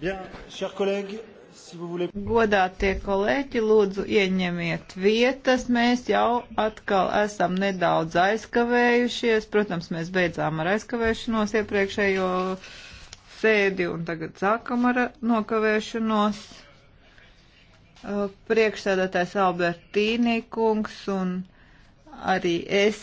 Bien, chers collègues, si vous voulez. Godātie kolēģi, lūdzu ieņemiet vietas. Mēs jau atkal esam nedaudz aizkavējušies. Protams, mēs beidzām ar aizkavēšanos iepriekšējo sēdi un tagad sākam ar nokavēšanos. Uh, priekšsēdētājs Albertīnī kungs un Arī es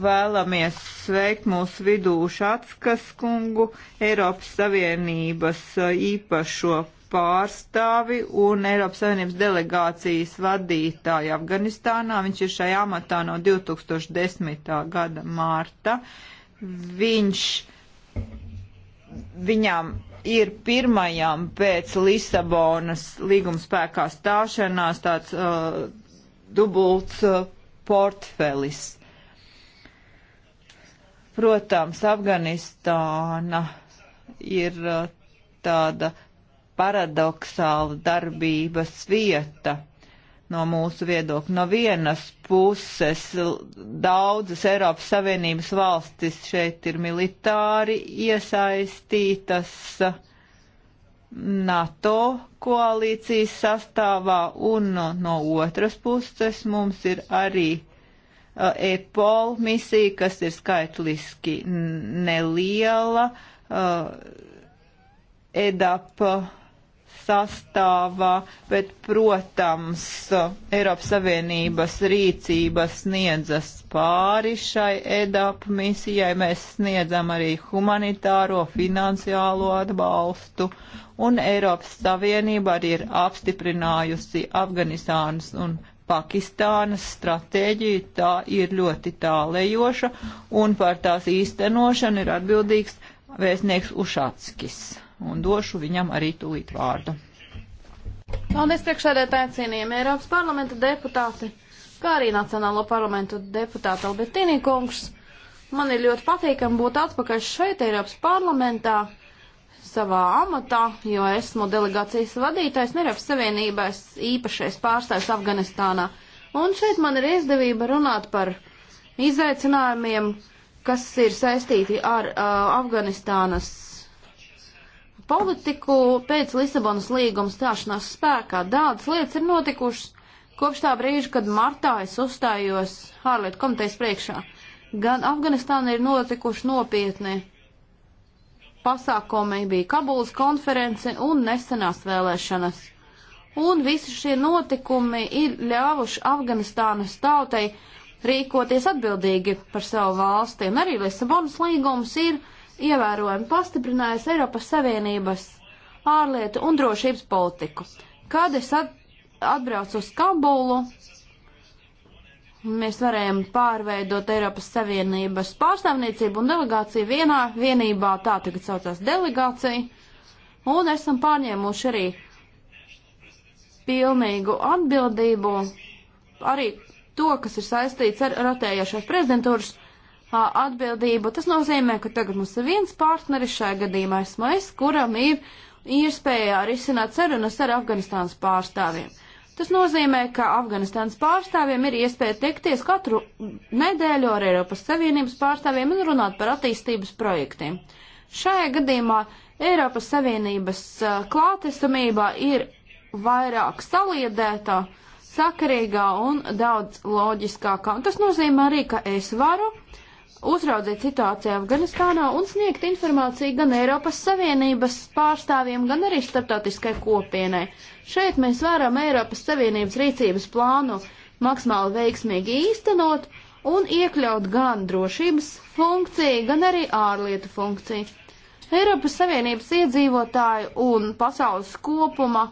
vēlamies sveikt mūsu vidū Šatskas kungu, Eiropas Savienības uh, īpašo pārstāvi un Eiropas Savienības delegācijas vadītāju Afganistānā. Viņš ir šajā amatā no 2010. gada mārta. Viņš, viņām ir pirmajām pēc Lisabonas līguma spēkā stāšanās tāds uh, dubults uh, portfelis. Protams, Afganistāna ir uh, tāda paradoxāla darbības vieta no mūsu viedokļa. No vienas puses daudzas Eiropas Savienības valstis šeit ir militāri iesaistītas. Uh, NATO koalīcijas sastāvā, un no otras puses mums ir arī uh, EPOL misija, kas ir skaitliski neliela, uh, EDAP sastāvā, bet, protams, Eiropas Savienības rīcība sniedzas pāri šai EDAP misijai. Mēs sniedzam arī humanitāro, finansiālo atbalstu un Eiropas Savienība arī ir apstiprinājusi Afganistānas un Pakistānas stratēģiju, tā ir ļoti tālējoša, un par tās īstenošanu ir atbildīgs vēstnieks Ušatskis. Un došu viņam arī tūlīt vārdu. Paldies priekšsēdētāji cienījami Eiropas parlamenta deputāti, kā arī Nacionālo parlamentu deputāta Albertīnī kungs. Man ir ļoti patīkami būt atpakaļ šeit Eiropas parlamentā savā amatā, jo esmu delegācijas vadītājs, Nerevs Savienībās īpašais pārstāvis Afganistānā. Un šeit man ir izdevība runāt par izaicinājumiem, kas ir saistīti ar uh, Afganistānas politiku pēc Lisabonas līguma stāšanās spēkā. Daudz lietas ir notikušas kopš tā brīža, kad martā es uzstājos ārlietu komitejas priekšā. Gan Afganistāna ir notikuši nopietni pasākumi bija Kabulas konference un nesenās vēlēšanas. Un visi šie notikumi ir ļāvuši Afganistānas tautai rīkoties atbildīgi par savu valsti. Un arī Lisabonas līgums ir ievērojami pastiprinājis Eiropas Savienības ārlietu un drošības politiku. Kad es atbraucu uz Kabulu, mēs varējām pārveidot Eiropas Savienības pārstāvniecību un delegāciju vienā vienībā, tā tagad saucās delegācija, un esam pārņēmuši arī pilnīgu atbildību, arī to, kas ir saistīts ar rotējošās prezidentūras atbildību. Tas nozīmē, ka tagad mums ir viens partneris, šajā gadījumā esmu es, kuram ir iespēja arī sināt sarunas ar Afganistānas pārstāvjiem. Tas nozīmē, ka Afganistānas pārstāvjiem ir iespēja tikties katru nedēļu ar Eiropas Savienības pārstāvjiem un runāt par attīstības projektiem. Šajā gadījumā Eiropas Savienības klātesamība ir vairāk saliedētā, sakarīgā un daudz loģiskākā. Un tas nozīmē arī, ka es varu uh, uzraudzīt situāciju Afganistānā un sniegt informāciju gan Eiropas Savienības pārstāvjiem, gan arī starptautiskai kopienai. Šeit mēs varam Eiropas Savienības rīcības plānu maksimāli veiksmīgi īstenot un iekļaut gan drošības funkciju, gan arī ārlietu funkciju. Eiropas Savienības iedzīvotāju un pasaules kopuma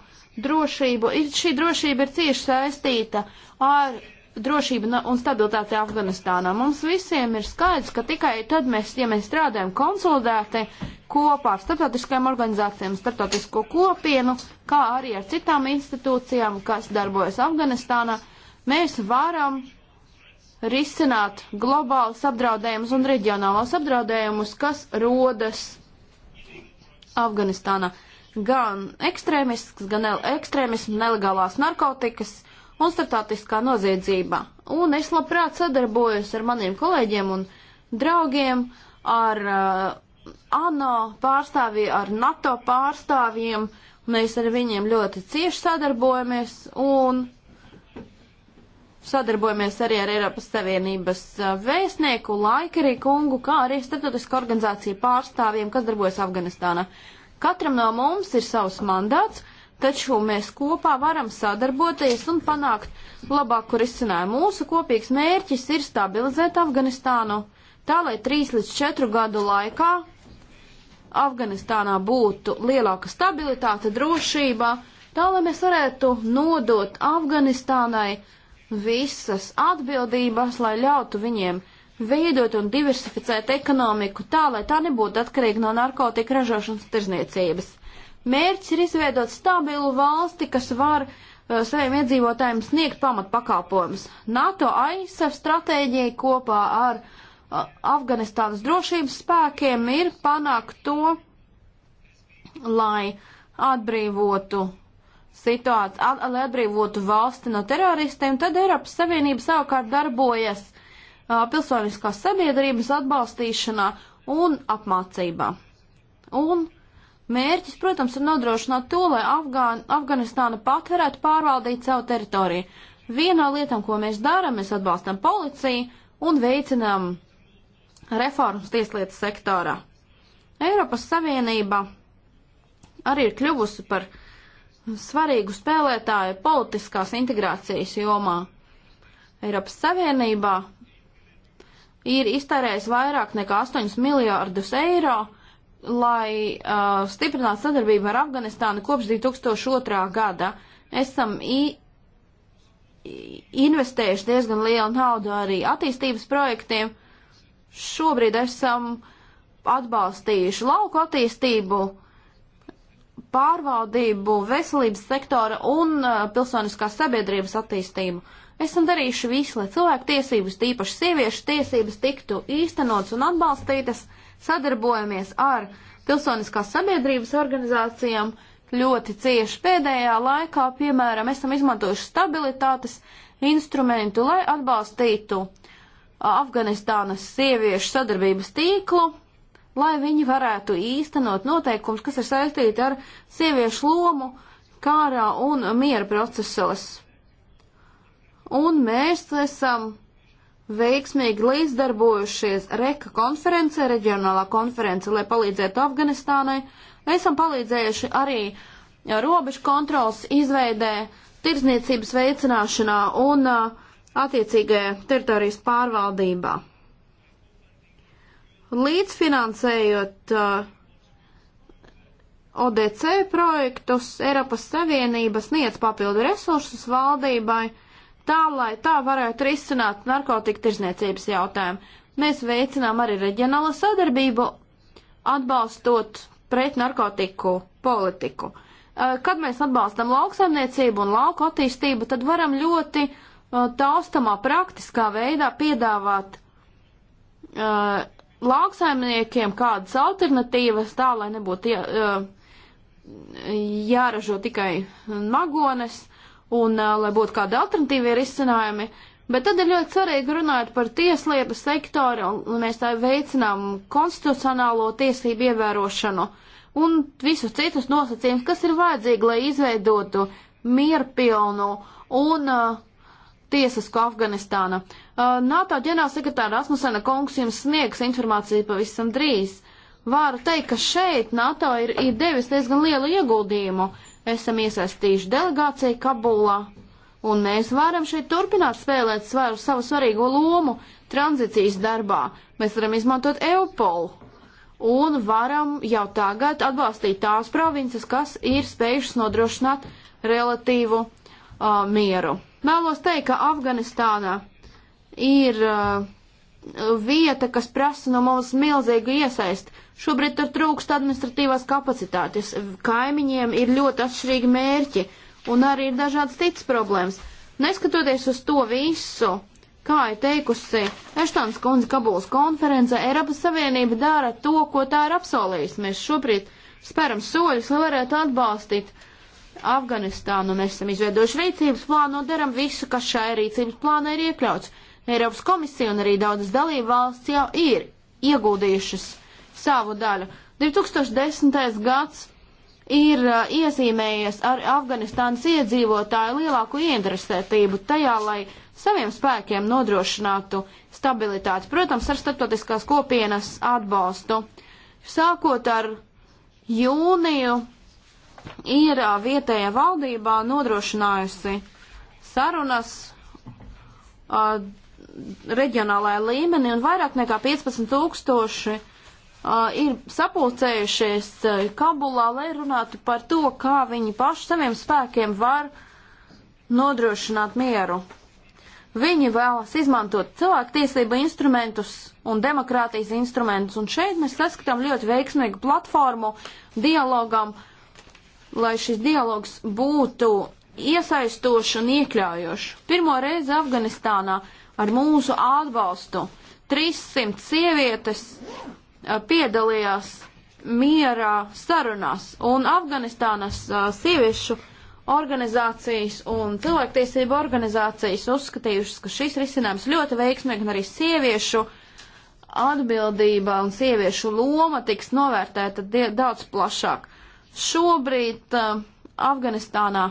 drošību, šī drošība ir cieši saistīta ar drošība un stabilitāte Afganistānā. Mums visiem ir skaidrs, ka tikai tad mēs, ja mēs strādājam konsolidēti kopā ar starptautiskajām organizācijām, starptautisko kopienu, kā arī ar citām institūcijām, kas darbojas Afganistānā, mēs varam risināt globālus apdraudējumus un reģionālos apdraudējumus, kas rodas Afganistānā. Gan ekstrēmisks, gan ekstrēmisms, nelegālās narkotikas un startautiskā noziedzībā. Un es labprāt sadarbojos ar maniem kolēģiem un draugiem, ar uh, ANO pārstāvji, ar NATO pārstāvjiem. Mēs ar viņiem ļoti cieši sadarbojamies un sadarbojamies arī ar Eiropas Savienības uh, vēstnieku, laikerī kungu, kā arī starptautiskā organizācija pārstāvjiem, kas darbojas Afganistānā. Katram no mums ir savs mandāts, taču mēs kopā varam sadarboties un panākt labāku risinājumu. Mūsu kopīgs mērķis ir stabilizēt Afganistānu tā, lai trīs līdz četru gadu laikā Afganistānā būtu lielāka stabilitāte, drošība, tā, lai mēs varētu nodot Afganistānai visas atbildības, lai ļautu viņiem veidot un diversificēt ekonomiku tā, lai tā nebūtu atkarīga no narkotika ražošanas tirzniecības. Mērķis ir izveidot stabilu valsti, kas var uh, saviem iedzīvotājiem sniegt pamatpakalpojumus. NATO AISF stratēģija kopā ar uh, Afganistānas drošības spēkiem ir panākt to, lai atbrīvotu situāciju, at, lai atbrīvotu valsti no teroristiem, tad Eiropas Savienība savukārt darbojas uh, pilsoniskās sabiedrības atbalstīšanā un apmācībā. Un uh, Mērķis, protams, ir nodrošināt to, lai Afgān, Afganistāna pat varētu pārvaldīt savu teritoriju. Vienā lietā, ko mēs darām, mēs atbalstam policiju un veicinām reformas tieslietu sektorā. Eiropas Savienība arī ir kļuvusi par svarīgu spēlētāju politiskās integrācijas jomā. Eiropas Savienībā ir iztērējis vairāk nekā 8 miljārdus eiro lai uh, stiprinātu sadarbību ar Afganistānu kopš 2002. gada. Esam investējuši diezgan lielu naudu arī attīstības projektiem. Šobrīd esam atbalstījuši lauku attīstību, pārvaldību, veselības sektora un uh, pilsoniskās sabiedrības attīstību. Esam darījuši visu, lai cilvēku tiesības, tīpaši sieviešu tiesības, tiktu īstenots un atbalstītas. Uh, sadarbojamies ar pilsoniskās sabiedrības organizācijām ļoti cieši. Pēdējā laikā, piemēram, esam izmantojuši stabilitātes instrumentu, lai atbalstītu Afganistānas sieviešu sadarbības tīklu, lai viņi varētu īstenot noteikums, kas ir saistīti ar sieviešu lomu kārā un miera procesos. Un mēs esam veiksmīgi līdzdarbojušies REKA konferencē, reģionālā konference, lai palīdzētu Afganistānai. Esam palīdzējuši arī robežu kontrols izveidē, tirzniecības veicināšanā un attiecīgajā teritorijas pārvaldībā. Līdzfinansējot uh, ODC projektus, Eiropas Savienība sniedz papildu resursus valdībai, uh, tā, lai tā varētu risināt narkotika tirzniecības jautājumu. Mēs veicinām arī reģionālo sadarbību, atbalstot pret narkotiku politiku. Eh, kad mēs atbalstam lauksaimniecību un lauku attīstību, tad varam ļoti eh, taustamā praktiskā veidā piedāvāt uh, lauksaimniekiem kādas alternatīvas, tā lai nebūtu jā, uh, jāražo tikai magones, un uh, lai būtu kādi alternatīvie risinājumi. Bet tad ir ļoti svarīgi runāt par tieslietu sektoru, un mēs tā veicinām konstitucionālo tiesību ievērošanu un visus citus nosacījumus, kas ir vajadzīgi, lai izveidotu mierpilnu un uh, tiesisku Afganistānu. Uh, NATO ģenerālsekretāra Asmusena kungs jums sniegs informāciju pavisam drīz. Vāru teikt, ka šeit NATO ir, ir devis diezgan lielu ieguldījumu. Uh, esam iesaistījuši delegāciju Kabulā, un mēs varam šeit turpināt spēlēt svaru, savu svarīgo lomu tranzīcijas darbā. Mēs varam izmantot Eupolu un varam jau tagad atbalstīt tās provinces, kas ir spējušas nodrošināt relatīvu uh, mieru. Vēlos teikt, ka Afganistānā ir uh, vieta, kas prasa no mums milzīgu iesaistu. Šobrīd tur trūkst administratīvās kapacitātes, kaimiņiem ir ļoti atšķirīgi mērķi un arī ir dažādas citas problēmas. Neskatoties uz to visu, kā ir teikusi Eštons kundze Kabulas konferencē, Eiropas Savienība dara to, ko tā ir apsolījusi. Mēs šobrīd speram soļus, lai varētu atbalstīt Afganistānu. Mēs esam izveidojuši rīcības plānu un daram visu, kas šajā rīcības plānā ir iekļauts. Eiropas komisija un arī daudzas dalību valsts jau ir ieguldījušas savu daļu. 2010. gads ir uh, iezīmējies ar Afganistānas iedzīvotāju lielāku ieinteresētību tajā, lai saviem spēkiem nodrošinātu stabilitāti, protams, ar starptautiskās kopienas atbalstu. Sākot ar jūniju, ir uh, vietējā valdībā nodrošinājusi sarunas uh, reģionālajā līmenī un vairāk nekā 15 tūkstoši Uh, ir sapulcējušies uh, Kabulā, lai runātu par to, kā viņi paši saviem spēkiem var nodrošināt mieru. Viņi vēlas izmantot cilvēktiesību instrumentus un demokrātijas instrumentus, un šeit mēs saskatām ļoti veiksmīgu platformu dialogam, lai šis dialogs būtu iesaistošs un iekļaujošs. Pirmo reizi Afganistānā ar mūsu atbalstu 300 sievietes piedalījās mierā sarunās un Afganistānas sieviešu organizācijas un cilvēktiesību organizācijas uzskatījušas, ka šis risinājums ļoti veiksmīgi un arī sieviešu atbildība un sieviešu loma tiks novērtēta daudz plašāk. Šobrīd uh, Afganistānā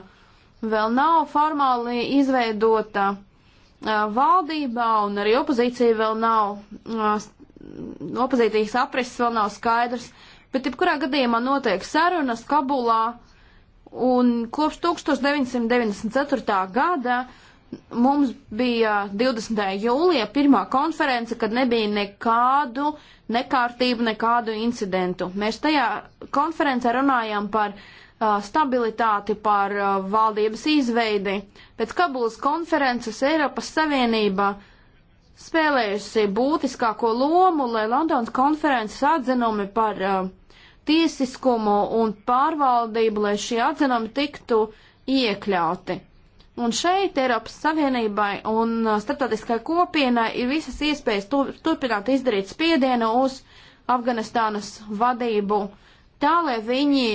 vēl nav formāli izveidota uh, valdībā un arī opozīcija vēl nav uh, opozīcijas aprises vēl nav skaidrs, bet jebkurā gadījumā notiek sarunas Kabulā, un kopš 1994. gada mums bija 20. jūlija pirmā konference, kad nebija nekādu nekārtību, nekādu incidentu. Mēs tajā konferencē runājām par stabilitāti, par valdības izveidi. Pēc Kabulas konferences Eiropas Savienība uh, spēlējusi būtiskāko lomu, lai Londonas konferences atzinumi par uh, tiesiskumu un pārvaldību, lai šie atzinumi tiktu iekļauti. Un šeit Eiropas Savienībai un uh, starptautiskai kopienai ir visas iespējas tu, turpināt izdarīt spiedienu uz Afganistānas vadību, tā lai viņi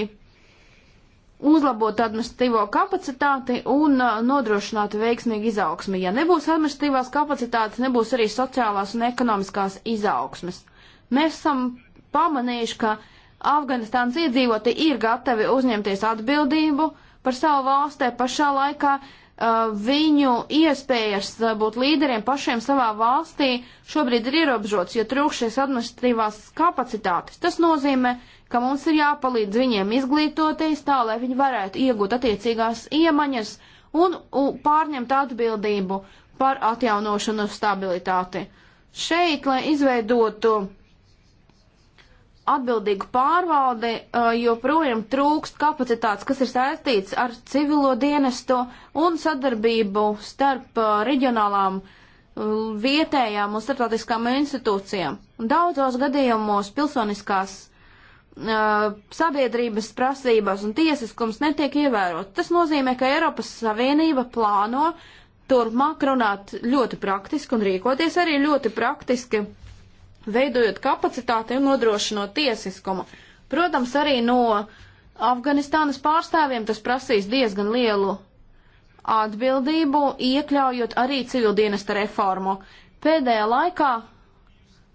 uzlabot administratīvo kapacitāti un uh, nodrošināt veiksmīgu izaugsmi. Ja nebūs administratīvās kapacitātes, nebūs arī sociālās un ekonomiskās izaugsmes. Mēs esam pamanījuši, ka Afganistānas iedzīvoti ir gatavi uzņemties atbildību par savu valstē pašā laikā. Uh, viņu iespējas uh, būt līderiem pašiem savā valstī šobrīd ir ierobežots, jo trūkšies administratīvās kapacitātes. Tas nozīmē, ka ka mums ir jāpalīdz viņiem izglītoties tā, lai viņi varētu iegūt attiecīgās iemaņas un, un pārņemt atbildību par atjaunošanu stabilitāti. Šeit, lai izveidotu atbildīgu pārvaldi, joprojām trūkst kapacitātes, kas ir saistīts ar civilo dienestu un sadarbību starp reģionālām vietējām un starptautiskām institūcijām. Daudzos gadījumos pilsoniskās Uh, sabiedrības prasības un tiesiskums netiek ievērot. Tas nozīmē, ka Eiropas Savienība plāno turpmāk runāt ļoti praktiski un rīkoties arī ļoti praktiski, veidojot kapacitāti un nodrošinot tiesiskumu. Protams, arī no Afganistānas pārstāvjiem tas prasīs diezgan lielu atbildību, iekļaujot arī civildienas reformu. Pēdējā laikā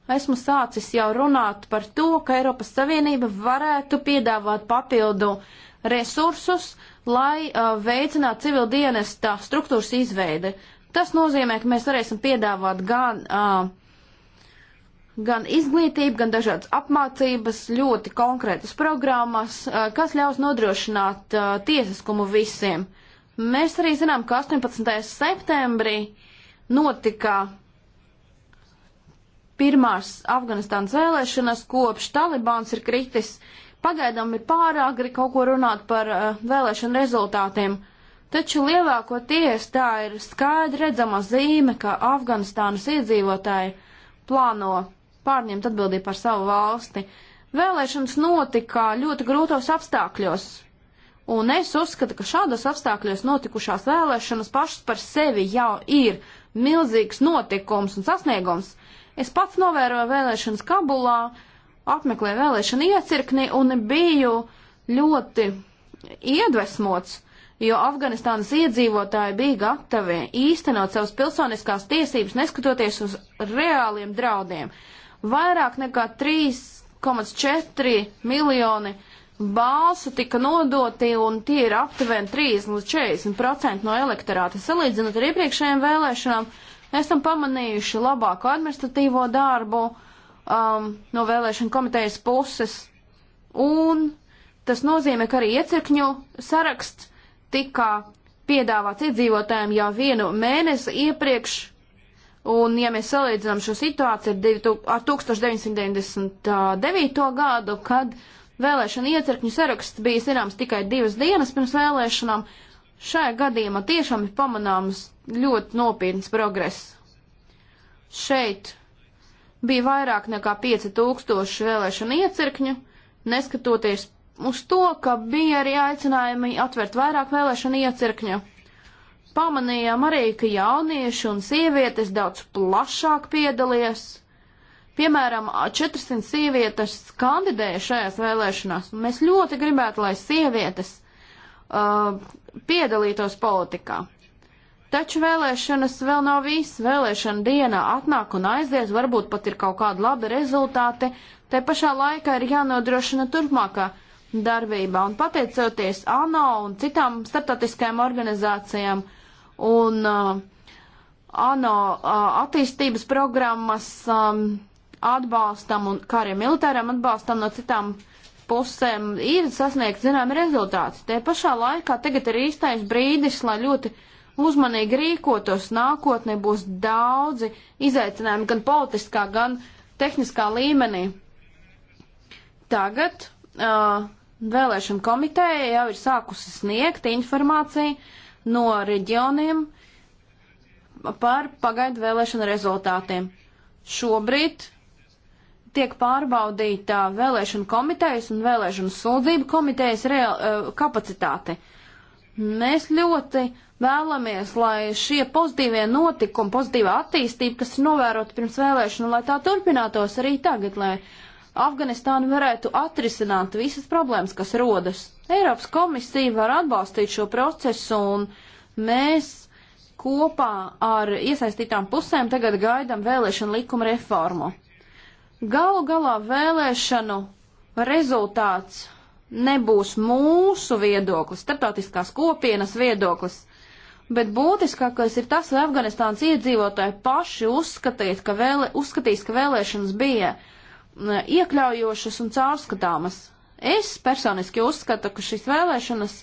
esmu sācis jau runāt par to, ka Eiropas Savienība varētu piedāvāt papildu resursus, lai uh, veicinātu civil dienesta struktūras izveidi. Tas nozīmē, ka mēs varēsim piedāvāt gan, uh, gan izglītību, gan dažādas apmācības, ļoti konkrētas programmas, uh, kas ļaus nodrošināt uh, tiesiskumu visiem. Mēs arī zinām, ka 18. septembrī notika pirmās Afganistānas vēlēšanas, kopš Talibāns ir kritis. Pagaidām ir pārāk arī kaut ko runāt par uh, vēlēšanu rezultātiem, taču lielākoties tā ir skaidri redzama zīme, ka Afganistānas iedzīvotāji plāno pārņemt atbildību par savu valsti. Vēlēšanas notika ļoti grūtos apstākļos, un es uzskatu, ka šādos apstākļos notikušās vēlēšanas pašas par sevi jau ir milzīgs notikums un sasniegums. Es pats novēroju vēlēšanas Kabulā, apmeklēju vēlēšanu iecirkni un biju ļoti iedvesmots, jo Afganistānas iedzīvotāji bija gatavi īstenot savas pilsoniskās tiesības, neskatoties uz reāliem draudiem. Vairāk nekā 3,4 miljoni balsu tika nodoti, un tie ir aptuveni 30 līdz 40% no elektorāta. Salīdzinot ar iepriekšējiem vēlēšanām, uh, Esam pamanījuši labāku administratīvo darbu um, no vēlēšana komitejas puses, un tas nozīmē, ka arī iecirkņu saraksts tika piedāvāts iedzīvotājiem jau vienu mēnesi iepriekš, un ja mēs salīdzinām šo situāciju ar 1999. gadu, kad vēlēšana iecirkņu saraksts bija zināms tikai divas dienas pirms vēlēšanām, Šajā gadījumā tiešām ir pamanāms ļoti nopietns progress. Šeit bija vairāk nekā 5000 vēlēšanu iecirkņu, neskatoties uz to, ka bija arī aicinājumi atvērt vairāk vēlēšanu iecirkņu. Pamanījām arī, ka jaunieši un sievietes daudz plašāk piedalījās. Piemēram, 400 sievietes kandidēja šajās vēlēšanās, un mēs ļoti gribētu, lai sievietes uh, piedalītos politikā. Taču vēlēšanas vēl nav viss. Vēlēšana dienā atnāk un aizies, varbūt pat ir kaut kādi labi rezultāti. Te pašā laikā ir jānodrošina turpmākā darbība. Un pateicoties ANO un citām starptautiskajām organizācijām un uh, ANO uh, attīstības programmas um, atbalstam un kā arī militāram atbalstam no citām uh, pusēm ir sasniegt zināmi rezultāti. Te pašā laikā tagad ir īstais brīdis, lai ļoti uzmanīgi rīkotos. Nākotnē būs daudzi izaicinājumi gan politiskā, gan tehniskā līmenī. Tagad uh, vēlēšana komiteja jau ir sākusi sniegt informāciju no reģioniem par pagaidu vēlēšanu rezultātiem. Šobrīd tiek pārbaudīta vēlēšana komitejas un vēlēšana sūdzību komitejas real, e, kapacitāte. Mēs ļoti vēlamies, lai šie pozitīvie notikumi, pozitīvā attīstība, kas ir novērota pirms vēlēšana, lai tā turpinātos arī tagad, lai Afganistāna varētu atrisināt visas problēmas, kas rodas. Eiropas komisija var atbalstīt šo procesu un mēs kopā ar iesaistītām pusēm tagad gaidām vēlēšanu likuma reformu. Galu galā vēlēšanu rezultāts nebūs mūsu viedoklis, starptautiskās kopienas viedoklis, bet būtiskākais ir tas, lai Afganistānas iedzīvotāji paši uzskatīt, ka vēle, uzskatīs, ka vēlēšanas bija iekļaujošas un caurskatāmas. Es personiski uzskatu, ka šīs vēlēšanas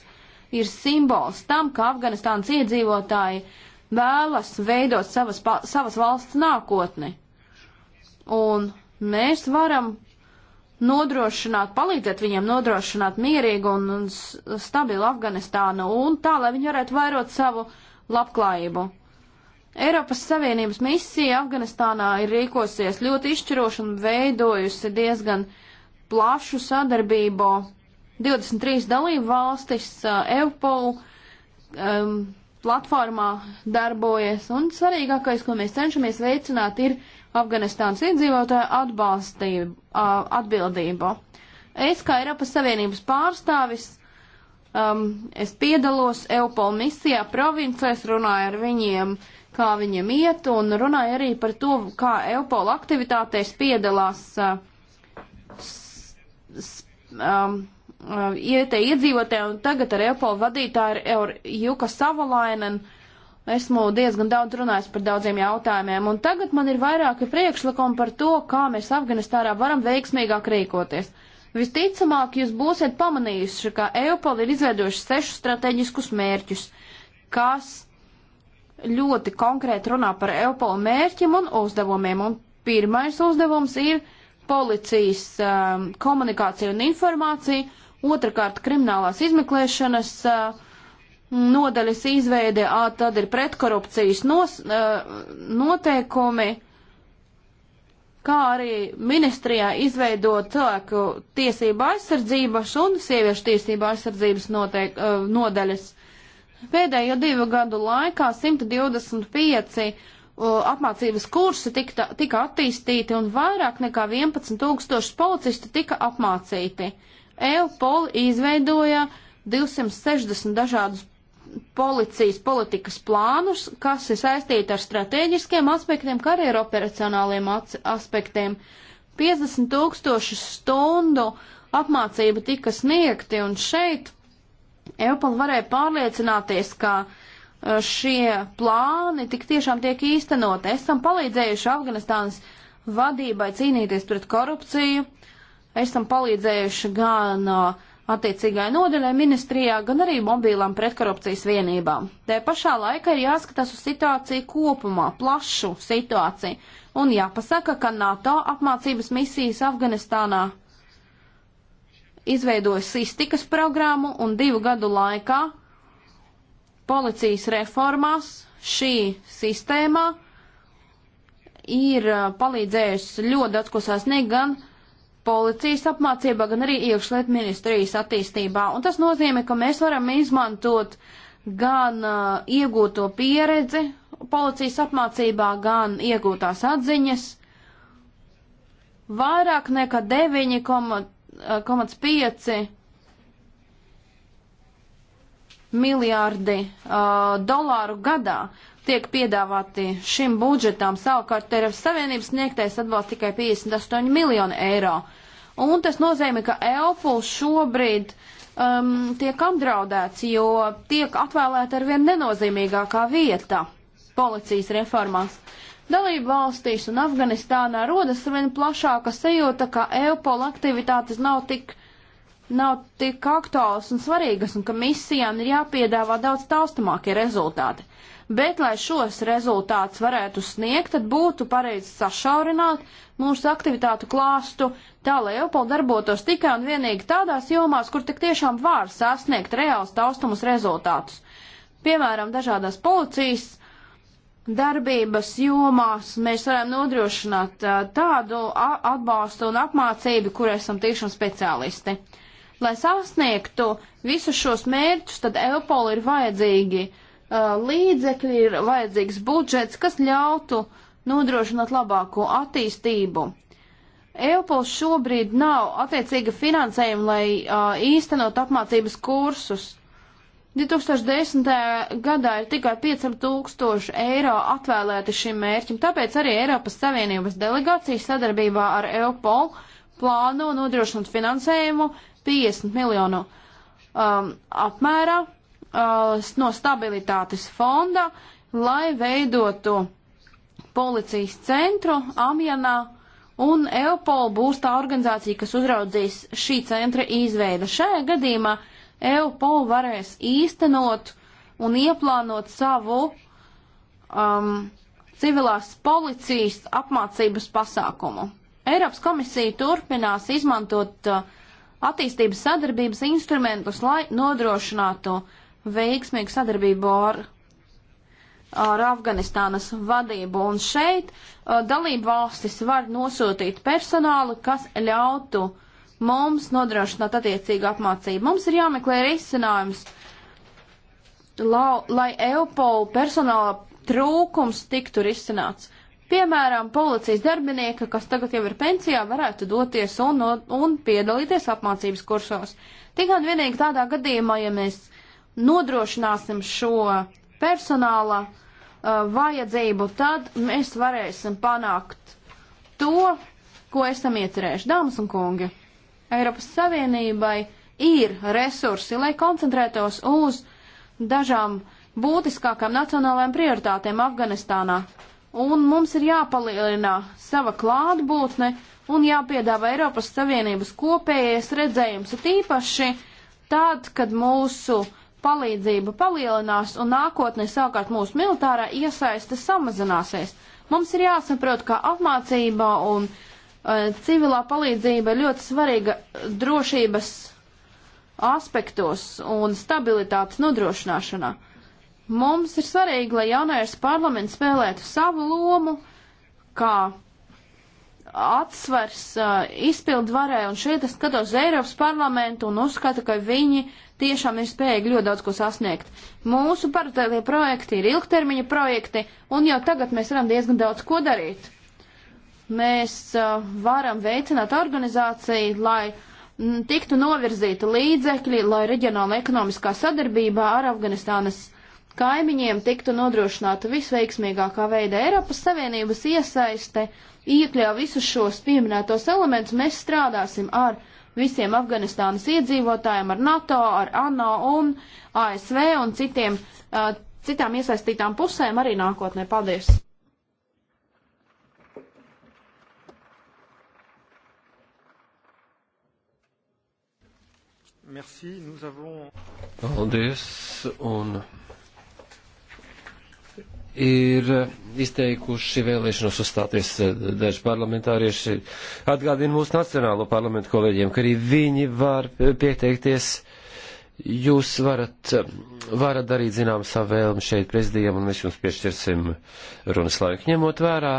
ir simbols tam, ka Afganistānas iedzīvotāji vēlas veidot savas, savas valsts nākotni. Un Mēs varam nodrošināt, palīdzēt viņiem nodrošināt mierīgu un, un stabilu Afganistānu un tā, lai viņi varētu vairot savu labklājību. Eiropas Savienības misija Afganistānā ir rīkosies ļoti izšķiroši un veidojusi diezgan plašu sadarbību 23 dalību valstis, EUPOL um, platformā darbojas un svarīgākais, ko mēs cenšamies veicināt, ir Afganistānas iedzīvotāju atbalstību, atbildību. Es kā Eiropas Savienības pārstāvis, um, es piedalos Eupol misijā provincēs, runāju ar viņiem, kā viņiem iet, un runāju arī par to, kā Eupol aktivitātēs piedalās uh, s, s, um, uh, ietē iedzīvotāji, un tagad ar Eupol vadītāju ir Juka Savolainen. Uh, Esmu diezgan daudz runājis par daudziem jautājumiem, un tagad man ir vairāki priekšlikumi par to, kā mēs Afganistārā varam veiksmīgāk rīkoties. Visticamāk, jūs būsiet pamanījuši, ka Eiropola ir izveidojuši sešus strateģiskus mērķus, kas ļoti konkrēti runā par Eiropola mērķiem un uzdevumiem. Un pirmais uzdevums ir policijas um, komunikācija un informācija, otrkārt kriminālās izmeklēšanas uh, nodaļas izveide, ā, tad ir pretkorupcijas nos, noteikumi, kā arī ministrijā izveidot cilvēku tiesību aizsardzības un sieviešu tiesību aizsardzības noteik, nodaļas. Pēdējo divu gadu laikā 125 apmācības kursi tika, tika attīstīti un vairāk nekā 11 tūkstoši policistu tika apmācīti. EUPOL izveidoja 260 dažādus policijas politikas plānus, kas ir saistīti ar strateģiskiem aspektiem, kā arī ar operacionāliem aspektiem. 50 tūkstoši stundu apmācība tika sniegti, un šeit Eiropa varēja pārliecināties, ka uh, šie plāni tik tiešām tiek īstenot. Esam palīdzējuši Afganistānas vadībai cīnīties pret korupciju, esam palīdzējuši gan uh, attiecīgai nodaļai ministrijā, gan arī mobīlām pretkorupcijas vienībām. Te pašā laikā ir jāskatās uz situāciju kopumā, plašu situāciju, un jāpasaka, ka NATO apmācības misijas Afganistānā izveidoja sistikas programmu un divu gadu laikā policijas reformās šī sistēmā ir eh, palīdzējusi ļoti daudz ko sasniegt gan policijas apmācībā, gan arī iekšliet ministrijas attīstībā. Un tas nozīmē, ka mēs varam izmantot gan uh, iegūto pieredzi policijas apmācībā, gan iegūtās atziņas. Vairāk nekā 9,5 uh, miljārdi uh, dolāru gadā tiek piedāvāti šim budžetam. Savukārt Eiropas Savienības sniegtais atbalsts tikai 58 miljoni eiro. Un tas nozīmē, ka elfu šobrīd um, tiek apdraudēts, jo tiek atvēlēta ar vien nenozīmīgākā vieta policijas reformās. Dalību valstīs un Afganistānā rodas vien plašāka sajūta, ka Eiropola aktivitātes nav tik nav tik aktuālas un svarīgas, un ka misijām ir jāpiedāvā daudz taustamākie rezultāti bet, lai šos rezultātus varētu sniegt, tad būtu pareizi sašaurināt mūsu aktivitātu klāstu, tā lai Eupol darbotos tikai un vienīgi tādās jomās, kur tik tiešām var sasniegt reāls taustumus rezultātus. Piemēram, dažādās policijas darbības jomās mēs varam nodrošināt tādu atbalstu un apmācību, kur esam tiešām speciālisti. Lai sasniegtu visus šos mērķus, tad Eupol ir vajadzīgi uh, Uh, līdzekļi, ir vajadzīgs budžets, kas ļautu nodrošināt labāko attīstību. Eiropols šobrīd nav attiecīga finansējuma, lai uh, īstenot apmācības kursus. 2010. gadā ir tikai 5000 eiro atvēlēti šim mērķim, tāpēc arī Eiropas Savienības delegācija sadarbībā ar Eiropolu plāno nodrošināt finansējumu 50 miljonu um, apmērā Uh, no stabilitātes fonda, lai veidotu policijas centru Amjanā, un Eupol būs tā organizācija, kas uzraudzīs šī centra izveida. Šajā gadījumā Eupol varēs īstenot un ieplānot savu um, civilās policijas apmācības pasākumu. Eiropas komisija turpinās izmantot uh, attīstības sadarbības instrumentus, lai nodrošinātu uh, veiksmīgu sadarbību ar, ar Afganistānas vadību. Un šeit uh, dalību valstis var nosūtīt personālu, kas ļautu mums nodrošināt attiecīgu apmācību. Mums ir jāmeklē risinājums, lau, lai EUPOL personāla trūkums tiktu risināts. Piemēram, policijas darbinieka, kas tagad jau ir pensijā, varētu doties un, un piedalīties apmācības kursos. Tikai un vienīgi tādā gadījumā, ja mēs nodrošināsim šo personāla uh, vajadzību, tad mēs varēsim panākt to, ko esam iecerējuši. Dāmas un kungi, Eiropas Savienībai ir resursi, lai koncentrētos uz dažām būtiskākām nacionālajām prioritātēm Afganistānā. Un mums ir jāpalielina sava klātbūtne un jāpiedāvā Eiropas Savienības kopējais redzējums, it īpaši tad, kad mūsu uh, palīdzība palielinās un nākotnē savukārt mūsu militārā iesaiste samazināsies. Mums ir jāsaprot, ka apmācība un uh, civilā palīdzība ir ļoti svarīga drošības aspektos un stabilitātes nodrošināšanā. Mums ir svarīgi, lai jaunais parlaments spēlētu savu lomu, kā atsvers uh, e, izpildu varē, un šeit es skatos Eiropas parlamentu un uzskatu, ka viņi uh, tiešām ir spējīgi ļoti daudz ko sasniegt. Mūsu paredzētie projekti ir ilgtermiņa projekti, un jau tagad mēs varam diezgan daudz ko darīt. Mēs uh, varam veicināt organizāciju, lai m, mm, tiktu novirzīta līdzekļi, lai reģionāla ekonomiskā sadarbībā ar Afganistānas kaimiņiem tiktu nodrošināta visveiksmīgākā veida Eiropas Savienības iesaiste, iekļauj visus šos pieminētos elementus, mēs strādāsim ar uh, visiem Afganistānas iedzīvotājiem ar NATO, ar ANO un ASV un citiem, uh, citām iesaistītām pusēm arī nākotnē. Paldies! Merci, nous avons... Paldies, un ir izteikuši vēlēšanos uzstāties eh, daži parlamentārieši. Atgādina mūsu nacionālo parlamentu kolēģiem, ka arī viņi var pieteikties. Jūs varat, varat darīt zinām savu vēlmi šeit prezidijam, un mēs jums piešķirsim runas laiku, ņemot vērā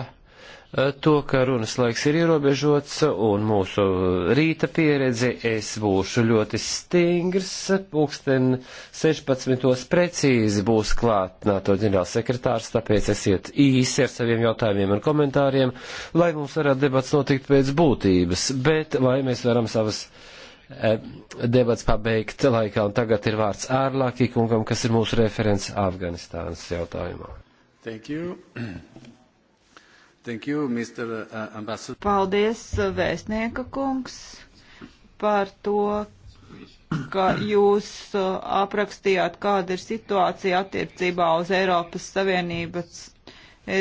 Eh, to, ka runas laiks ir ierobežots un mūsu eh, rīta pieredze, es būšu ļoti stingrs, pulksten 16. precīzi būs klāt NATO ģenerālsekretārs, tāpēc esiet īsi ar saviem jautājumiem un komentāriem, lai mums varētu debats notikt pēc būtības, bet lai mēs varam savas eh, debats pabeigt laikā, un tagad ir vārds Ārlākī kungam, kas ir mūsu referents Afganistānas jautājumā. Thank you. Thank you, Mr. Uh, ambassador. Paldies, uh, vēstnieka kungs, par to, ka jūs uh, aprakstījāt, kāda ir situācija attiecībā uz Eiropas Savienības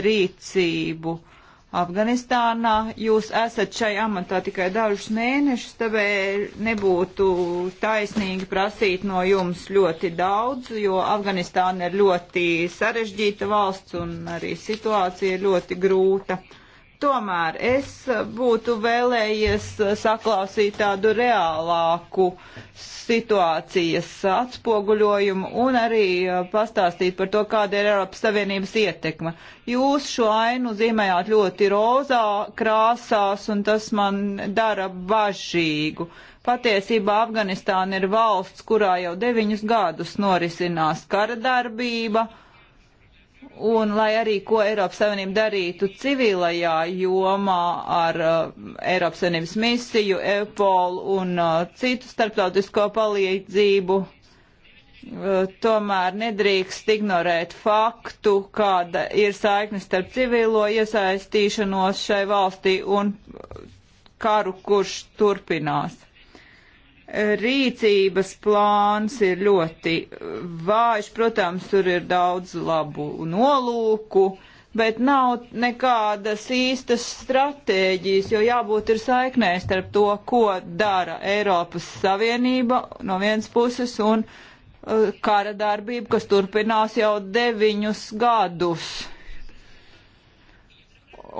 rīcību. Uh, Afganistānā. Jūs esat šai amatā tikai dažus mēnešus, tāpēc nebūtu taisnīgi prasīt no jums ļoti daudz, jo Afganistāna ir ļoti sarežģīta valsts un arī situācija ir ļoti grūta. Uh, Tomēr es būtu vēlējies saklausīt tādu reālāku situācijas atspoguļojumu un arī pastāstīt par to, kāda ir Eiropas Savienības ietekme. Jūs šo ainu zīmējāt ļoti rozā krāsās un tas man dara bažīgu. Patiesībā Afganistāna ir valsts, kurā jau deviņus gadus norisinās kara darbība Un lai arī ko Eiropas Savienība darītu civilajā jomā ar uh, Eiropas Savienības misiju, EPOL un uh, citu starptautisko palīdzību, uh, tomēr nedrīkst ignorēt faktu, kāda ir saikne starp civilo iesaistīšanos šai valstī un karu, kurš turpinās. Rīcības plāns ir ļoti vājš, protams, tur ir daudz labu nolūku, bet nav nekādas īstas stratēģijas, jo jābūt ir saiknē starp to, ko dara Eiropas Savienība no vienas puses un uh, kara darbība, kas turpinās jau deviņus gadus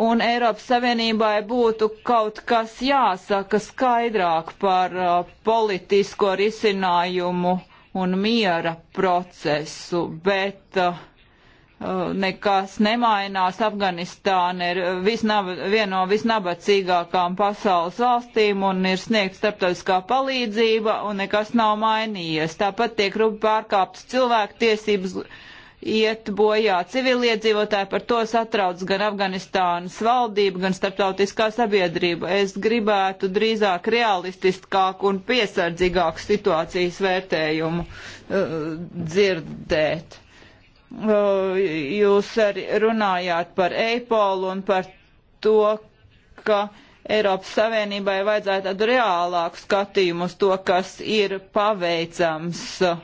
un Eiropas Savienībai būtu kaut kas jāsaka skaidrāk par uh, politisko risinājumu un miera procesu, bet uh, uh, nekas nemainās. Afganistāna ir visnab, viena no visnabadzīgākām pasaules valstīm un ir sniegta starptautiskā palīdzība un nekas nav mainījies. Tāpat tiek rupi pārkāptas cilvēku tiesības iet bojā civiliedzīvotāji, par to satrauc gan Afganistānas valdība, gan starptautiskā sabiedrība. Es gribētu drīzāk realistiskāku un piesardzīgāku situācijas vērtējumu uh, dzirdēt. Uh, jūs arī runājāt par Eipolu un par to, ka Eiropas Savienībai vajadzētu tādu reālāku skatījumu uz to, kas ir paveicams. Uh,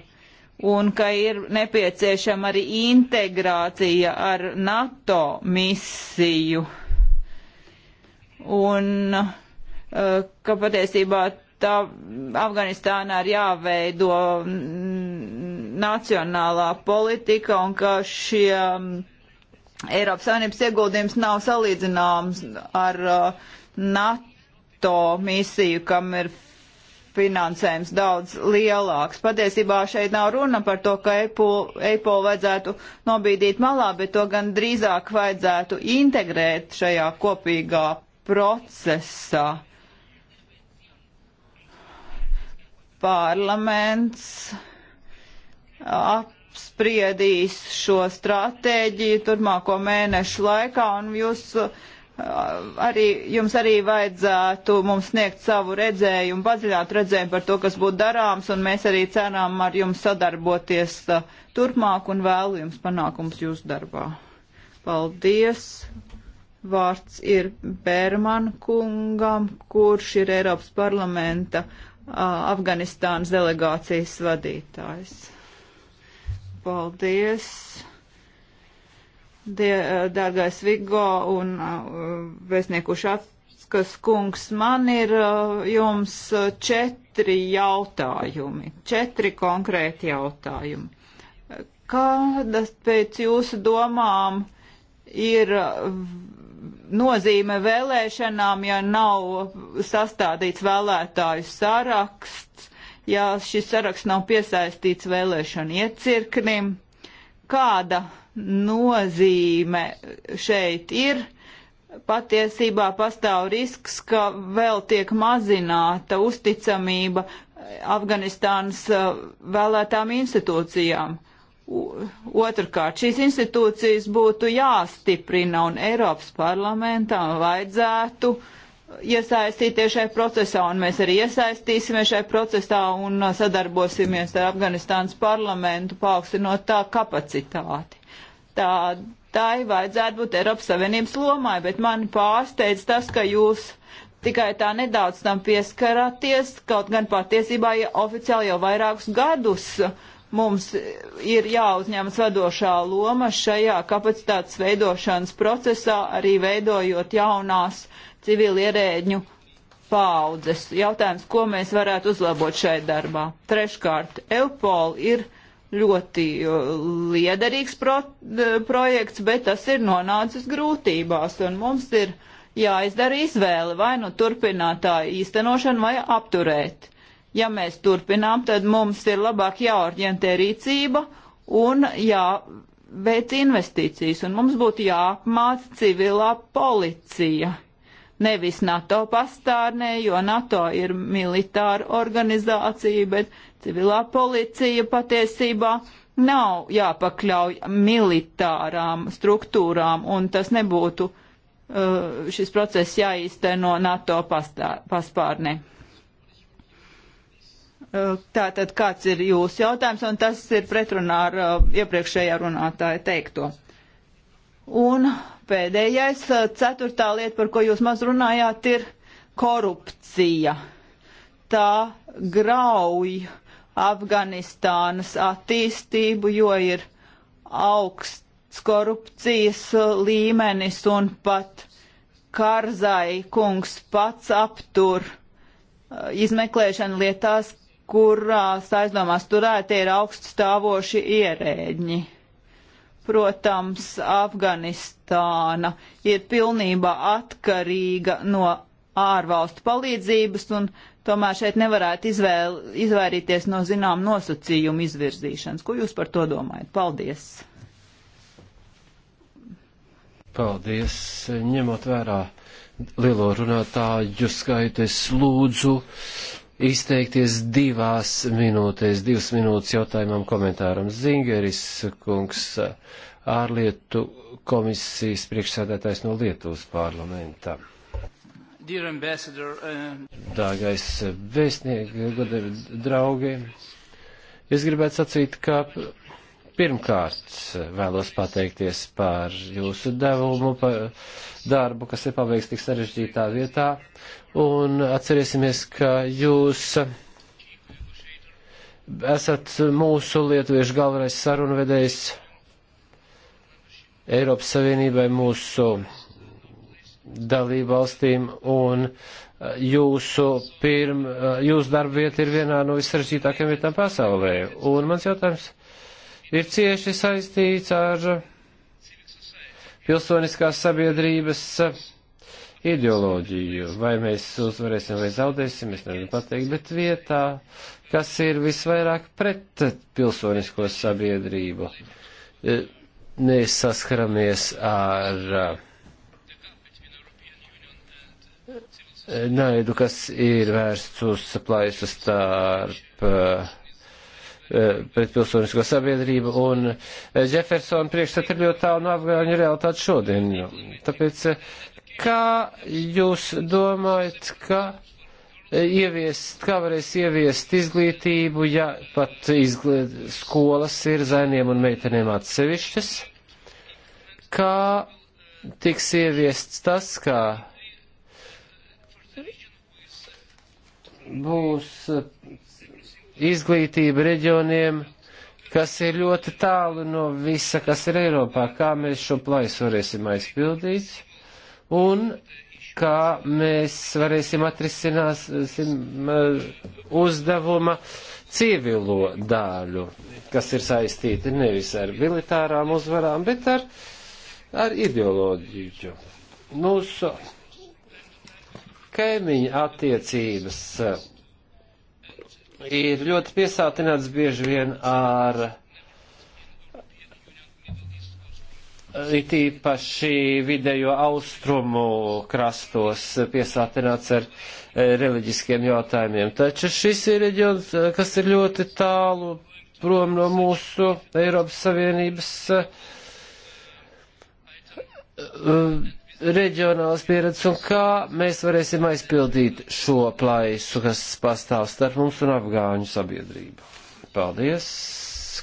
un ka ir nepieciešama arī integrācija ar NATO misiju. Un eh, ka patiesībā tā Afganistānā ir jāveido mm, nacionālā politika un ka šie mm, Eiropas Savienības ieguldījums nav salīdzināms ar eh, NATO misiju, kam ir finansējums daudz lielāks. Patiesībā šeit nav runa par to, ka Apple, Apple vajadzētu nobīdīt malā, bet to gan drīzāk vajadzētu integrēt šajā kopīgā procesā. Parlaments apspriedīs šo stratēģiju turpmāko mēnešu laikā, un jūs uh, arī, jums arī vajadzētu mums sniegt savu redzējumu, padziļinātu redzējumu par to, kas būtu darāms, un mēs arī cenām ar jums sadarboties uh, turpmāk un vēlu jums panākums jūsu darbā. Paldies! Vārds ir Bērman kungam, kurš ir Eiropas parlamenta uh, Afganistānas delegācijas vadītājs. Paldies! Die, eh, dārgais Vigo un uh, vēstnieku Šatskas kungs, man ir uh, jums četri jautājumi, četri konkrēti jautājumi. Kādas pēc jūsu domām ir nozīme vēlēšanām, ja nav sastādīts vēlētāju saraksts, ja šis saraksts nav piesaistīts vēlēšanu iecirknim? Kāda nozīme šeit ir. Patiesībā pastāv risks, ka vēl tiek mazināta uzticamība Afganistānas uh, vēlētām institūcijām. Otrkārt, šīs institūcijas būtu jāstiprina un Eiropas parlamentam vajadzētu iesaistīties šajā procesā, un mēs arī iesaistīsimies šajā procesā un uh, sadarbosimies ar Afganistānas parlamentu paaugstinot tā kapacitāti tādai vajadzētu būt Eiropas Savienības lomai, bet mani pārsteidz tas, ka jūs tikai tā nedaudz tam pieskarāties, kaut gan patiesībā ja oficiāli jau vairākus gadus mums ir jāuzņemas vadošā loma šajā kapacitātes veidošanas procesā, arī veidojot jaunās civilierēģņu paudzes. Jautājums, ko mēs varētu uzlabot šai darbā. Treškārt, Eupol ir ļoti uh, liederīgs pro, uh, projekts, bet tas ir nonācis grūtībās, un mums ir jāizdara izvēle vai nu turpināt tā īstenošanu vai apturēt. Ja mēs turpinām, tad mums ir labāk jāorientē rīcība un jāveic investīcijas, un mums būtu jāapmāca civilā policija. Nevis NATO pastārnē, jo NATO ir militāra organizācija, bet Civilā policija patiesībā nav jāpakļauj militārām struktūrām, un tas nebūtu uh, šis process jāīsteno NATO pastā, paspārnē. Uh, tātad kāds ir jūsu jautājums, un tas ir pretrunā ar uh, iepriekšējā runātāja teikto. Un pēdējais, ceturtā lieta, par ko jūs maz runājāt, ir korupcija. Tā grauj uh, Afganistānas attīstību, jo ir augsts korupcijas uh, līmenis un pat Karzai kungs pats aptur uh, izmeklēšanu lietās, kurās aizdomās turētie ir augststāvoši ierēģi. Protams, Afganistāna ir pilnībā atkarīga no ārvalstu palīdzības, un tomēr šeit nevarētu izvēl, izvairīties no zinām nosacījumu izvirzīšanas. Ko jūs par to domājat? Paldies! Paldies! Ņemot vērā lielo runātāju skaitu, es lūdzu izteikties divās minūtēs, divas minūtes jautājumam komentāram. Zingeris kungs, ārlietu komisijas priekšsēdētājs no Lietuvas parlamenta. Dear ambassador. Uh... Dārgais vēstnieki, godēvi draugi, es gribētu sacīt, ka pirmkārt vēlos pateikties par jūsu devumu, par darbu, kas ir paveikts tik sarežģītā vietā. Un atcerēsimies, ka jūs esat mūsu lietuviešu galvenais sarunvedējs Eiropas Savienībai, mūsu dalībvalstīm un eh, jūsu, pirm, eh, jūsu darba vieta ir vienā no vissaržģītākajām vietām pasaulē. Un mans jautājums ir cieši saistīts ar eh, pilsoniskās sabiedrības ideoloģiju. Vai mēs uzvarēsim vai zaudēsim, es nevaru pateikt, bet vietā, kas ir visvairāk pret pilsonisko sabiedrību, mēs saskaramies ar naidu, kas ir vērsts uz plaisu starp eh, pret pilsonisko sabiedrību, un eh, Jeffersona priekšstat ir ļoti tālu no afgāņu realitātes šodien. Tāpēc, eh, kā jūs domājat, ka ieviest, kā varēs ieviest izglītību, ja pat izglīt, skolas ir zainiem un meitenēm atsevišķas, kā tiks ieviests tas, kā būs eh, izglītība reģioniem, kas ir ļoti tālu no visa, kas ir Eiropā, kā mēs šo plaisu varēsim aizpildīt un kā mēs varēsim atrisināsim eh, uzdevuma civilo dāļu, kas ir saistīti nevis ar militārām uzvarām, bet ar, ar ideoloģiju. Mūsu kaimiņa attiecības eh, ir ļoti piesātināts bieži vien ar eh, it īpaši vidējo austrumu krastos eh, piesātināts ar reliģiskiem jautājumiem. Taču šis ir reģions, kas ir ļoti tālu prom no mūsu Eiropas Savienības uh, reģionālas pieredzes un kā mēs varēsim aizpildīt šo plaisu, kas pastāv starp mums un afgāņu sabiedrību. Paldies,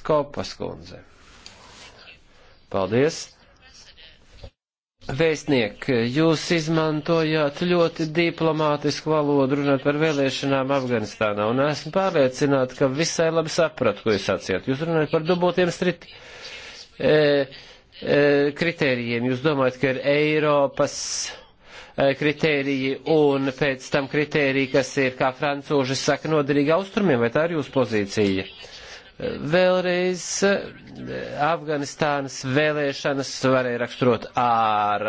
Kopas kundze. Paldies. Vēstniek, jūs izmantojāt ļoti diplomātisku valodu runāt par vēlēšanām Afganistānā, un esmu pārliecināta, ka visai labi sapratu, ko jūs sacījāt. Jūs runājat par dubultiem strit, e, E, kritērijiem. Jūs domājat, ka ir Eiropas e, kritēriji un pēc tam kritēriji, kas ir, kā francūži saka, noderīgi austrumiem, vai tā ir jūsu pozīcija? E, vēlreiz Afganistānas vēlēšanas varēja raksturot ar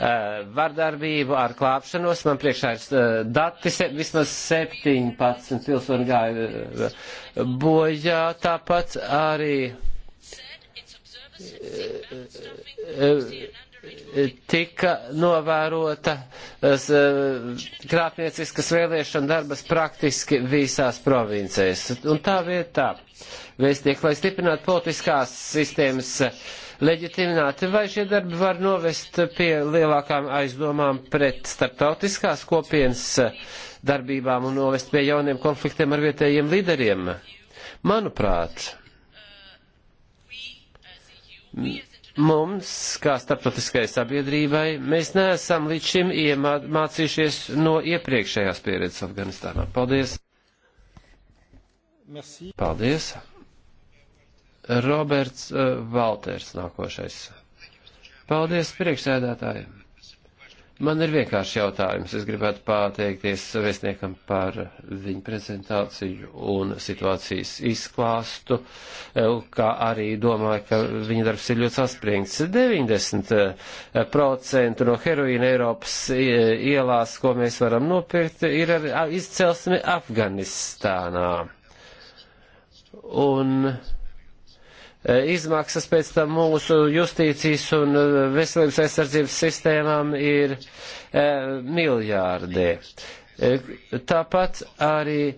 vardarbību, ar klāpšanos. Man priekšā ir dati, vismaz 17 pilsoni gāja bojā, tāpat arī tika novērota eh, eh, krāpnieciskas vēlēšana darbas praktiski visās provincēs. Un tā vietā vēstiek, lai stiprinātu politiskās sistēmas leģitimitāti, vai šie darbi var novest pie lielākām aizdomām pret starptautiskās kopienas darbībām un novest pie jauniem konfliktiem ar vietējiem līderiem? Manuprāt, mums, kā starptautiskai sabiedrībai, mēs neesam līdz šim iemācījušies no iepriekšējās pieredzes Afganistānā. Paldies! Merci. Paldies! Roberts uh, Valters nākošais. Paldies priekšsēdētājiem! Man ir vienkārši jautājums. Es gribētu pateikties vēstniekam par viņa prezentāciju un situācijas izklāstu, e, kā arī domāju, ka viņa darbs ir ļoti saspringts. 90% e, no heroīna Eiropas e, ielās, ko mēs varam nopirkt, ir ar izcelsmi Afganistānā. Un E, izmaksas pēc tam mūsu justīcijas un e, veselības aizsardzības sistēmām ir e, miljārdē. Tāpat arī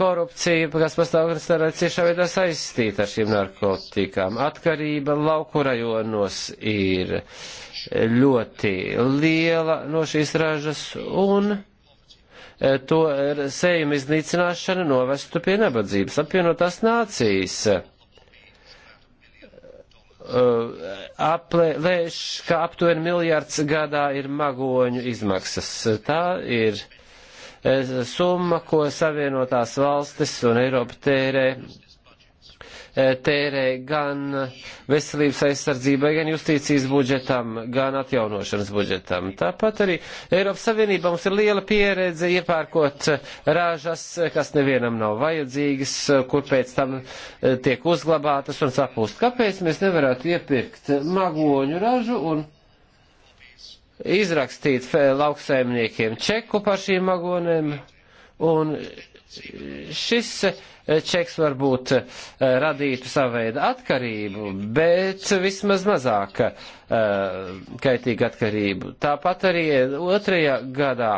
korupcija, kas pastāv Afganistānā, ciešā veidā saistīta ar šīm narkotikām. Atkarība lauku rajonos ir ļoti liela no šīs ražas un to sējuma iznīcināšana novestu pie nabadzības. Apvienotās nācijas Eh, aplēš, ka aptuveni miljards gadā ir magoņu izmaksas. Tā ir eh, summa, ko Savienotās valstis un Eiropa tērē E, tērē gan veselības aizsardzībai, gan justīcijas budžetam, gan atjaunošanas budžetam. Tāpat arī Eiropas Savienībā mums ir liela pieredze iepērkot rāžas, kas nevienam nav vajadzīgas, kur pēc tam e, tiek uzglabātas un sapūst. Kāpēc mēs nevarētu iepirkt magoņu ražu un izrakstīt lauksaimniekiem čeku par šīm magonēm? Un šis čeks varbūt eh, radītu savveidu atkarību, bet vismaz mazāk eh, kaitīgu atkarību. Tāpat arī otrajā gadā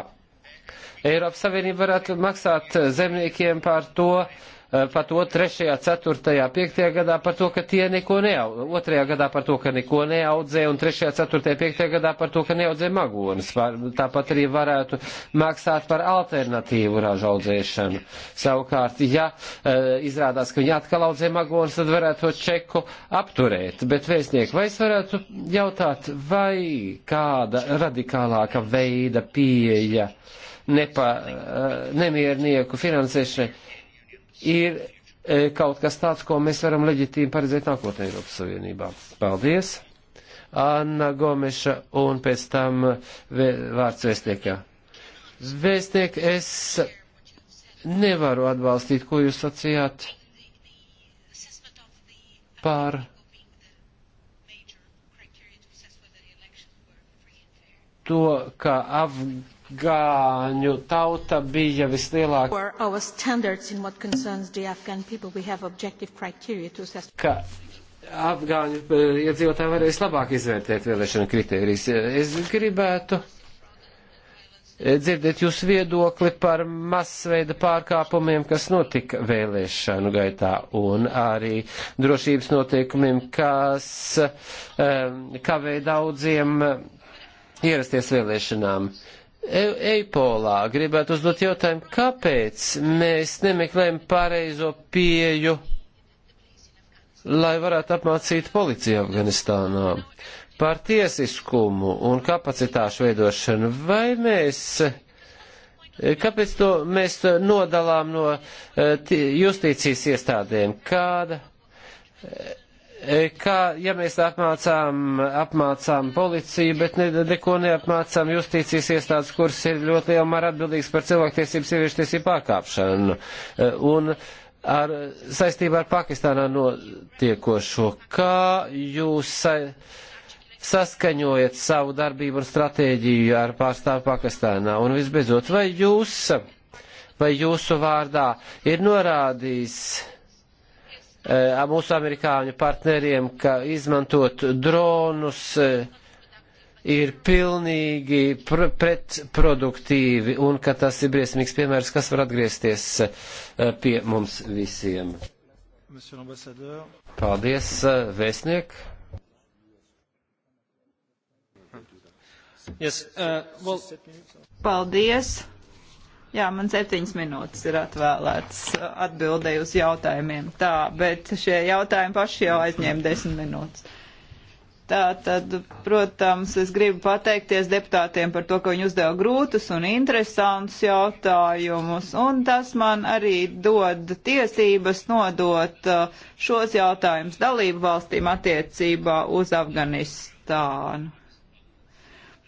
Eiropas Savienība varētu maksāt zemniekiem par to, uh, Eh, par to trešajā, ceturtajā, piektajā gadā par to, ka tie neko neaudzē, otrajā gadā par to, ka neko neaudzē, un trešajā, ceturtajā, piektajā gadā par to, ka neaudzē magonas. Tāpat arī varētu maksāt par alternatīvu ražu audzēšanu. Savukārt, ja eh, izrādās, ka viņi atkal audzē magonas, tad varētu to čeku apturēt. Bet, vēstnieki, vai es varētu jautāt, vai kāda radikālāka veida pieeja nepa, eh, nemiernieku finansēšanai? ir e, kaut kas tāds, ko mēs varam leģitīmi paredzēt nākotnē Eiropas Savienībā. Paldies! Anna Gomeša un pēc tam vārds vēstniekā. Vēstniek, es nevaru atbalstīt, ko jūs sacījāt par to, ka Afganistāna afgāņu tauta bija vislielākā. Ka afgāņu eh, iedzīvotāji varēja vislabāk izvērtēt vēlēšanu kritērijas. Es gribētu eh, dzirdēt jūsu viedokli par masveida pārkāpumiem, kas notika vēlēšanu gaitā, un arī drošības noteikumiem, kas um, kavē daudziem ierasties vēlēšanām. Uh, E, Eipolā gribētu uzdot jautājumu, kāpēc mēs nemeklējam pareizo pieju, lai varētu apmācīt policiju Afganistānā par tiesiskumu un kapacitāšu veidošanu, vai mēs, kāpēc to mēs nodalām no e, justīcijas iestādēm, kāda E, ka, ja mēs apmācām, apmācām policiju, bet ne, neko neapmācām justīcijas iestādes, kuras ir ļoti lielā mērā atbildīgas par cilvēktiesību, sieviešu tiesību pārkāpšanu. E, un ar, saistībā ar Pakistānā notiekošo, kā jūs sa, saskaņojat savu darbību un stratēģiju ar pārstāvu Pakistānā? Un visbeidzot, vai jūs, vai jūsu vārdā ir norādījis, Eh, mūsu amerikāņu partneriem, ka izmantot dronus eh, ir pilnīgi pr pretproduktīvi un ka tas ir briesmīgs piemērs, kas var atgriezties eh, pie mums visiem. Paldies, vēstniek. Yes, uh, well... Paldies. Jā, man septiņas minūtes ir atvēlētas uh, atbildēju uz jautājumiem. Tā, bet šie jautājumi paši jau aizņēma desmit minūtes. Tā tad, protams, es gribu pateikties deputātiem par to, ka viņi uzdeva grūtus un interesantus jautājumus, un tas man arī dod tiesības nodot uh, šos jautājumus dalību valstīm attiecībā uz Afganistānu.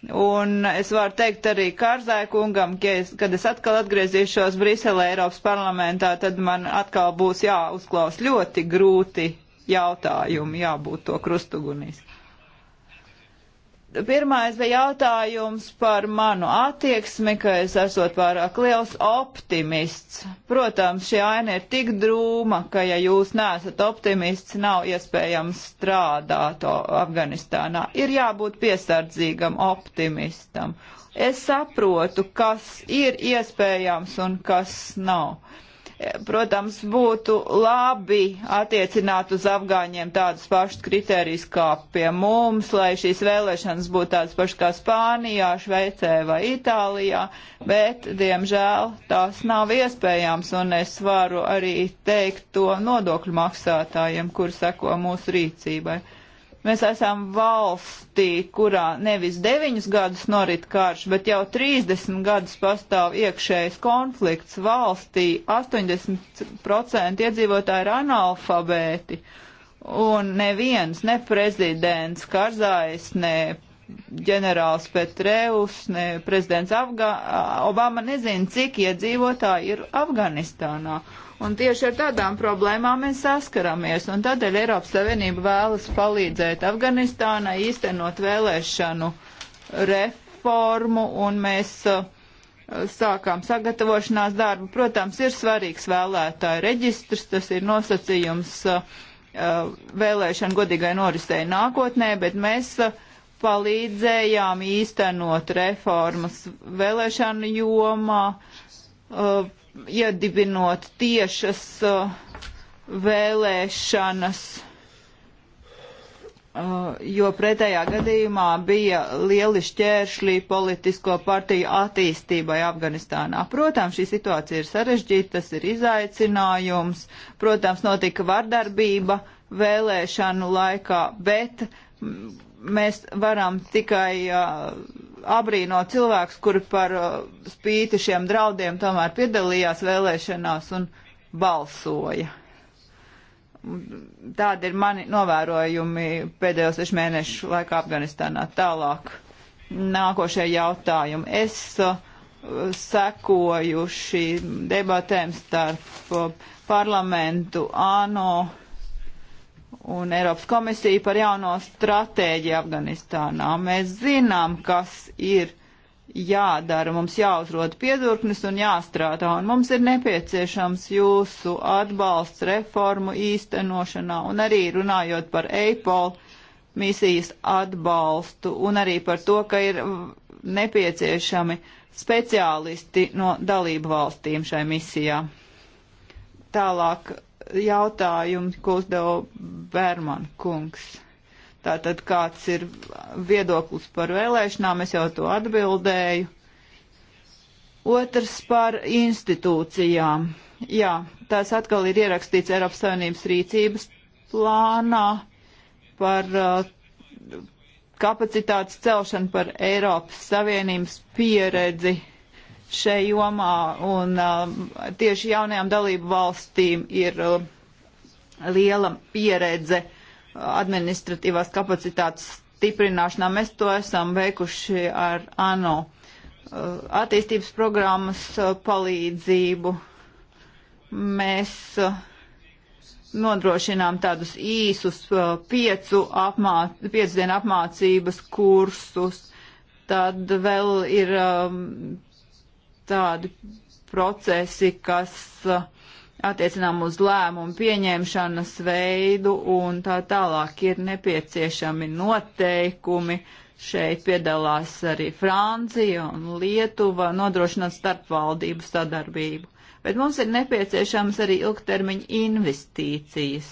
Un es varu teikt arī Kārzai kungam, ka es, kad es atkal atgriezīšos Briselē Eiropas parlamentā, tad man atkal būs jāuzklaus ļoti grūti jautājumi, jābūt to krustugunīs. Pirmais bija jautājums par manu attieksmi, ka es esot pārāk liels optimists. Protams, šī aina ir tik drūma, ka ja jūs neesat optimists, nav iespējams strādāt Afganistānā. Ir jābūt piesardzīgam optimistam. Es saprotu, kas ir iespējams un kas nav protams, būtu labi attiecināt uz afgāņiem tādus pašus kritērijus kā pie mums, lai šīs vēlēšanas būtu tādas pašas kā Spānijā, Šveicē vai Itālijā, bet, diemžēl, tās nav iespējams, un es varu arī teikt to nodokļu maksātājiem, kur seko mūsu rīcībai. Mēs esam valstī, kurā nevis deviņus gadus norit karš, bet jau 30 gadus pastāv iekšējs konflikts valstī. 80% iedzīvotāji ir analfabēti. Un neviens, ne prezidents Karzājs, ne ģenerālis Petreus, ne prezidents Afga Obama nezina, cik iedzīvotāji ir Afganistānā. Un tieši ar tādām problēmām mēs saskaramies, un tādēļ Eiropas Savienība vēlas palīdzēt Afganistānai īstenot vēlēšanu reformu, un mēs uh, sākām sagatavošanās darbu. Protams, ir svarīgs vēlētāju reģistrs, tas ir nosacījums uh, uh vēlēšanu godīgai norisei nākotnē, bet mēs uh, palīdzējām īstenot reformas vēlēšanu jomā uh, iedibinot tiešas uh, vēlēšanas, uh, jo pretējā gadījumā bija lieli šķēršļi politisko partiju attīstībai Afganistānā. Protams, šī situācija ir sarežģīta, tas ir izaicinājums, protams, notika vardarbība vēlēšanu laikā, bet mēs varam tikai uh, abrīnot cilvēkus, kuri par uh, spīti šiem draudiem tomēr piedalījās vēlēšanās un balsoja. Tādi ir mani novērojumi pēdējo sešu mēnešu laikā Afganistānā. Tālāk nākošie jautājumi. Es uh, sekoju šīm debatēm starp uh, parlamentu ANO un Eiropas komisija par jauno stratēģiju Afganistānā. Mēs zinām, kas ir jādara, mums jāuzrod piedurknes un jāstrādā, un mums ir nepieciešams jūsu atbalsts reformu īstenošanā, un arī runājot par EIPOL misijas atbalstu, un arī par to, ka ir nepieciešami speciālisti no dalību valstīm šai misijā. Tālāk jautājums, ko uzdeva Bērman kungs. Tātad kāds ir viedoklis par vēlēšanām, es jau to atbildēju. Otrs par institūcijām. Jā, tās atkal ir ierakstīts Eiropas Savienības rīcības plānā par uh, kapacitātes celšanu, par Eiropas Savienības pieredzi šai jomā, un uh, tieši jaunajām dalību valstīm ir uh, liela pieredze uh, administratīvās kapacitātes stiprināšanā. Mēs to esam veikuši ar ANO attīstības programmas palīdzību. Mēs nodrošinām tādus īsus piecu, apmā, piecu dienu apmācības kursus. Tad vēl ir um, tādi procesi, kas uh, attiecinām uz lēmumu pieņemšanas veidu un tā tālāk ir nepieciešami noteikumi. Šeit piedalās arī Francija un Lietuva nodrošinot starpvaldību sadarbību. Bet mums ir nepieciešams arī ilgtermiņa investīcijas.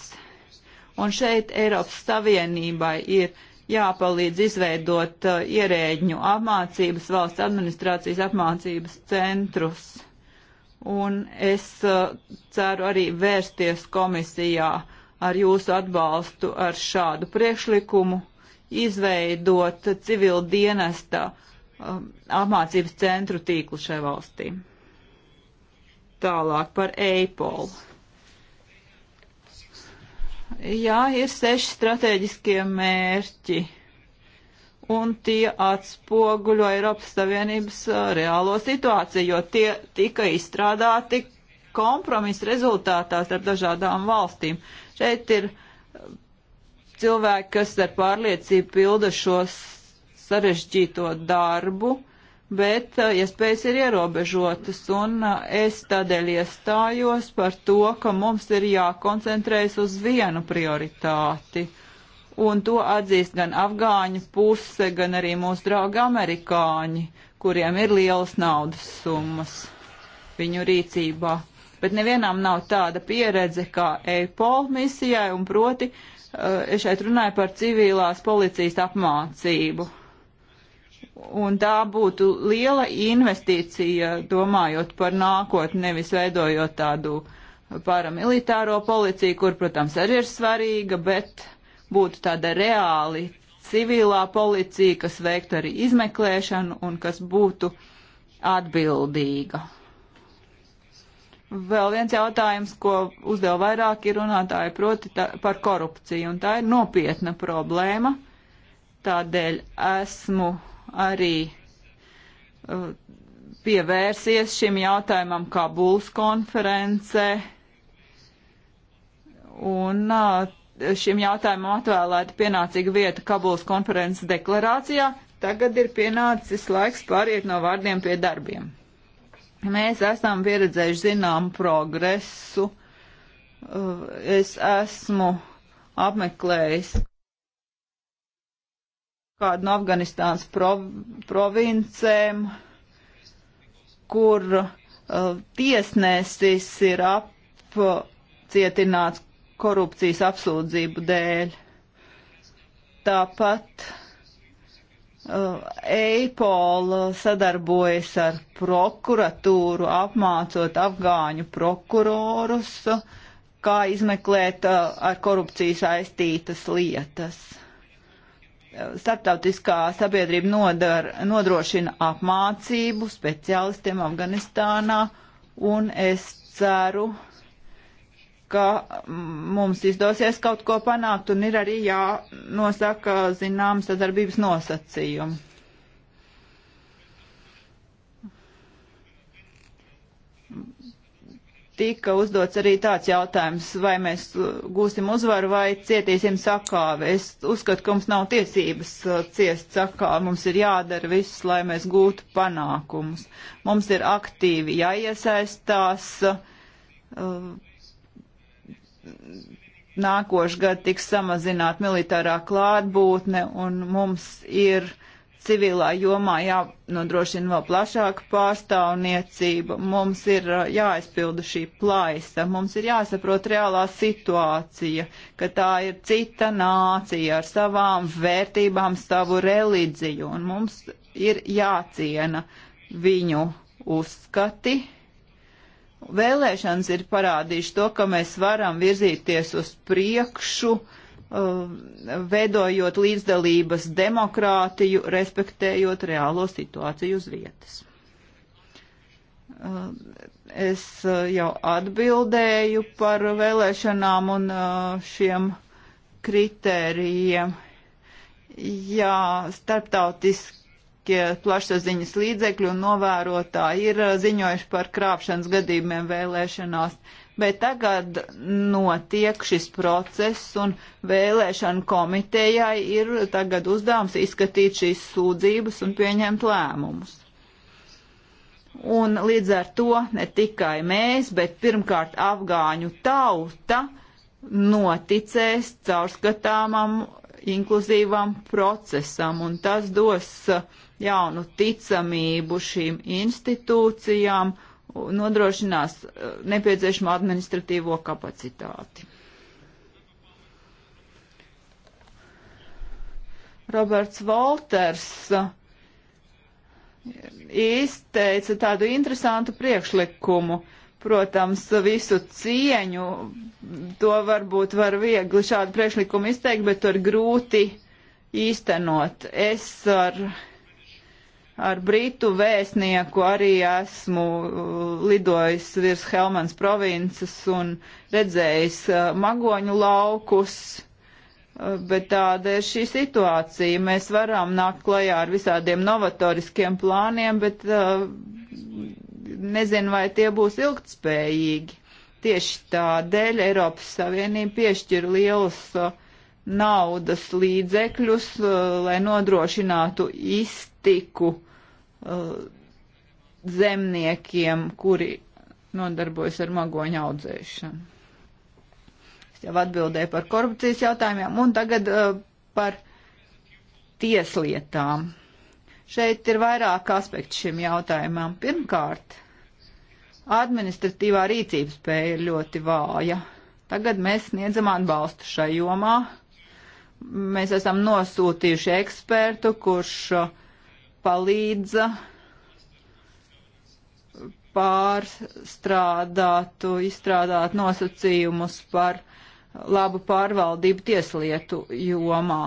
Un šeit Eiropas Savienībai ir jāpalīdz izveidot uh, ierēģņu apmācības, valsts administrācijas apmācības centrus. Un es uh, ceru arī vērsties komisijā ar jūsu atbalstu ar šādu priekšlikumu, izveidot civil dienesta um, apmācības centru tīklu šai valstī. Tālāk par Eipolu. Jā, ir seši strateģiskie mērķi, un tie atspoguļo Eiropas Savienības reālo situāciju, jo tie tika izstrādāti kompromisa rezultātā starp dažādām valstīm. Šeit ir cilvēki, kas ar pārliecību pilda šo sarežģīto darbu, bet uh, iespējas ja ir ierobežotas, un uh, es tādēļ iestājos par to, ka mums ir jākoncentrējas uz vienu prioritāti, un to atzīst gan afgāņu puse, gan arī mūsu draugi amerikāņi, kuriem ir lielas naudas summas viņu rīcībā. Bet nevienam nav tāda pieredze kā EIPOL misijai, un proti, uh, es šeit runāju par civilās policijas apmācību Un tā būtu liela investīcija, domājot par nākotni, nevis veidojot tādu paramilitāro policiju, kur, protams, arī ir svarīga, bet būtu tāda reāli civilā policija, kas veiktu arī izmeklēšanu un kas būtu atbildīga. Vēl viens jautājums, ko uzdeva vairāki runātāji, proti tā, par korupciju, un tā ir nopietna problēma. Tādēļ esmu arī uh, pievērsies šim jautājumam Kabuls konferencē. Un uh, šim jautājumam atvēlēta pienācīga vieta Kabuls konferences deklarācijā. Tagad ir pienācis laiks pāriet no vārdiem pie darbiem. Mēs esam pieredzējuši zinām progresu. Uh, es esmu apmeklējis kādu no Afganistānas prov provincēm, kur uh, tiesnesis ir apcietināts korupcijas apsūdzību dēļ. Tāpat uh, EIPOL sadarbojas ar prokuratūru, apmācot afgāņu prokurorus, kā izmeklēt uh, ar korupciju saistītas lietas starptautiskā sabiedrība nodar, nodrošina apmācību speciālistiem Afganistānā, un es ceru, ka mums izdosies kaut ko panākt, un ir arī jānosaka zināmas sadarbības nosacījumi. tika uzdots arī tāds jautājums, vai mēs uh, gūsim uzvaru vai cietīsim sakāvi. Es uzskatu, ka mums nav tiesības uh, ciest sakāvi, mums ir jādara viss, lai mēs gūtu panākumus. Mums ir aktīvi jāiesaistās. Uh, Nākošais gads tiks samazināta militārā klātbūtne un mums ir civilā jomā jānodrošina vēl plašāka pārstāvniecība, mums ir uh, jāaizpilda šī plaisa, mums ir jāsaprot reālā situācija, ka tā ir cita nācija ar savām vērtībām, savu reliģiju, un mums ir jāciena viņu uzskati. Vēlēšanas ir parādījuši to, ka mēs varam virzīties uz priekšu, uh, Uh, veidojot līdzdalības demokrātiju, respektējot reālo situāciju uz vietas. Uh, es uh, jau atbildēju par vēlēšanām un šiem kritērijiem. Jā, starptautiskie plašsaziņas līdzekļi un novērotāji ir ziņojuši par krāpšanas gadījumiem vēlēšanās bet tagad notiek šis process un vēlēšana komitejai ir tagad uzdevums izskatīt šīs sūdzības un pieņemt lēmumus. Un līdz ar to ne tikai mēs, bet pirmkārt afgāņu tauta noticēs caurskatāmam inkluzīvam procesam, un tas dos uh, jaunu ticamību šīm institūcijām nodrošinās eh, nepieciešamo administratīvo kapacitāti. Roberts Volters eh, izteica tādu interesantu priekšlikumu. Protams, visu cieņu to varbūt var viegli šādu priekšlikumu izteikt, bet tur grūti īstenot. Es ar uh, ar britu vēstnieku arī esmu uh, lidojis virs Helmans provinces un redzējis uh, magoņu laukus. Uh, bet tāda ir šī situācija. Mēs varam nākt klajā ar visādiem novatoriskiem plāniem, bet uh, nezinu, vai tie būs ilgtspējīgi. Tieši tādēļ Eiropas Savienība piešķir lielus uh, naudas līdzekļus, uh, lai nodrošinātu iztiku Uh, zemniekiem, kuri nodarbojas ar magoņu audzēšanu. Es jau atbildēju par korupcijas jautājumiem un tagad uh, par tieslietām. Šeit ir vairāk aspektu šim jautājumam. Pirmkārt, administratīvā rīcības spēja ir ļoti vāja. Tagad mēs sniedzam atbalstu šai jomā. Mēs esam nosūtījuši ekspertu, kurš uh, palīdza pārstrādāt, izstrādāt nosacījumus par labu pārvaldību tieslietu jomā.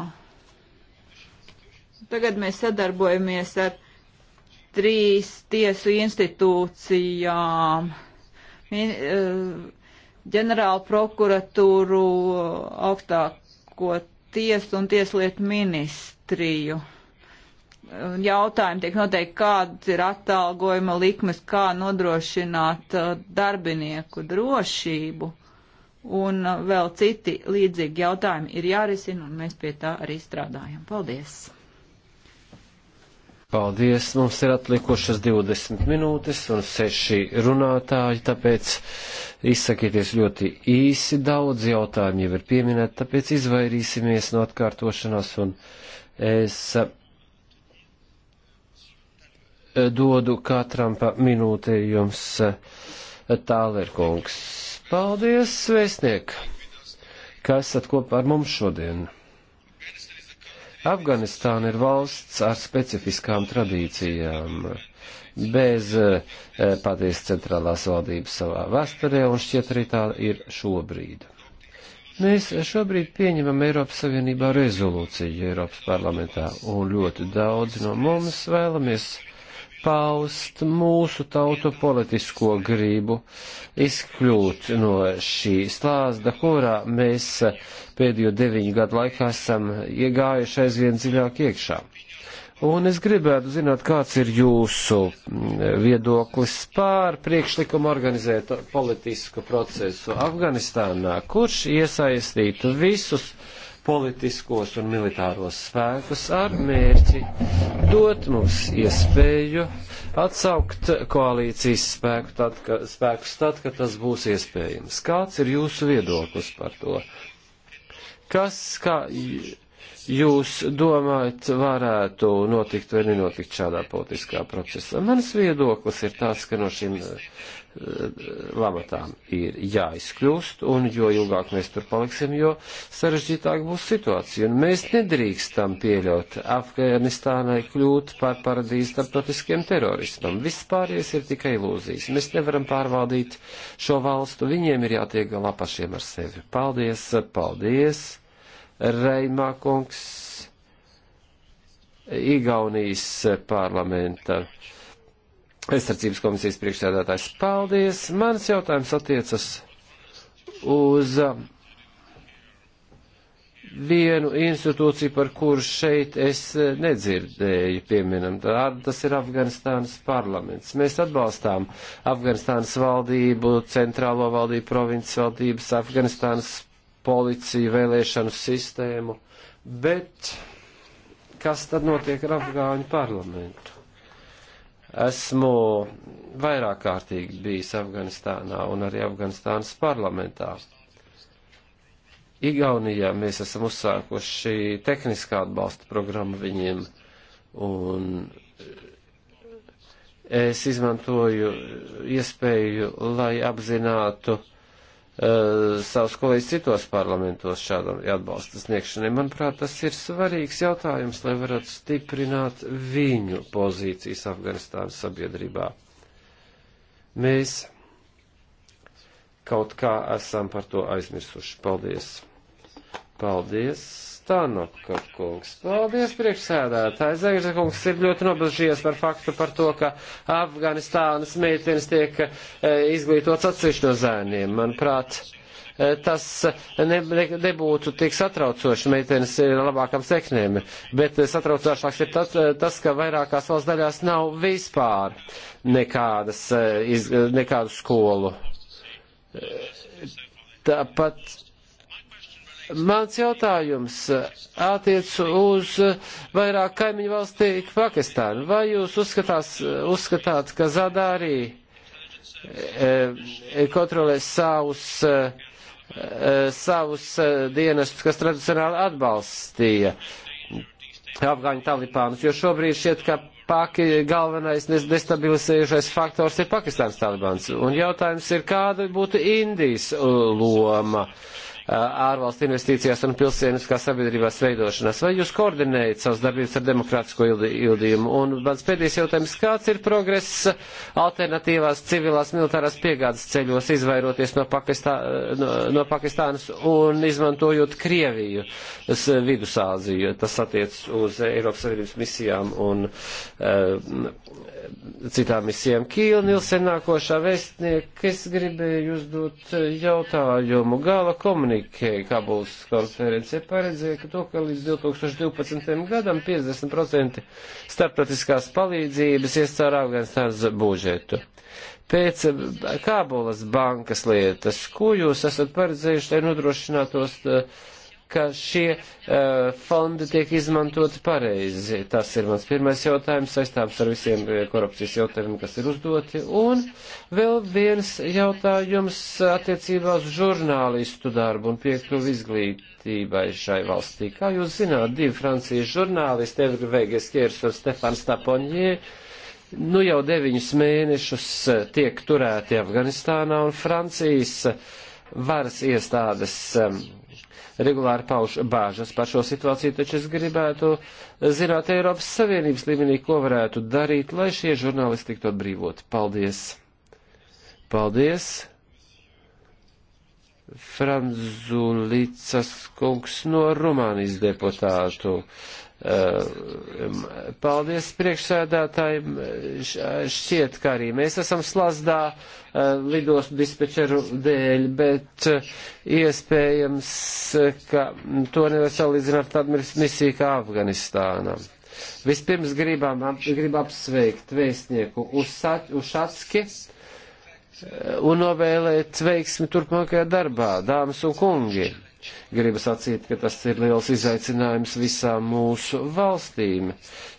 Tagad mēs sadarbojamies ar trīs tiesu institūcijām, eh, ģenerālu prokuratūru, augstāko tiesu un tieslietu ministriju jautājumi tiek noteikti, kādas ir atalgojuma likmes, kā nodrošināt uh, darbinieku drošību. Un uh, vēl citi līdzīgi jautājumi ir jārisina, un mēs pie tā arī strādājam. Paldies! Paldies! Mums ir atlikušas 20 minūtes un 6 runātāji, tāpēc izsakieties ļoti īsi. Daudz jautājumu jau ir pieminēti, tāpēc izvairīsimies no atkārtošanās un es dodu katram pa minūti jums tālerkungs. Paldies, vēstniek, ka esat kopā ar mums šodien. Afganistāna ir valsts ar specifiskām tradīcijām, bez eh, paties centrālās valdības savā vēsturē, un šķiet arī tā ir šobrīd. Mēs šobrīd pieņemam Eiropas Savienībā rezolūciju Eiropas parlamentā, un ļoti daudz no mums vēlamies paust mūsu tautu politisko gribu izkļūt no šī slāzda, kurā mēs pēdējo deviņu gadu laikā esam iegājuši aizvien dziļāk iekšā. Un es gribētu zināt, kāds ir jūsu viedoklis pār priekšlikumu organizēt politisku procesu Afganistānā, kurš iesaistītu visus uh, politiskos un militāros spēkus ar mērķi dot mums iespēju atsaukt koalīcijas spēku tad, ka, spēkus tad, kad tas būs iespējams. Kāds ir jūsu viedoklis par to? Kas, kā jūs domājat, varētu notikt vai nenotikt šādā politiskā procesā? Mans viedoklis ir tas, ka no šīm lamatām ir jāizkļūst, un jo ilgāk mēs tur paliksim, jo sarežģītāk būs situācija. Un mēs nedrīkstam pieļaut Afganistānai kļūt par paradīzi starptautiskiem teroristam. Vispārējais ir tikai ilūzijas. Mēs nevaram pārvaldīt šo valstu, viņiem ir jātiek galā pašiem ar sevi. Paldies, paldies, Reimā kungs, Igaunijas parlamenta aizsardzības komisijas priekšsēdētājs. Paldies! Mans jautājums attiecas uz um, vienu institūciju, par kuru šeit es uh, nedzirdēju pieminam. Tā, tas ir Afganistānas parlaments. Mēs atbalstām Afganistānas valdību, centrālo valdību, provinces valdības, Afganistānas policiju, vēlēšanu sistēmu, bet kas tad notiek ar Afgāņu parlamentu? Esmu vairāk kārtīgi bijis Afganistānā un arī Afganistānas parlamentā. Igaunijā mēs esam uzsākuši tehniskā atbalsta programmu viņiem, un es izmantoju iespēju, lai apzinātu uh, Uh, savus kolēģis citos parlamentos šādam atbalsta sniegšanai. Manuprāt, tas ir svarīgs jautājums, lai varētu stiprināt viņu pozīcijas Afganistānas sabiedrībā. Mēs kaut kā esam par to aizmirsuši. Paldies! Paldies! Tanaka kungs. Paldies, priekšsēdētāji. Zegers kungs ir ļoti nobežījies par faktu par to, ka Afganistānas meitenes tiek e, izglītots atsevišķi no zēniem. Manuprāt, e, tas ne, ne, nebūtu tik satraucoši. Meitenes ir labākam seknēm, bet satraucošāks ir tas, e, tas ka vairākās valsts daļās nav vispār nekādas, e, iz, nekādu skolu. E, tāpat Mans jautājums eh, attiec uz eh, vairāk kaimiņu valstī Pakistānu. Vai jūs uzskatās, eh, uzskatāt, ka Zadārī kontrolē savus, savus dienestus, kas tradicionāli atbalstīja afgāņu talibānus, jo šobrīd šķiet, ka Paki galvenais destabilizējušais faktors ir Pakistāns talibāns. Un jautājums ir, kāda būtu Indijas loma? Uh, ārvalstu investīcijās un pilsēniskās sabiedrībās veidošanās. Vai jūs koordinējat savas darbības ar demokrātisko ildījumu? Un mans pēdējais jautājums, kāds ir progress alternatīvās civilās militārās piegādes ceļos, izvairoties no, Pakistā, no, no Pakistānas un izmantojot Krieviju, Vidusāziju? Tas attiec uz Eiropas Savienības misijām un uh, citām misijām Kīlnilsen nākošā vēstnieka, es gribēju uzdot jautājumu. Gala komunikē Kabuls konferencē paredzēja, ka to, ka līdz 2012. gadam 50% starptautiskās palīdzības iestāra Afganistānas budžetu. Pēc Kābulas bankas lietas, ko jūs esat paredzējuši, lai nodrošinātos uh, ka šie uh, fondi tiek izmantoti pareizi? Tas ir mans pirmais jautājums, saistāms ar visiem eh, korupcijas jautājumiem, kas ir uzdoti. Un vēl viens jautājums attiecībā uz žurnālistu darbu un piekļuvu izglītībai šai valstī. Kā jūs zināt, divi francijas žurnālisti, Evri Vegas Kiers un Stefans Taponjē, nu jau deviņus mēnešus eh, tiek turēti Afganistānā un Francijas varas iestādes. Um, regulāri pauž bāžas par šo situāciju, taču es gribētu zināt Eiropas Savienības līmenī, ko varētu darīt, lai šie žurnālisti tiktu atbrīvoti. Paldies! Paldies! Franzulicas kungs no Rumānijas deputātu Ehm, paldies priekšsēdētājiem. Šķiet, ka arī mēs esam slazdā ehm, lidostu dispečeru dēļ, bet eh, iespējams, ka to nevar salīdzināt ar tādu misiju kā Afganistāna. Vispirms gribam, grib apsveikt vēstnieku Ušatski eh, un novēlēt veiksmi turpmākajā darbā, dāmas un kungi. Gribu sacīt, ka tas ir liels izaicinājums visām mūsu valstīm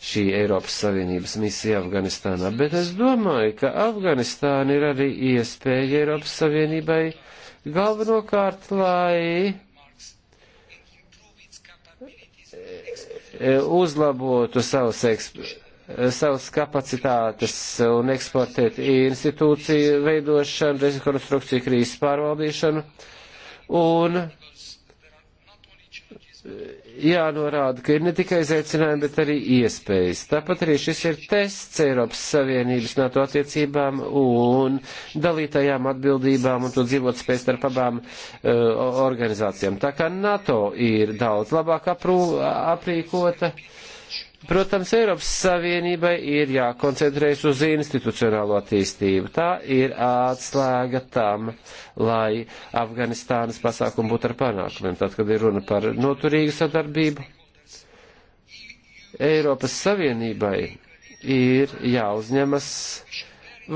šī Eiropas Savienības misija Afganistānā, bet es domāju, ka Afganistāna ir arī iespēja Eiropas Savienībai galvenokārt, lai e, uzlabotu savus ekspertus savas kapacitātes un eksportēt institūciju veidošanu, rekonstrukciju, krīzes pārvaldīšanu. Un jānorāda, ka ir ne tikai izaicinājumi, bet arī iespējas. Tāpat arī šis ir tests Eiropas Savienības NATO attiecībām un dalītajām atbildībām un to dzīvot spēj starp abām uh, organizācijām. Tā kā NATO ir daudz labāk aprū, aprīkota. Uh, Protams, Eiropas Savienībai ir jākoncentrējas uz institucionālo attīstību. Tā ir atslēga tam, lai Afganistānas pasākumi būtu ar panākumiem. Tad, kad ir runa par noturīgu sadarbību, Eiropas Savienībai ir jāuzņemas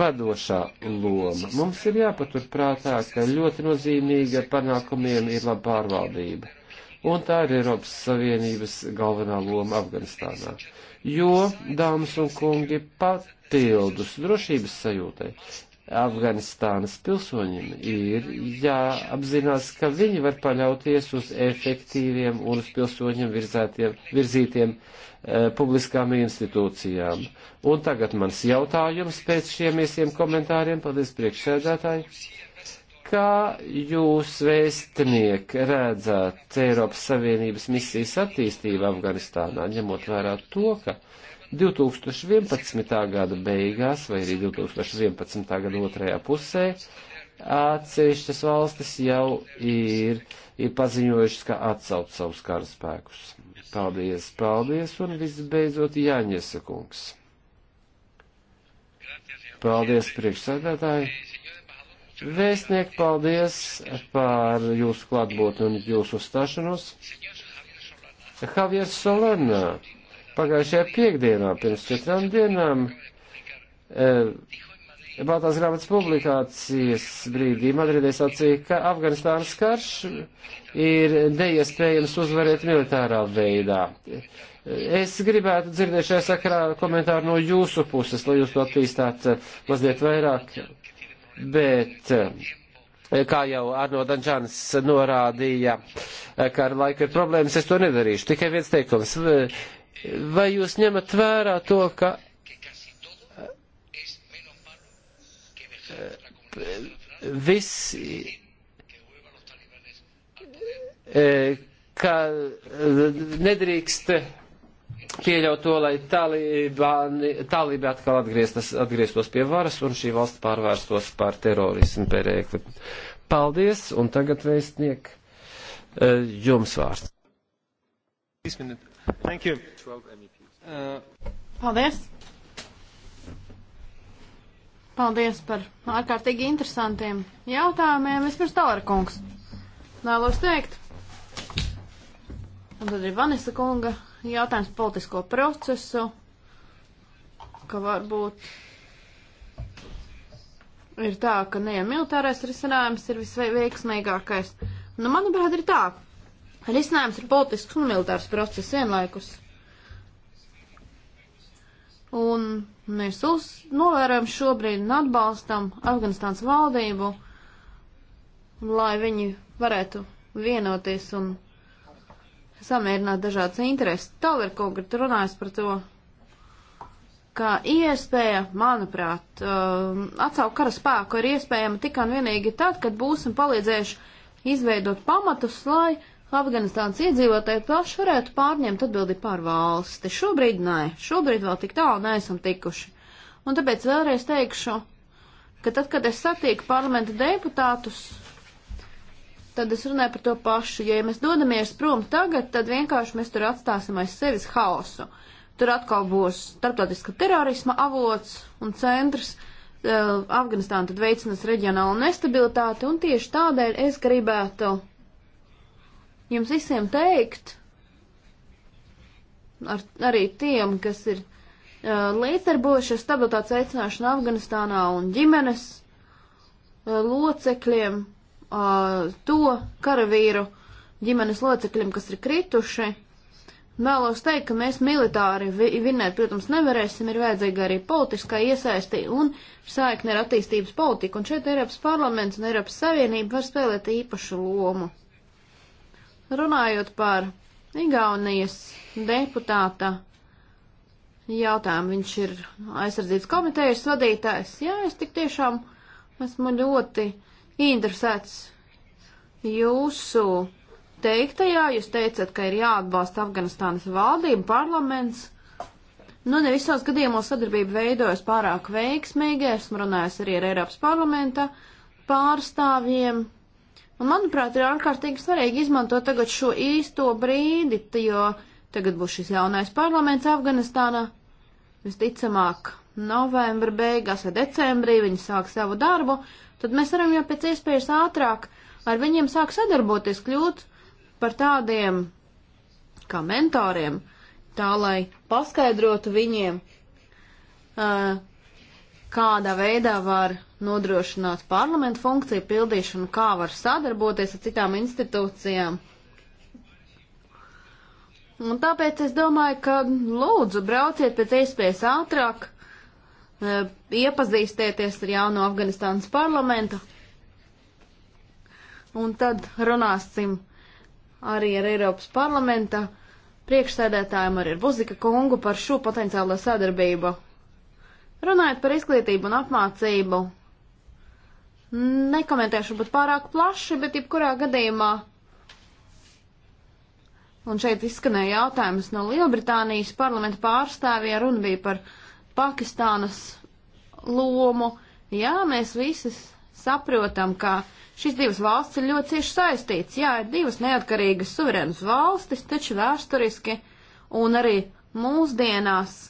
vadošā loma. Mums ir jāpaturprātā, ka ļoti nozīmīga panākumiem ir laba pārvaldība un tā ir Eiropas Savienības galvenā loma Afganistānā. Jo, dāmas un kungi, papildus drošības sajūtai Afganistānas pilsoņiem ir jāapzinās, ka viņi var paļauties uz efektīviem un uz pilsoņiem virzētiem, virzītiem e, publiskām institūcijām. Un tagad mans jautājums pēc šiem iesiem komentāriem. Paldies priekšsēdētāji. Kā jūs, vēstnieki, redzat Eiropas Savienības misijas attīstību Afganistānā, ņemot vērā to, ka 2011. gada beigās vai arī 2011. gada otrajā pusē atsevišķas valstis jau ir, ir paziņojušas, ka atsauc savus karaspēkus. Paldies, paldies, un visbeidzot Jāņesa kungs. Paldies, priekšsēdētāji. Vēstniek, paldies par jūsu klātbūtni un jūsu uzstāšanos. Javiers Solana pagājušajā piekdienā pirms četrām dienām e, Baltās grāmatas publikācijas brīdī Madridē sacīja, ka Afganistānas karš ir neiespējams uzvarēt militārā veidā. Es gribētu dzirdēt šajā sakarā komentāru no jūsu puses, lai jūs to attīstāt eh, mazliet vairāk bet eh, kā jau Arno Dančāns norādīja, eh, ka ar laiku ir problēmas, es to nedarīšu. Tikai viens teikums. Vai jūs ņemat vērā to, ka eh, viss, ka nedrīkst pieļaut to, lai talibāni, talibi atkal atgrieztas, atgrieztos pie varas un šī valsts pārvērstos par terorismu pērēkli. Paldies, un tagad vēstniek, eh, jums vārds. E uh, paldies! Paldies par ārkārtīgi interesantiem jautājumiem. Vispirms Tālera kungs. Nēlos teikt. Un tad ir Vanisa kunga jautājums politisko procesu, ka varbūt ir tā, ka ne jau militārais risinājums ir visveiksmīgākais. Nu, manuprāt, ir tā. Risinājums ir politisks un militārs process vienlaikus. Un mēs uz, novērojam šobrīd un atbalstam Afganistānas valdību, lai viņi varētu vienoties un samierināt dažādas intereses. Taler konkrēti runājas par to, ka iespēja, manuprāt, um, atsaukt kara spēku ir iespējama tikai un vienīgi tad, kad būsim palīdzējuši izveidot pamatus, lai Afganistānas iedzīvotāji paši varētu pārņemt atbildību pār valsti. Šobrīd nē, šobrīd vēl tik tālu neesam tikuši. Un tāpēc vēlreiz teikšu, ka tad, kad es satieku parlamenta deputātus, tad es runāju par to pašu. Ja mēs dodamies prom tagad, tad vienkārši mēs tur atstāsim aiz sevis haosu. Tur atkal būs starptautiska terorisma avots un centrs. Uh, Afganistāna tad veicinās reģionālu nestabilitāti, un tieši tādēļ es gribētu jums visiem teikt, ar, arī tiem, kas ir uh, līdzdarbojušies stabilitātes veicināšanā Afganistānā un ģimenes uh, locekļiem, uh, to karavīru ģimenes locekļiem, kas ir krituši. Vēlos teikt, ka mēs militāri vinēt, protams, nevarēsim, ir vajadzīga arī politiskā iesaisti un saikne ar attīstības politiku, un šeit Eiropas parlaments un Eiropas Savienība var spēlēt īpašu lomu. Runājot par Igaunijas deputāta jautājumu, viņš ir aizsardzības komitejas vadītājs, jā, es tik tiešām esmu ļoti interesēts jūsu teiktajā. Jūs teicat, ka ir jāatbalsta Afganistānas valdība, parlaments. Nu, ne visos gadījumos sadarbība veidojas pārāk veiksmīgi. Esmu runājis arī ar Eiropas parlamenta pārstāvjiem. Un, manuprāt, ir ārkārtīgi svarīgi izmantot tagad šo īsto brīdi, jo tagad būs šis jaunais parlaments Afganistānā. Visticamāk, novembra beigās vai decembrī viņi sāk savu darbu, tad mēs varam jau pēc iespējas ātrāk ar viņiem sākt sadarboties, kļūt par tādiem kā mentoriem, tā lai paskaidrotu viņiem, uh, kādā veidā var nodrošināt parlamentu funkciju pildīšanu, kā var sadarboties ar citām institūcijām. Un tāpēc es domāju, ka lūdzu brauciet pēc iespējas ātrāk Eh, iepazīstieties ar jauno Afganistānas parlamentu, un tad runāsim arī ar Eiropas parlamenta priekšsēdētājiem, arī ar Buzika kungu par šo potenciālo sadarbību. Runājot par izglītību un apmācību, nekomentēšu būt pārāk plaši, bet jebkurā gadījumā, un šeit izskanēja jautājums no Lielbritānijas parlamenta pārstāvja, runa bija par Pakistānas lomu. Jā, mēs visi saprotam, ka šīs divas valstis ir ļoti cieši saistītas. Jā, ir divas neatkarīgas suverēnas valstis, taču vēsturiski un arī mūsdienās e,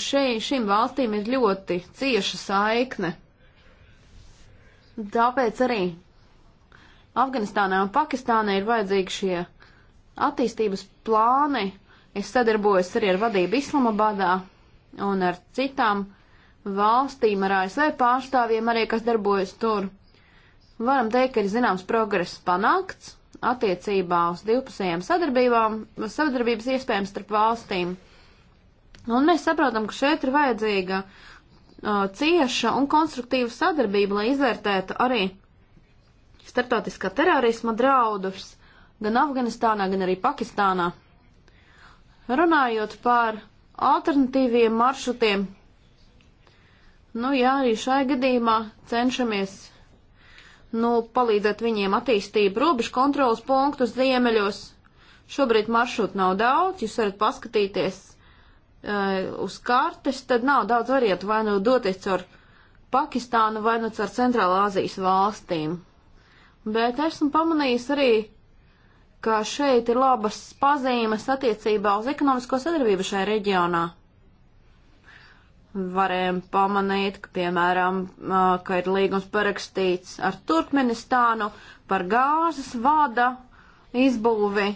še, šīm valstīm ir ļoti cieša saikne. Tāpēc arī Afganistānai un Pakistānai ir vajadzīgi šie attīstības plāni. Es sadarbojos arī ar vadību Islamabadā, un ar citām valstīm, ar ASV pārstāvjiem arī, kas darbojas tur. Varam teikt, ka ir zināms progress panākts attiecībā uz divpusējām sadarbībām, uz sadarbības iespējām starp valstīm. Un mēs saprotam, ka šeit ir vajadzīga uh, cieša un konstruktīva sadarbība, lai izvērtētu arī starptautiskā terorisma draudus gan Afganistānā, gan arī Pakistānā. Runājot par alternatīviem maršrutiem. Nu jā, arī šai gadījumā cenšamies nu, palīdzēt viņiem attīstīt robežu kontrolas punktus ziemeļos. Šobrīd maršrutu nav daudz, jūs varat paskatīties uh, uz kartes, tad nav daudz variantu vai nu doties caur Pakistānu vai nu caur Centrālā Azijas valstīm. Bet esmu pamanījis arī ka šeit ir labas pazīmes attiecībā uz ekonomisko sadarbību šajā reģionā. Varējām pamanīt, ka, piemēram, ka ir līgums parakstīts ar Turkmenistānu par gāzes vada izbūvi.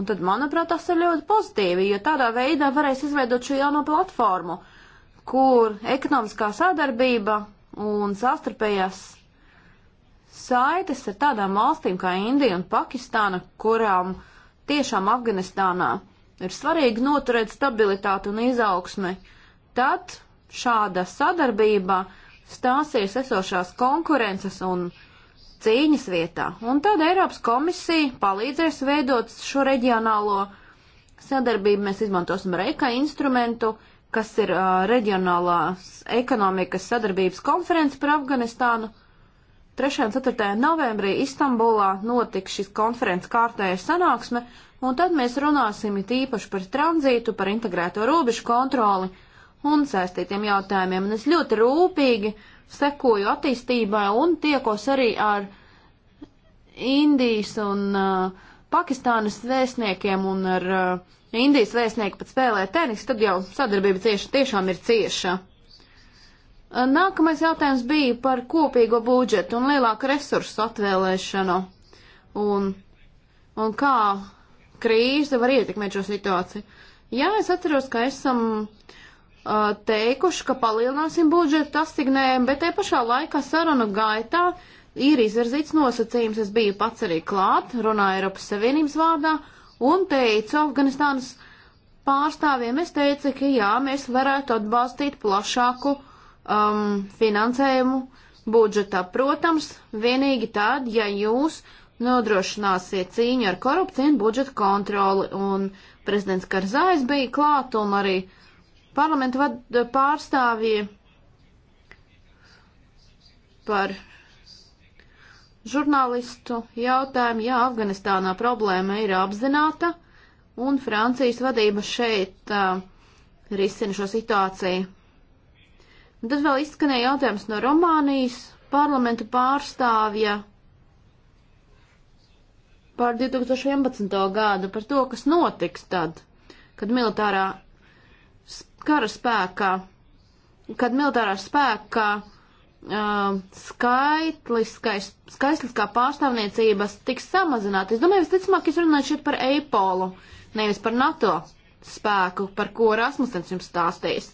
Un tad, manuprāt, tas ir ļoti pozitīvi, jo tādā veidā varēs izveidot šo jauno platformu, kur ekonomiskā sadarbība un sastarpējās saites ar tādām valstīm kā Indija un Pakistāna, kurām tiešām Afganistānā ir svarīgi noturēt stabilitāti un izaugsmi, tad šāda sadarbība stāsies esošās konkurences un cīņas vietā. Un tad Eiropas komisija palīdzēs veidot šo reģionālo sadarbību. Mēs izmantosim reika instrumentu, kas ir uh, reģionālās ekonomikas sadarbības konferences par Afganistānu. 3. un 4. novembrī Istambulā notiks šis konferences kārtēja sanāksme, un tad mēs runāsim it īpaši par tranzītu, par integrēto robežu kontroli un saistītiem jautājumiem. Un es ļoti rūpīgi sekoju attīstībai un tiekos arī ar Indijas un uh, Pakistānas vēstniekiem un ar uh, Indijas vēstnieku pat spēlē tenis, tad jau sadarbība cieši, tiešām ir cieša. Nākamais jautājums bija par kopīgo budžetu un lielāku resursu atvēlēšanu un, un kā krīze var ietekmēt šo situāciju. Jā, es atceros, ka esam uh, teikuši, ka palielināsim budžetu asignējumu, bet te pašā laikā sarunu gaitā ir izvirzīts nosacījums. Es biju pats arī klāt, runāju Eiropas Savienības vārdā un teicu Afganistānas pārstāvjiem, es teicu, ka jā, mēs varētu atbalstīt plašāku uh, um, finansējumu budžetā. Protams, vienīgi tad, ja jūs nodrošināsiet cīņu ar korupciju un budžeta kontroli. Un prezidents Karzājs bija klāt un arī parlamentu eh, pārstāvji par žurnālistu jautājumu. Jā, Afganistānā problēma ir apzināta un Francijas vadība šeit uh, risina šo situāciju Un tad vēl izskanēja jautājums no Romānijas parlamenta pārstāvja par 2011. gadu, par to, kas notiks tad, kad militārā kara spēkā, kad militārā spēkā uh, skaitliskais, skaitliskā pārstāvniecības tiks samazināta. Es domāju, visticamāk, es runāju šeit par Eipolu, nevis par NATO spēku, par ko Rasmussens jums stāstīs.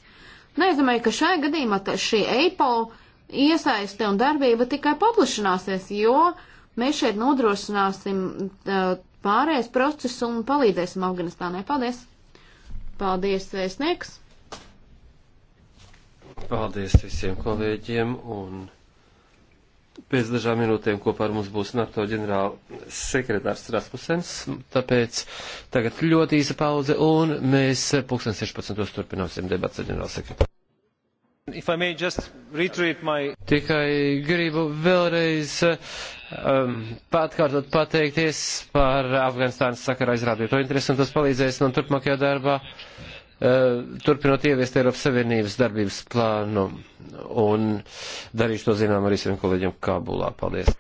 Nu, es domāju, ka šajā gadījumā šī Apple iesaiste un darbība tikai paplašināsies, jo mēs šeit nodrošināsim pārējais procesu un palīdzēsim Afganistānai. Paldies! Paldies, vēstnieks! Paldies visiem kolēģiem un pēc dažām minūtēm kopā ar mums būs NATO ģenerāla sekretārs Rasmusens, tāpēc tagad ļoti īsa pauze un mēs 2016. turpināsim debats ar ģenerāla sekretāru. My... Tikai gribu vēlreiz um, patkārtot pateikties par Afganistānas sakarā izrādīto interesi, un tas palīdzēs man turpmākajā darbā. Uh, Eh, turpinot ieviest Eiropas Savienības darbības plānu un darīšu to zinām arī saviem kolēģiem Kabulā. Paldies!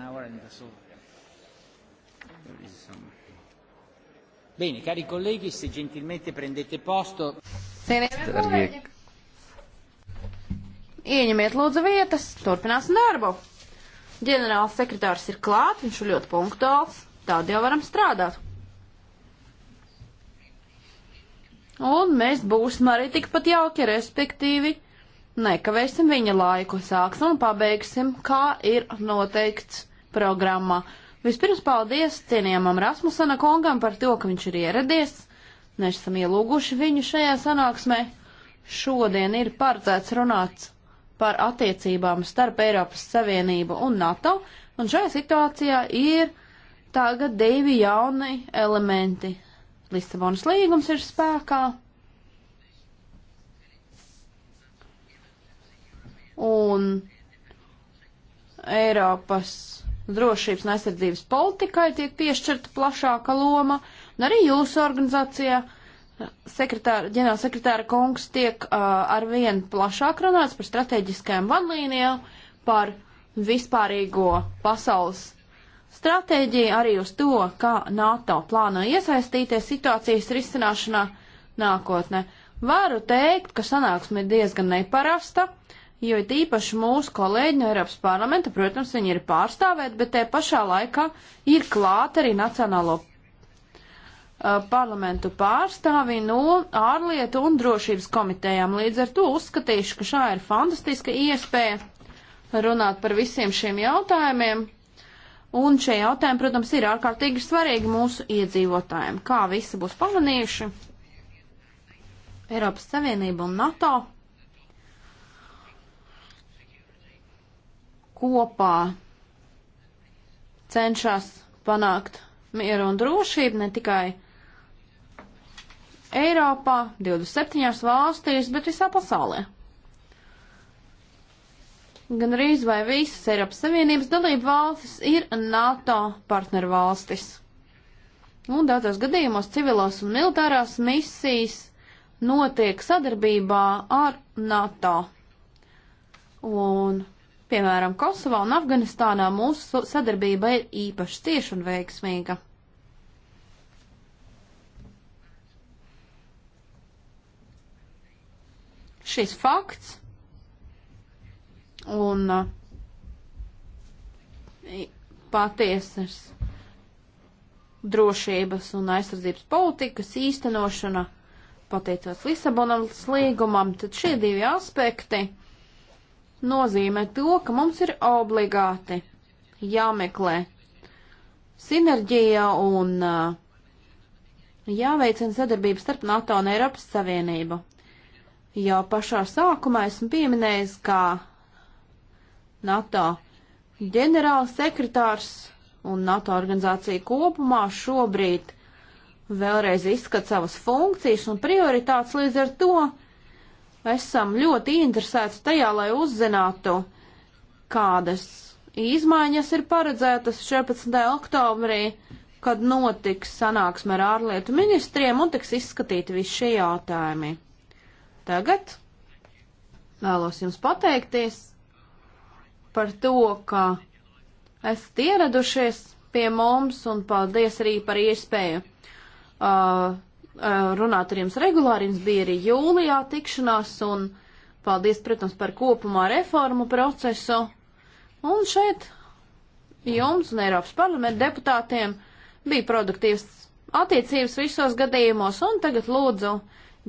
an hour and so there is some... Bene, cari colleghi, se gentilmente prendete posto. Darbie. Ieņemiet lūdzu vietas, turpināsim darbu. Ģenerāls sekretārs ir klāt, viņš ir ļoti punktuāls, tādā jau varam strādāt. Un mēs būsim arī tikpat jauki, respektīvi, nekavēsim viņa laiku, sāksim un pabeigsim, kā ir noteikts programmā. Vispirms paldies cienījamam Rasmusena kungam par to, ka viņš ir ieradies. Mēs esam ielūguši viņu šajā sanāksmē. Šodien ir paredzēts runāt par attiecībām starp Eiropas Savienību un NATO, un šajā situācijā ir tagad divi jauni elementi. Lisabonas līgums ir spēkā. Un Eiropas drošības un aizsardzības politikai tiek piešķirta plašāka loma, un arī jūsu organizācijā sekretāra, ģenerālsekretāra kungs tiek uh, arvien plašāk runāts par strateģiskajām vadlīnijām, par vispārīgo pasaules stratēģiju, arī uz to, kā NATO plāno iesaistīties situācijas risināšanā nākotnē. Varu teikt, ka sanāksme ir diezgan neparasta jo tīpaši mūsu kolēģi no Eiropas parlamenta, protams, viņi ir pārstāvēti, bet te pašā laikā ir klāt arī Nacionālo parlamentu pārstāvi no ārlietu un drošības komitejām. Līdz ar to uzskatīšu, ka šā ir fantastiska iespēja runāt par visiem šiem jautājumiem. Un šie jautājumi, protams, ir ārkārtīgi svarīgi mūsu iedzīvotājiem. Kā visi būs pamanījuši, Eiropas Savienība un NATO kopā cenšas panākt mieru un drošību ne tikai Eiropā, 27 valstīs, bet visā pasaulē. Gan arī vai visas Eiropas Savienības dalība valstis ir NATO partneru valstis. Un daudzos gadījumos civilās un militārās misijas notiek sadarbībā ar NATO. Un Piemēram, Kosovā un Afganistānā mūsu sadarbība ir īpaši cieša un veiksmīga. Šis fakts un uh, patiesas drošības un aizsardzības politikas īstenošana pateicot Lisabonas līgumam, tad šie divi aspekti nozīmē to, ka mums ir obligāti jāmeklē sinerģija un uh, jāveicina sadarbība starp NATO un Eiropas Savienību. Jau pašā sākumā esmu pieminējis, ka NATO ģenerāls sekretārs un NATO organizācija kopumā šobrīd vēlreiz izskat savas funkcijas un prioritātes līdz ar to esam ļoti interesēti tajā, lai uzzinātu, kādas izmaiņas ir paredzētas 14. oktobrī, kad notiks sanāksme ar ārlietu ministriem un tiks izskatīti visi šie jautājumi. Tagad vēlos jums pateikties par to, ka esat ieradušies pie mums un paldies arī par iespēju uh, Eh, runāt ar jums regulāri, jums bija arī jūlijā tikšanās, un paldies, protams, par kopumā reformu procesu. Un šeit jums un Eiropas parlamenta deputātiem bija produktīvs attiecības visos gadījumos, un tagad lūdzu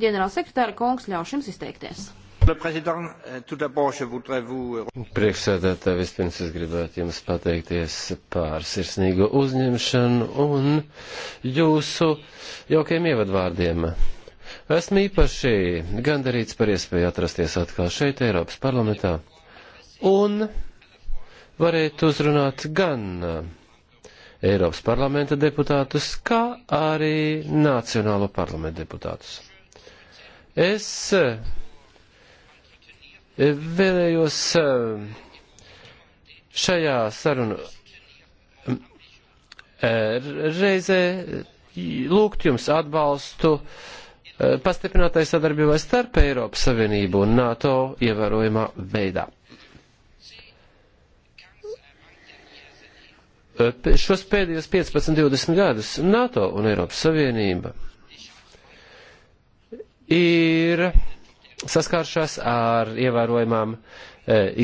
ģenerālsekretāra kungs ļauš jums izteikties. Euh, Priekšsēdētāji, vispirms es gribētu jums pateikties par sirsnīgo uzņemšanu un jūsu jaukiem ievadvārdiem. Esmu īpaši gandarīts par iespēju atrasties atkal šeit, Eiropas parlamentā, un varēt uzrunāt gan Eiropas parlamenta deputātus, kā arī Nacionālo parlamentu deputātus. Es Vēlējos eh, šajā sarunu eh, reizē lūgt jums atbalstu eh, pastiprinātai sadarbībai starp Eiropas Savienību un NATO ievērojumā veidā. Šos pēdējos 15-20 gadus NATO un Eiropas Savienība ir saskāršās ar ievērojumām e,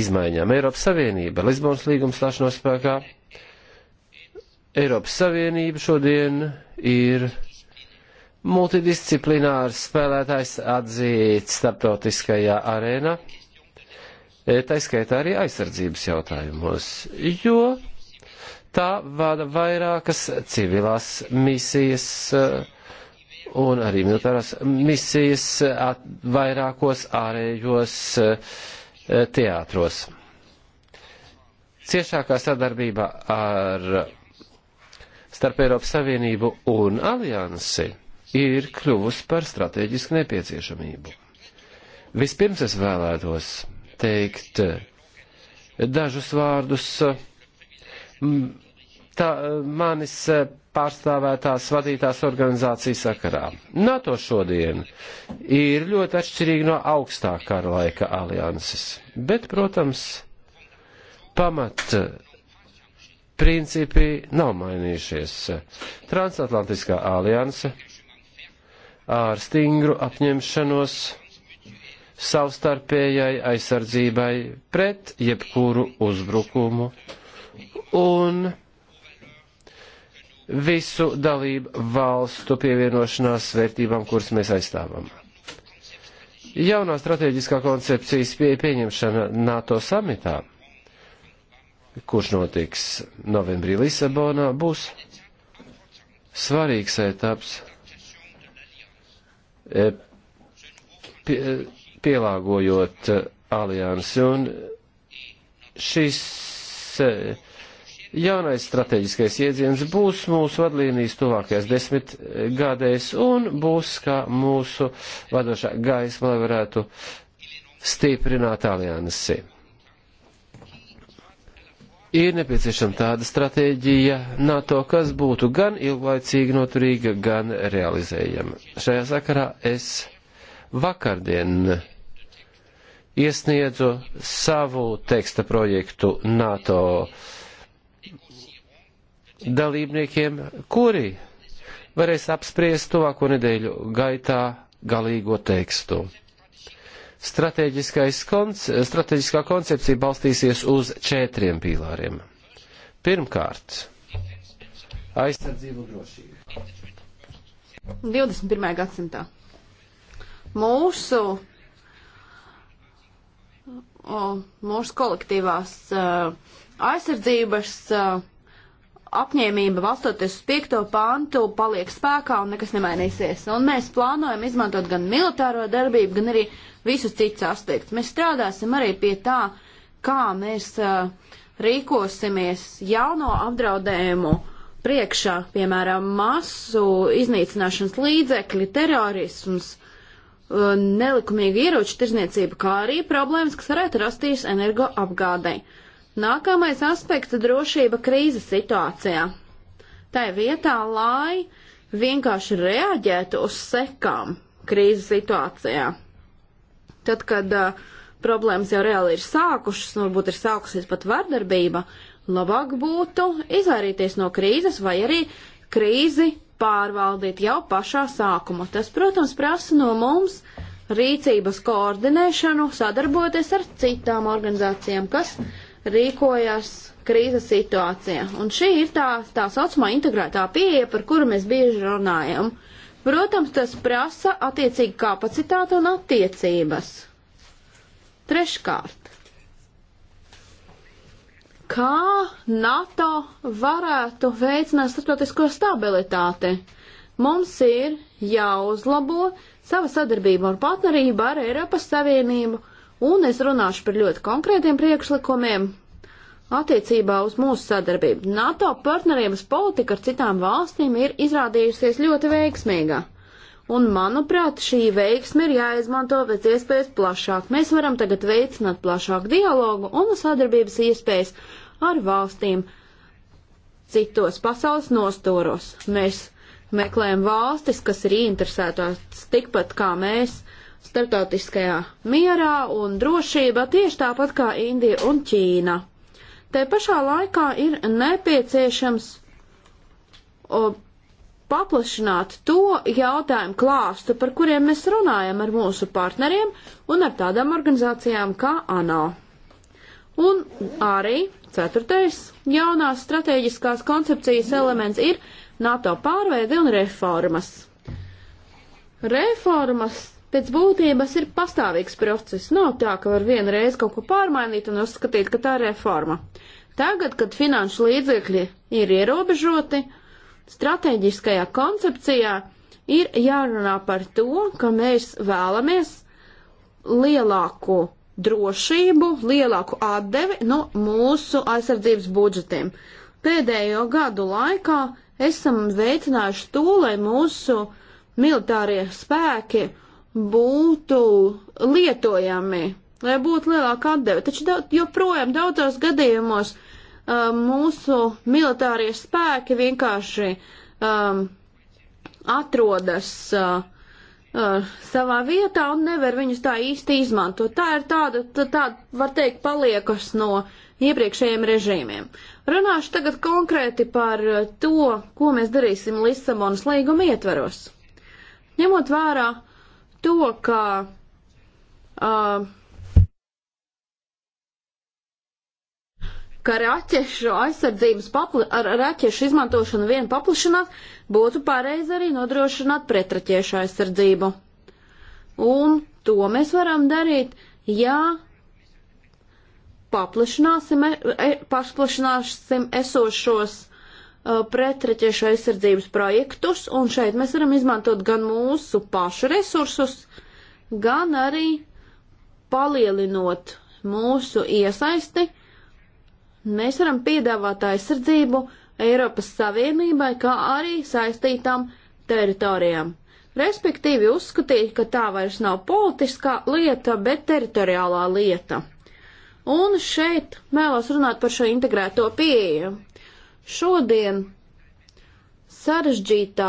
izmaiņām. Eiropas Savienība, Lisbonas līgums stāšanos spēkā. Eiropas Savienība šodien ir multidisciplinārs spēlētājs atzīts starptautiskajā arēnā, e, taiskaitā arī aizsardzības jautājumos, jo tā vada vairākas civilās misijas. E, un arī militārās misijas at, vairākos ārējos eh, teātros. Ciešākā sadarbība ar starp Eiropas Savienību un aliansi ir kļuvusi par strateģisku nepieciešamību. Vispirms es vēlētos teikt eh, dažus vārdus tā, eh, manis eh, pārstāvētās vadītās organizācijas sakarā. NATO šodien ir ļoti atšķirīgi no augstā kara laika alianses, bet, protams, pamat eh, principi nav mainījušies. Transatlantiskā alianse ar stingru apņemšanos savstarpējai aizsardzībai pret jebkuru uzbrukumu un visu dalību valstu pievienošanās vērtībām, kuras mēs aizstāvam. Jaunā strateģiskā koncepcijas pie, pieņemšana NATO samitā, kurš notiks novembrī Lisabonā, būs svarīgs etaps e, pie, pielāgojot e, aliansi. Un šis e, Jaunais strateģiskais iedziens būs mūsu vadlīnijas tuvākajās desmit eh, gadēs un būs kā mūsu vadošā gaisma, lai varētu stiprināt aliansi ir nepieciešama tāda stratēģija NATO, kas būtu gan ilglaicīgi noturīga, gan realizējama. Šajā sakarā es vakardien iesniedzu savu teksta projektu NATO uh, dalībniekiem, kuri varēs apspriest tuvāko nedēļu gaitā galīgo tekstu. Konce strateģiskā koncepcija balstīsies uz četriem pīlāriem. Pirmkārt, aizsardzību un drošību. 21. gadsimtā mūsu, mūsu kolektīvās aizsardzības apņēmība valstoties uz piekto pantu paliek spēkā un nekas nemainīsies. Un mēs plānojam izmantot gan militāro darbību, gan arī visus citus aspektus. Mēs strādāsim arī pie tā, kā mēs uh, rīkosimies jauno apdraudējumu priekšā, piemēram, masu iznīcināšanas līdzekļi, terorisms, uh, nelikumīga ieroču tirzniecība, kā arī problēmas, kas varētu rasties energoapgādai. apgādai. Nākamais aspekts - drošība krīzes situācijā. Tā ir vietā, lai vienkārši reaģētu uz sekām krīzes situācijā. Tad, kad uh, problēmas jau reāli ir sākušas, varbūt ir sākusies pat vardarbība, labāk būtu izvairīties no krīzes vai arī krīzi pārvaldīt jau pašā sākumā. Tas, protams, prasa no mums rīcības koordinēšanu, sadarboties ar citām organizācijām, kas rīkojas krīzes situācijā. Un šī ir tā, tā saucamā integrētā pieeja, par kuru mēs bieži runājam. Protams, tas prasa attiecīgi kapacitāti un attiecības. Treškārt, kā NATO varētu veicināt starptautisko stabilitāti? Mums ir jāuzlabo sava sadarbība un partnerība ar Eiropas Savienību un es runāšu par ļoti konkrētiem priekšlikumiem attiecībā uz mūsu sadarbību. NATO partnerības politika ar citām valstīm ir izrādījusies ļoti veiksmīga. Un, manuprāt, šī veiksme ir jāizmanto pēc iespējas plašāk. Mēs varam tagad veicināt plašāku dialogu un sadarbības iespējas ar valstīm citos pasaules nostūros. Mēs meklējam valstis, kas ir interesētās tikpat kā mēs starptautiskajā mierā un drošībā tieši tāpat kā Indija un Ķīna. Te pašā laikā ir nepieciešams o, paplašināt to jautājumu klāstu, par kuriem mēs runājam ar mūsu partneriem un ar tādām organizācijām kā ANO. Un arī ceturtais jaunās strateģiskās koncepcijas elements ir NATO pārveide un reformas. Reformas pēc būtības ir pastāvīgs process. Nav tā, ka var vienreiz kaut ko pārmainīt un uzskatīt, ka tā ir reforma. Tagad, kad finanšu līdzekļi ir ierobežoti, stratēģiskajā koncepcijā ir jārunā par to, ka mēs vēlamies lielāku drošību, lielāku atdevi no mūsu aizsardzības budžetiem. Pēdējo gadu laikā esam veicinājuši to, lai mūsu militārie spēki būtu lietojami, lai būtu lielāka atdeve. Taču da, joprojām daudzos gadījumos uh, mūsu militārie spēki vienkārši um, atrodas uh, uh, savā vietā un nevar viņus tā īsti izmantot. Tā ir tāda, tā, tā var teikt, paliekas no iepriekšējiem režīmiem. Runāšu tagad konkrēti par uh, to, ko mēs darīsim Lisabonas līguma ietveros. Ņemot vērā uh, to, ka uh, ka raķešu aizsardzības papli, ar raķešu izmantošanu vien paplašināt, būtu pareizi arī nodrošināt pretraķiešu aizsardzību. Un to mēs varam darīt, ja paplašināsim, e, e, paplašināsim esošos Uh, pretreķiešu aizsardzības projektus, un šeit mēs varam izmantot gan mūsu pašu resursus, gan arī palielinot mūsu iesaisti, mēs varam piedāvāt aizsardzību Eiropas Savienībai, kā arī saistītām teritorijām. Respektīvi uzskatīt, ka tā vairs nav politiskā lieta, bet teritoriālā lieta. Un šeit vēlos runāt par šo integrēto pieeju. Šodien sarežģītā,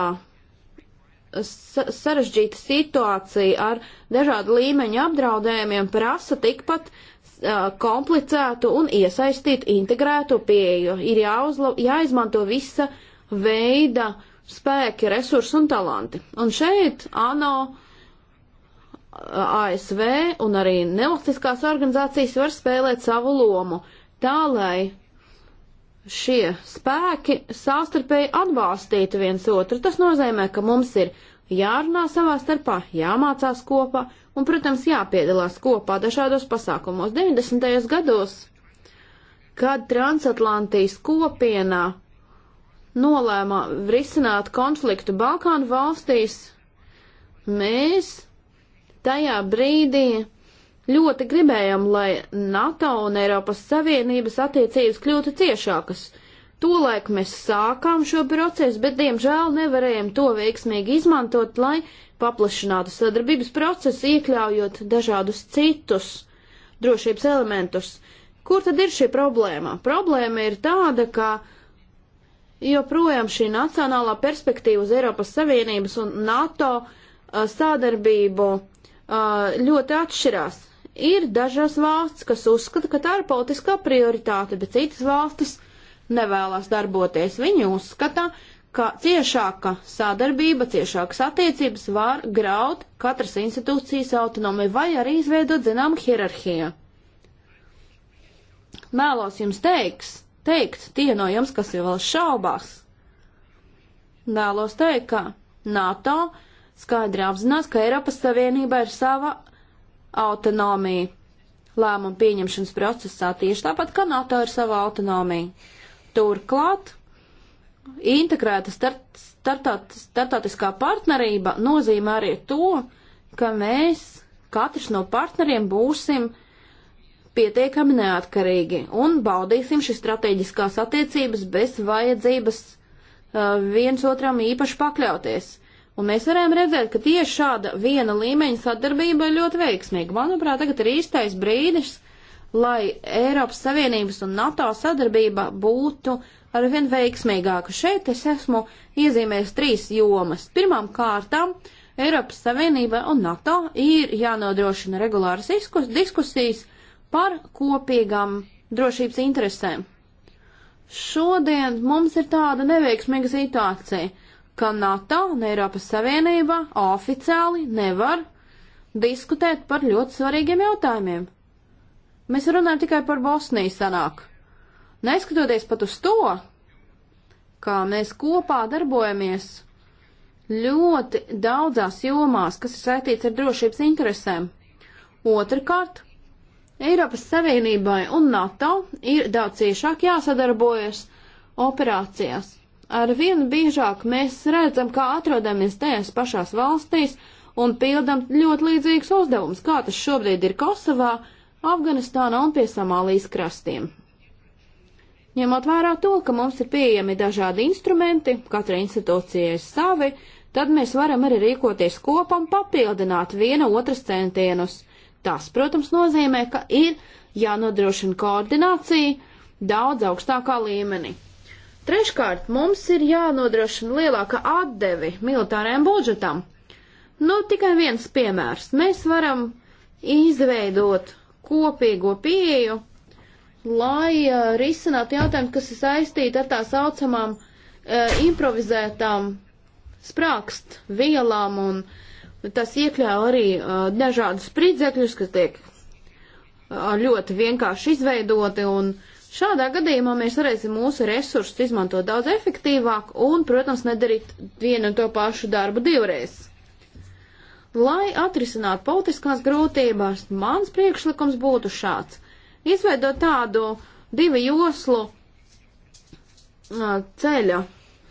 sarežģīta situācija ar dažādu līmeņu apdraudējumiem prasa tikpat komplicētu un iesaistītu integrētu pieeju. Ir jāuzla, jāizmanto visa veida spēki, resursi un talanti. Un šeit ANO. ASV un arī nevalstiskās organizācijas var spēlēt savu lomu tā, lai šie spēki savstarpēji atbalstītu viens otru. Tas nozīmē, ka mums ir jārunā savā starpā, jāmācās kopā un, protams, jāpiedalās kopā dažādos pasākumos. 90. gados, kad transatlantijas kopienā nolēma risināt konfliktu Balkānu valstīs, mēs tajā brīdī ļoti gribējam, lai NATO un Eiropas Savienības attiecības kļūtu ciešākas. Tolaik mēs sākām šo procesu, bet diemžēl nevarējām to veiksmīgi izmantot, lai paplašinātu sadarbības procesu, iekļaujot dažādus citus drošības elementus. Kur tad ir šī problēma? Problēma ir tāda, ka joprojām šī nacionālā perspektīva uz Eiropas Savienības un NATO uh, sadarbību uh, ļoti atšķirās. Ir dažas valsts, kas uzskata, ka tā ir politiskā prioritāte, bet citas valstis nevēlas darboties. Viņi uzskata, ka ciešāka sadarbība, ciešākas attiecības var graut katras institūcijas autonomiju vai arī izveidot zināmu hierarhiju. Mēlos jums teiks, teikt tie no jums, kas jau vēl šaubās. Mēlos teikt, ka NATO skaidri apzinās, ka Eiropas Savienība ir sava autonomiju lēmumu pieņemšanas procesā, tieši tāpat Kanādā ir sava autonomija. Turklāt integrēta start, startaut, startautiskā partnerība nozīmē arī to, ka mēs katrs no partneriem būsim pietiekami neatkarīgi un baudīsim šīs strateģiskās attiecības bez vajadzības uh, viens otram īpaši pakļauties. Un mēs varējām redzēt, ka tieši šāda viena līmeņa sadarbība ir ļoti veiksmīga. Manuprāt, tagad ir īstais brīdis, lai Eiropas Savienības un NATO sadarbība būtu arvien veiksmīgāka. Šeit es esmu iezīmējis trīs jomas. Pirmām kārtām Eiropas Savienība un NATO ir jānodrošina regulāras diskus, diskusijas par kopīgām drošības interesēm. Šodien mums ir tāda neveiksmīga situācija ka NATO un Eiropas Savienība oficiāli nevar diskutēt par ļoti svarīgiem jautājumiem. Mēs runājam tikai par Bosniju sanāk. Neskatoties pat uz to, kā mēs kopā darbojamies ļoti daudzās jomās, kas ir saistīts ar drošības interesēm. Otrakārt, Eiropas Savienībai un NATO ir daudz ciešāk jāsadarbojas operācijās. Arvien biežāk mēs redzam, kā atrodamies tajās pašās valstīs un pildam ļoti līdzīgus uzdevumus, kā tas šobrīd ir Kosovā, Afganistānā un pie Somālijas krastiem. Ņemot vērā to, ka mums ir pieejami dažādi instrumenti, katrai institūcijai savi, tad mēs varam arī rīkoties kopā un papildināt viena otras centienus. Tas, protams, nozīmē, ka ir jānodrošina koordinācija daudz augstākā līmenī. Treškārt, mums ir jānodrošina lielāka atdevi militārajam budžetam. Nu, tikai viens piemērs. Mēs varam izveidot kopīgo pieeju, lai uh, risinātu jautājumu, kas ir saistīti ar tā saucamām uh, improvizētām sprākst vielām, un tas iekļauj arī uh, dažādus spridzekļus, kas tiek uh, ļoti vienkārši izveidoti, un uh, Šādā gadījumā mēs varēsim mūsu resursus izmantot daudz efektīvāk un, protams, nedarīt vienu un to pašu darbu divreiz. Lai atrisinātu politiskās grūtības, mans priekšlikums būtu šāds. Izveidot tādu divu joslu ceļa,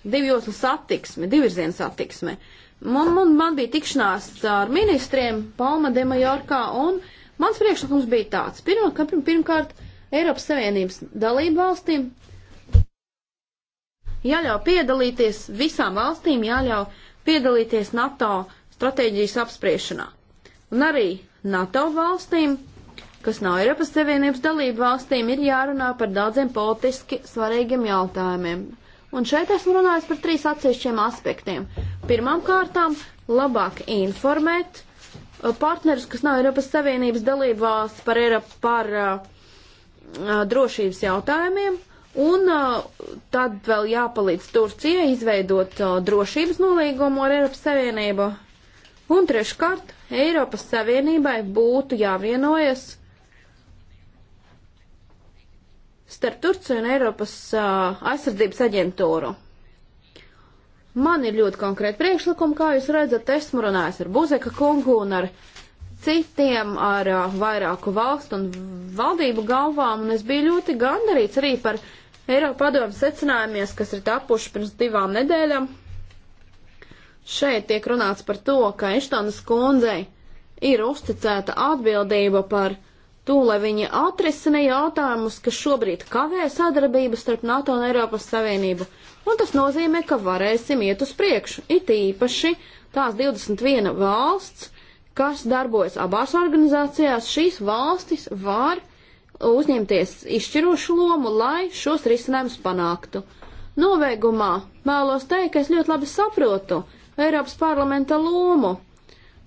divu joslu satiksmi, divvirzienu satiksmi. Man, man, man bija tikšanās ar ministriem Palma de Mallorca un mans priekšlikums bija tāds. Pirmkārt, pirmkārt Eiropas Savienības dalību valstīm jāļauj piedalīties, visām valstīm jāļauj piedalīties NATO stratēģijas apspriešanā. Un arī NATO valstīm, kas nav Eiropas Savienības dalību valstīm, ir jārunā par daudziem politiski svarīgiem jautājumiem. Un šeit esmu runājis par trīs atsevišķiem aspektiem. Pirmām kārtām labāk informēt uh, partnerus, kas nav Eiropas Savienības dalību valsts par, Eiropa, par uh, drošības jautājumiem, un tad vēl jāpalīdz Turcijai izveidot drošības nolīgumu ar Eiropas Savienību. Un treškārt, Eiropas Savienībai būtu jāvienojas starp Turciju un Eiropas uh, aizsardzības aģentūru. Man ir ļoti konkrēti priekšlikumi, kā jūs redzat, esmu runājis ar Buzeka kungu un ar citiem ar uh, vairāku valstu un valdību galvām, un es biju ļoti gandarīts arī par Eiropa padomu secinājumies, kas ir tapuši pirms divām nedēļām. Šeit tiek runāts par to, ka Eštonas kundzei ir uzticēta atbildība par to, lai viņi atrisina jautājumus, kas šobrīd kavē sadarbību starp NATO un Eiropas Savienību. Un tas nozīmē, ka varēsim iet uz priekšu. It īpaši tās 21 valsts, kas darbojas abās organizācijās, šīs valstis var uzņemties izšķirošu lomu, lai šos risinājumus panāktu. Novēgumā vēlos teikt, ka es ļoti labi saprotu Eiropas parlamenta lomu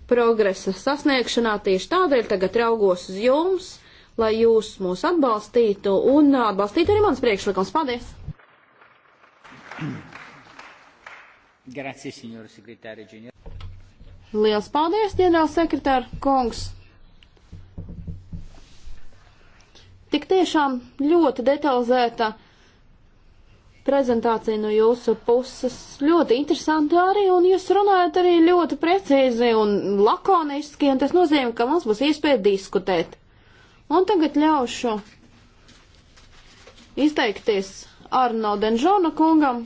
progresa sasniegšanā tieši tādēļ tagad raugos uz jums, lai jūs mūs atbalstītu un atbalstītu arī mans priekšlikums. Paldies! Grazie, signor segretario generale. Liels paldies, ģenerālsekretār kungs! Tik tiešām ļoti detalizēta prezentācija no jūsu puses. Ļoti interesanti arī, un jūs runājat arī ļoti precīzi un lakoniski, un tas nozīmē, ka mums būs iespēja diskutēt. Un tagad ļaušu izteikties Arno Denžona kungam,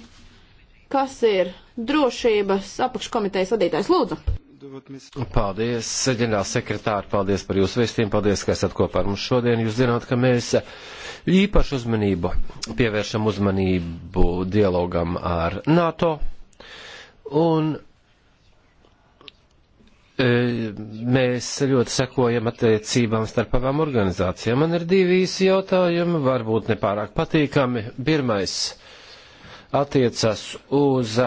kas ir drošības apakškomitejas vadītājs. Lūdzu! Paldies, ģenerāls sekretāri, paldies par jūsu vēstījumu, paldies, ka esat kopā ar mums šodien. Jūs zināt, ka mēs īpašu uzmanību pievēršam uzmanību dialogam ar NATO. Un e, mēs ļoti sekojam attiecībām starp abām organizācijām. Man ir divi īsi jautājumi, varbūt nepārāk patīkami. Pirmais attiecas uz.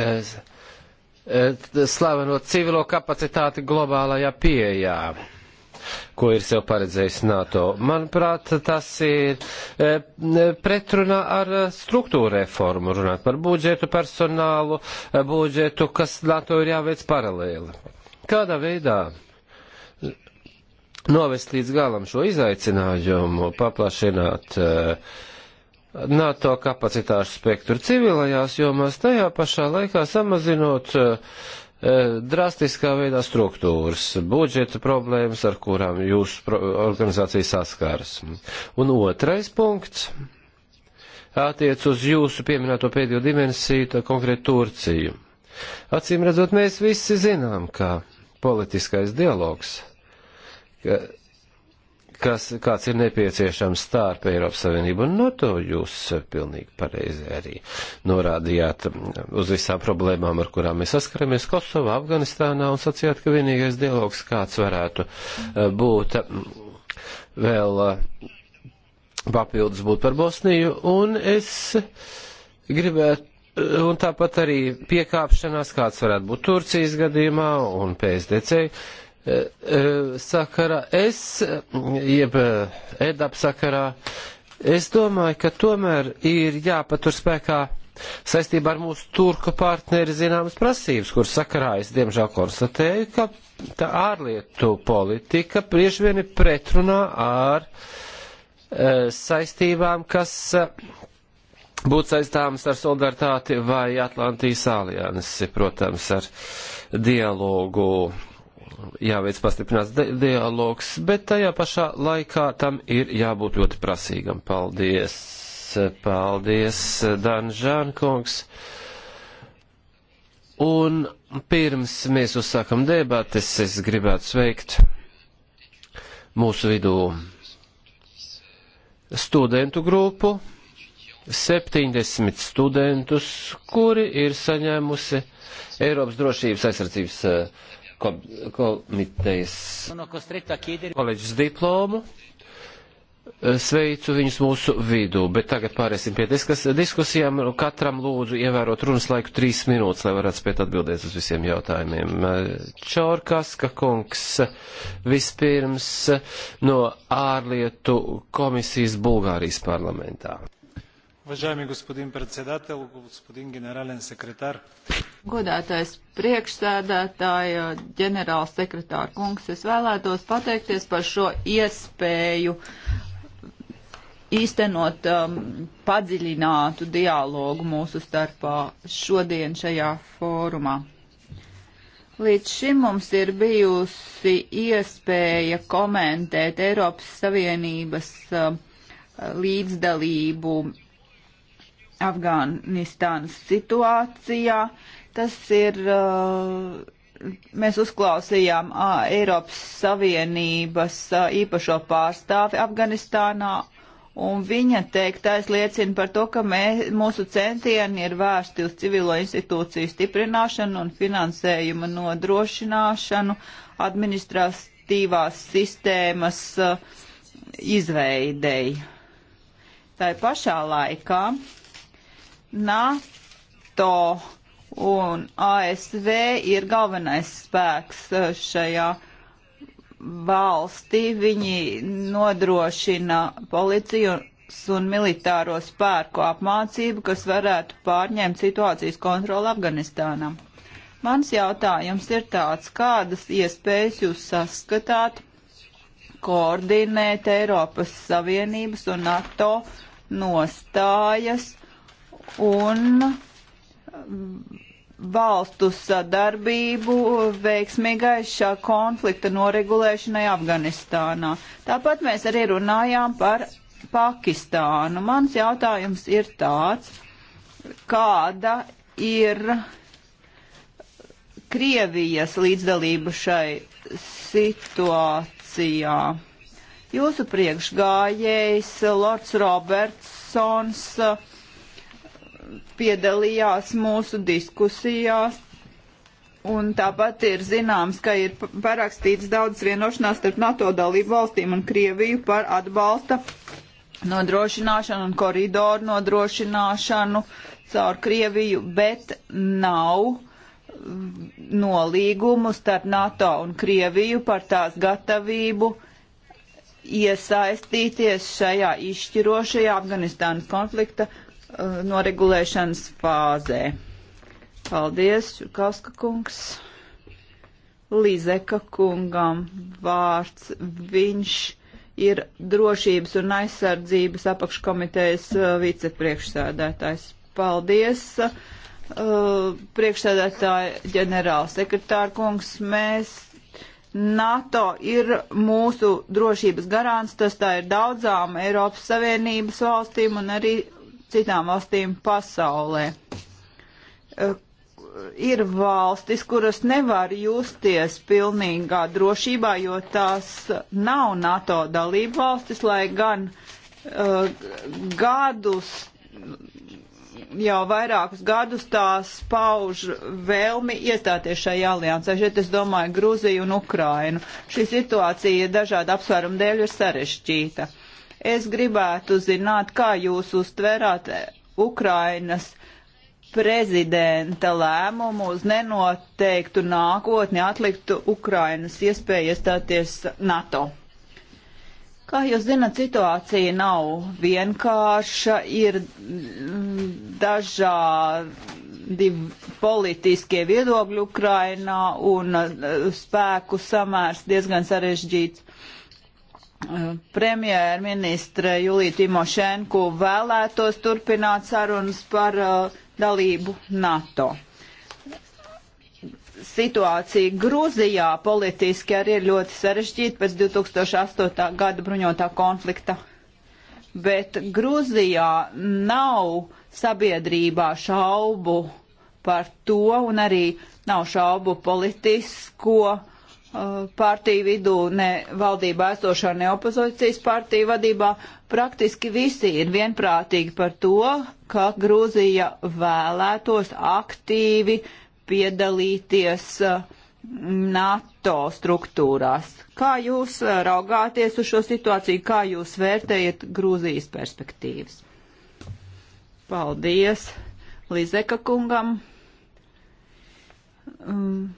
Es, Eh, slaveno civilo kapacitāti globālajā pieejā ko ir sev paredzējis NATO. Manuprāt, tas ir eh, pretrunā ar eh, struktūra reformu, runāt par budžetu, personālu, budžetu, kas NATO ir jāveic paralēli. Kādā veidā novest līdz galam šo izaicinājumu, paplašināt uh, NATO kapacitāšu spektru civilajās jomās, tajā pašā laikā samazinot e, drastiskā veidā struktūras, budžeta problēmas, ar kurām jūsu organizācija saskars. Un otrais punkts attiec uz jūsu pieminēto pēdējo dimensiju, konkrēti Turciju. Acīm redzot, mēs visi zinām, ka politiskais dialogs, ka kas, kāds ir nepieciešams starp Eiropas Savienību un NATO, jūs pilnīgi pareizi arī norādījāt uz visām problēmām, ar kurām mēs saskaramies Kosovā, Afganistānā un sacījāt, ka vienīgais dialogs kāds varētu eh, būt vēl eh, papildus būtu par Bosniju un es gribētu eh, un tāpat arī piekāpšanās, kāds varētu būt Turcijas gadījumā un PSDC E, e, sakarā, es, jeb e, EDAP sakarā, es domāju, ka tomēr ir jāpatur spēkā saistībā ar mūsu turku partneri zināmas prasības, kur sakarā es diemžēl konstatēju, ka tā ārlietu politika bieži vien ir pretrunā ar e, saistībām, kas e, būtu saistāmas ar solidaritāti vai Atlantijas aliansi, protams, ar dialogu jāveic pastiprināts di dialogs, bet tajā pašā laikā tam ir jābūt ļoti prasīgam. Paldies! Paldies, Danžān kungs! Un pirms mēs uzsākam debates, es gribētu sveikt mūsu vidū studentu grupu, 70 studentus, kuri ir saņēmusi Eiropas drošības aizsardzības uh, komitejas koledžas diplomu. Sveicu viņus mūsu vidū, bet tagad pārēsim pie diskus, diskusijām. Katram lūdzu ievērot runas laiku trīs minūtes, lai varētu spēt atbildēt uz visiem jautājumiem. Čorkaska kungs vispirms no ārlietu komisijas Bulgārijas parlamentā. Važājumi, gospodin predsedatel, gospodin generālen sekretār. Godātais priekšsēdētāja, ģenerāls sekretāra kungs, es vēlētos pateikties par šo iespēju īstenot um, padziļinātu dialogu mūsu starpā šodien šajā fórumā. Līdz šim mums ir bijusi iespēja komentēt Eiropas Savienības uh, līdzdalību Afganistānas situācijā. Uh, Tas ir, uh, mēs uzklausījām uh, Eiropas Savienības uh, īpašo pārstāvi Afganistānā, un viņa teiktais liecina par to, ka mēs, mūsu centieni ir vērsti uz civilo institūciju stiprināšanu un finansējuma nodrošināšanu, administratīvās sistēmas izveidei. Tā pašā laikā NATO un ASV ir galvenais spēks uh, šajā valstī. Viņi nodrošina policiju un militāro spēku apmācību, kas varētu pārņemt situācijas kontroli Afganistānam. Mans jautājums ir tāds, kādas iespējas jūs saskatāt koordinēt Eiropas Savienības un NATO nostājas un uh, valstu sadarbību veiksmīgai šā konflikta noregulēšanai Afganistānā. Tāpat mēs arī runājām par Pakistānu. Mans jautājums ir tāds, kāda ir Krievijas līdzdalība šai situācijā? Jūsu priekšgājējs Lords Robertsons uh, piedalījās mūsu diskusijās. Un tāpat ir zināms, ka ir parakstīts daudz vienošanās starp NATO dalību valstīm un Krieviju par atbalsta nodrošināšanu un koridoru nodrošināšanu caur Krieviju, bet nav nolīgumu starp NATO un Krieviju par tās gatavību iesaistīties šajā izšķirošajā Afganistānas konflikta Uh, noregulēšanas fāzē. Paldies, Čukauska kungs. Līzeka kungam vārds. Viņš ir drošības un aizsardzības apakškomitejas uh, vicepriekšsēdētājs. Paldies, uh, priekšsēdētāja ģenerālsekretāra kungs. Mēs NATO ir mūsu drošības garants, tas tā ir daudzām Eiropas Savienības valstīm un arī citām valstīm pasaulē. E, ir valstis, kuras nevar justies pilnīgā drošībā, jo tās nav NATO dalība valstis, lai gan uh, gadus jau vairākus gadus tās pauž vēlmi iestāties šajā aliansē. Šeit es domāju Gruziju un Ukrainu. Šī situācija dažādu apsvērumu dēļ ir sarežģīta. Es gribētu zināt, kā jūs uztverāt Ukrainas prezidenta lēmumu uz nenoteiktu nākotni atliktu Ukrainas iespēju iestāties NATO. Kā jūs zināt, situācija nav vienkārša, ir dažādi politiskie viedokļi Ukrainā un eh, spēku samērs diezgan sarežģīts premjerministra Julija Timošenku vēlētos turpināt sarunas par uh, dalību NATO. Situācija Grūzijā politiski arī ir ļoti sarežģīta pēc 2008. gada bruņotā konflikta, bet Grūzijā nav sabiedrībā šaubu par to un arī nav šaubu politisko Uh, partiju vidū, ne valdībā esošā, ne opozīcijas partiju vadībā, praktiski visi ir vienprātīgi par to, ka Grūzija vēlētos aktīvi piedalīties uh, NATO struktūrās. Kā jūs uh, raugāties uz šo situāciju, kā jūs vērtējat Grūzijas perspektīvas? Paldies Lizeka kungam. Um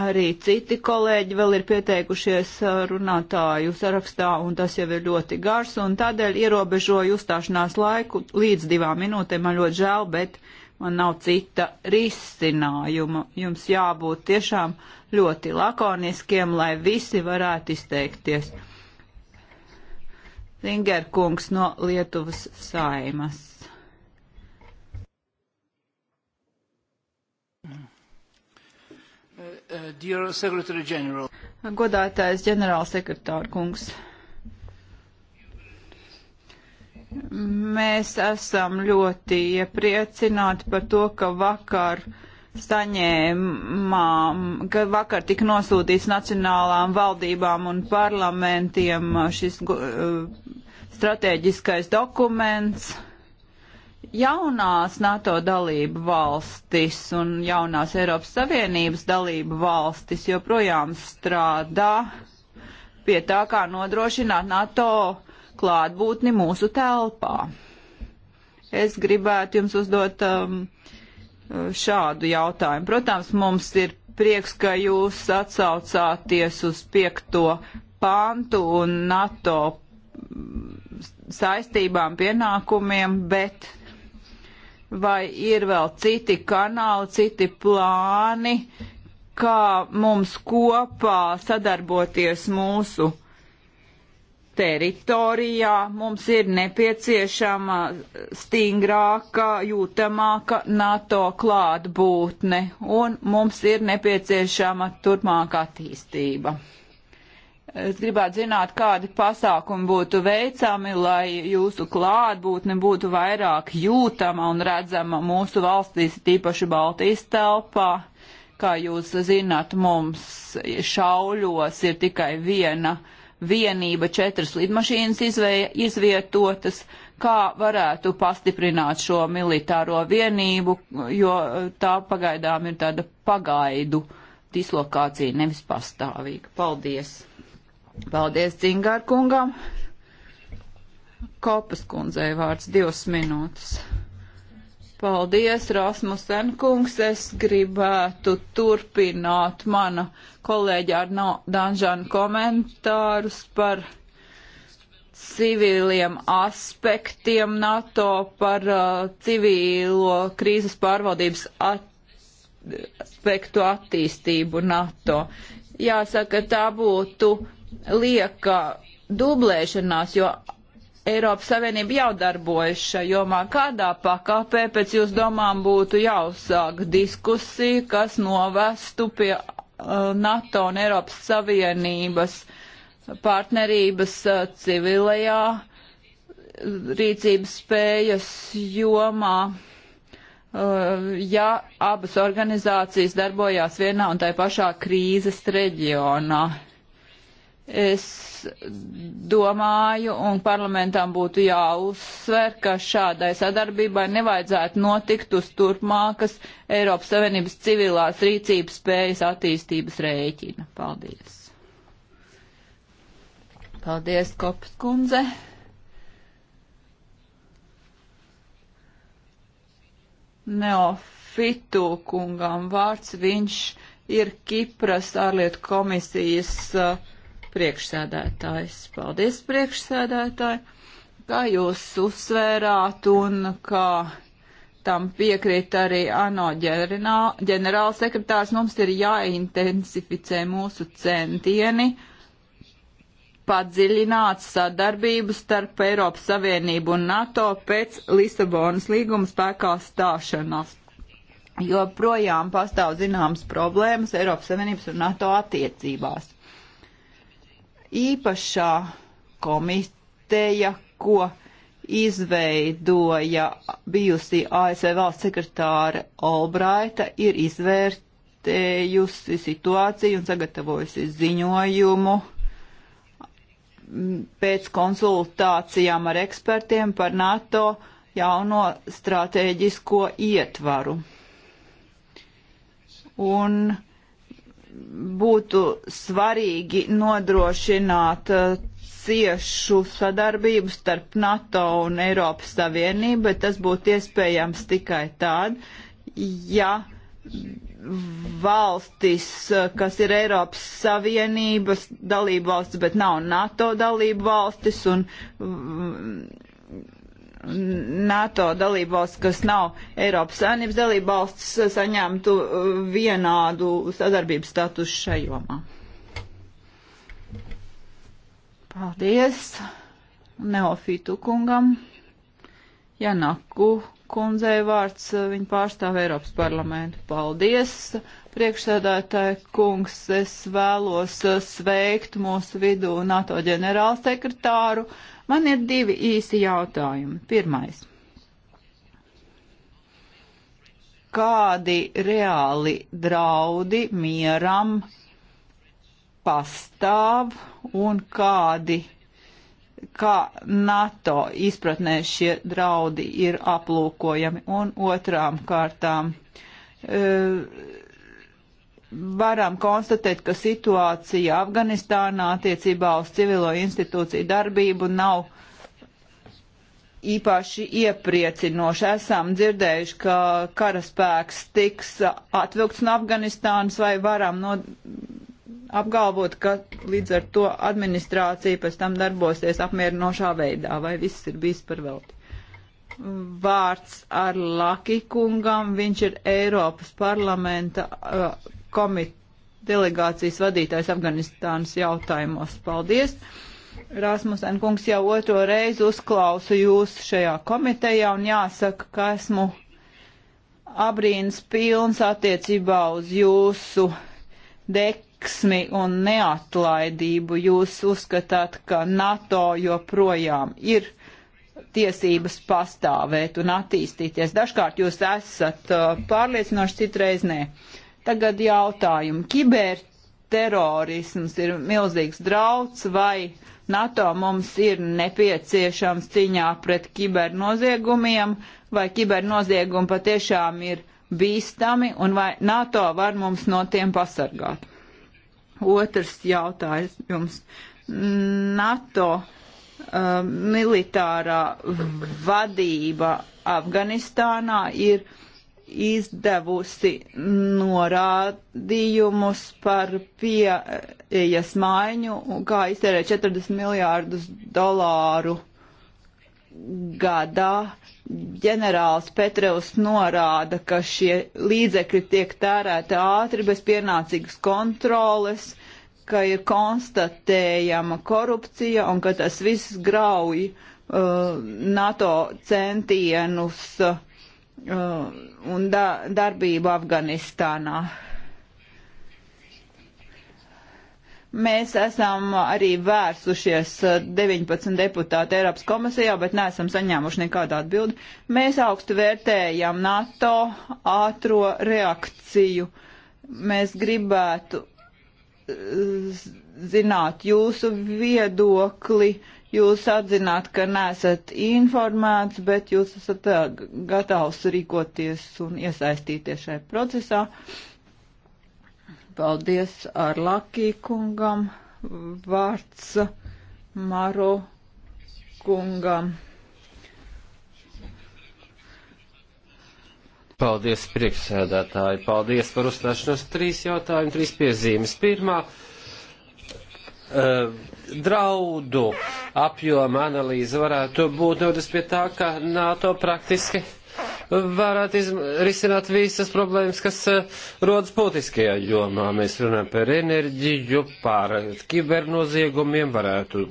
Arī citi kolēģi vēl ir pieteikušies uh, runātāju sarakstā, un tas jau ir ļoti gars, un tādēļ ierobežoju uzstāšanās laiku līdz divām minūtēm. Man ļoti žēl, bet man nav cita risinājuma. Jums jābūt tiešām ļoti lakoniskiem, lai visi varētu izteikties. Zingerkungs no Lietuvas saimas. Uh, Godātais ģenerālsekretāra kungs, mēs esam ļoti iepriecināti par to, ka vakar saņēmām, ka vakar tika nosūtīts nacionālām valdībām un parlamentiem šis uh, strateģiskais dokuments. Uh, jaunās NATO dalību valstis un jaunās Eiropas Savienības dalību valstis joprojām strādā pie tā, kā nodrošināt NATO klātbūtni mūsu telpā. Es gribētu jums uzdot um, šādu jautājumu. Protams, mums ir prieks, ka jūs atsaucāties uz piekto pantu un NATO mm, saistībām, pienākumiem, bet vai ir vēl citi kanāli, citi plāni, kā mums kopā sadarboties mūsu teritorijā. Mums ir nepieciešama stingrāka, jūtamāka NATO klātbūtne un mums ir nepieciešama turpmāka attīstība. Es gribētu zināt, kādi pasākumi būtu veicami, lai jūsu klātbūtne būtu vairāk jūtama un redzama mūsu valstīs, tīpaši Baltijas telpā. Kā jūs zināt, mums šauļos ir tikai viena vienība, četras lidmašīnas izvietotas. Kā varētu pastiprināt šo militāro vienību, jo tā pagaidām ir tāda pagaidu dislokācija, nevis pastāvīga. Paldies! Paldies Cingārkungam. Kopas kundzei vārds divas minūtes. Paldies, Rasmussen kungs. Es gribētu turpināt mana kolēģa ar no Danžānu komentārus par civiliem aspektiem NATO, par uh, civīlo krīzes pārvaldības at aspektu attīstību NATO. Jāsaka, tā būtu lieka dublēšanās, jo Eiropas Savienība jau darbojas šajā jomā. Kādā pakāpē pēc jūs domām būtu jāuzsāk diskusija, kas novestu pie uh, NATO un Eiropas Savienības partnerības uh, civilajā rīcības spējas jomā? Uh, ja abas organizācijas darbojās vienā un tai pašā krīzes reģionā. Es domāju, un parlamentam būtu jāuzsver, ka šādai sadarbībai nevajadzētu notikt uz turpmākas Eiropas Savienības civilās rīcības spējas attīstības rēķina. Paldies! Paldies, Kops kundze! Neofitu kungam vārds, viņš ir Kipras ārlietu komisijas uh, Priekšsēdētājs. Paldies, priekšsēdētāji, kā jūs uzsvērāt un kā tam piekrīt arī ANO ģenerālsekretārs. Mums ir jāintensificē mūsu centieni padziļināt sadarbību starp Eiropas Savienību un NATO pēc Lisabonas līguma spēkā stāšanās joprojām pastāv zināmas problēmas Eiropas Savienības un NATO attiecībās īpašā komiteja, ko izveidoja bijusi ASV valsts sekretāre Olbraita, ir izvērtējusi situāciju un sagatavojusi ziņojumu pēc konsultācijām ar ekspertiem par NATO jauno stratēģisko ietvaru. Un uh, būtu svarīgi nodrošināt uh, ciešu sadarbību starp NATO un Eiropas Savienību, bet tas būtu iespējams tikai tād, ja valstis, uh, kas ir Eiropas Savienības dalība valstis, bet nav NATO dalība valstis un mm, NATO dalībvalsts, kas nav Eiropas Savienības dalībvalsts, saņemtu uh, vienādu sadarbības statusu šajomā. Paldies Neofītu kungam. Janaku kundzei vārds, uh, viņa pārstāv Eiropas parlamentu. Paldies! Priekšsēdētāji kungs, es vēlos uh, sveikt mūsu vidū NATO ģenerālsekretāru. Man ir divi īsi jautājumi. Pirmais. Kādi reāli draudi mieram pastāv un kādi, kā NATO izpratnē šie draudi ir aplūkojami? Un otrām kārtām. Uh, varam konstatēt, ka situācija Afganistānā attiecībā uz civilo institūciju darbību nav īpaši iepriecinoša. Esam dzirdējuši, ka karaspēks tiks atvilkts no Afganistānas vai varam no apgalvot, ka līdz ar to administrācija pēc tam darbosies apmierinošā veidā, vai viss ir bijis par velti. Vārds ar Laki kungam, viņš ir Eiropas parlamenta uh, komit delegācijas vadītājs Afganistānas jautājumos. Paldies! Rasmusen kungs jau otro reizi uzklausu jūs šajā komitejā un jāsaka, ka esmu abrīns pilns attiecībā uz jūsu deksmi un neatlaidību. Jūs uzskatāt, ka NATO joprojām ir tiesības pastāvēt un attīstīties. Dažkārt jūs esat uh, pārliecinoši, citreiz nē. Uh, Tagad jautājumu. Kiberterorisms ir milzīgs drauds vai NATO mums ir nepieciešams cīņā pret kibernoziegumiem vai kibernoziegumi patiešām ir bīstami un vai NATO var mums no tiem pasargāt? Otrs jautājums. NATO um, militārā vadība Afganistānā ir izdevusi norādījumus par pieejas maiņu, kā iztērēt 40 miljārdus dolāru gadā. Ģenerālis Petreus norāda, ka šie līdzekļi tiek tērēti ātri, bez pienācīgas kontroles, ka ir konstatējama korupcija un ka tas viss grauj uh, NATO centienus uh, Uh, un da darbību Afganistānā. Mēs esam arī vērsušies 19 uh, deputāti Eiropas komisijā, bet neesam saņēmuši nekādu atbildi. Mēs augstu vērtējam NATO ātro reakciju. Mēs gribētu uh, zināt jūsu viedokli, Jūs atzināt, ka nesat informēts, bet jūs esat gatavs rīkoties un iesaistīties šai procesā. Paldies ar Lakī kungam, vārds Maro kungam. Paldies, priekšsēdētāji. Paldies par uzstāšanos. Trīs jautājumi, trīs piezīmes. Pirmā Eh, draudu apjoma analīze varētu būt nodas pie tā, ka NATO praktiski varētu risināt visas problēmas, kas eh, rodas politiskajā jomā. Mēs runājam par enerģiju, par kibernoziegumiem, varētu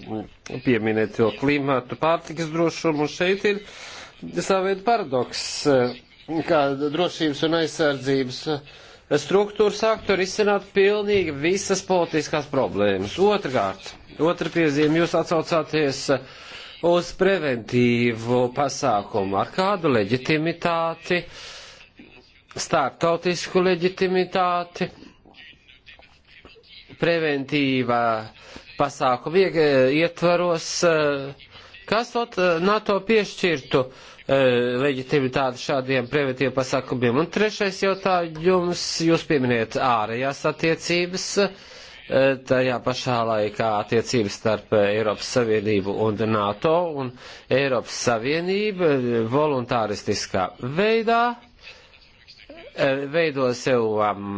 pieminēt vēl klimatu, pārtikas drošumu. Šeit ir savveid paradoks, eh, kā drošības un aizsardzības struktūru sāktu risināt pilnīgi visas politiskās problēmas. Otrkārt, otra piezīme, jūs atsaucāties uz preventīvu pasākumu ar kādu leģitimitāti, starptautisku leģitimitāti, preventīvā pasākuma ietvaros, kas NATO piešķirtu uh, Eh, leģitimitāti šādiem preventīviem pasākumiem. Un trešais jautājums, jūs pieminiet ārējās attiecības, eh, tajā pašā laikā attiecības starp Eiropas Savienību un NATO, un Eiropas Savienība eh, voluntāristiskā veidā veido sev um,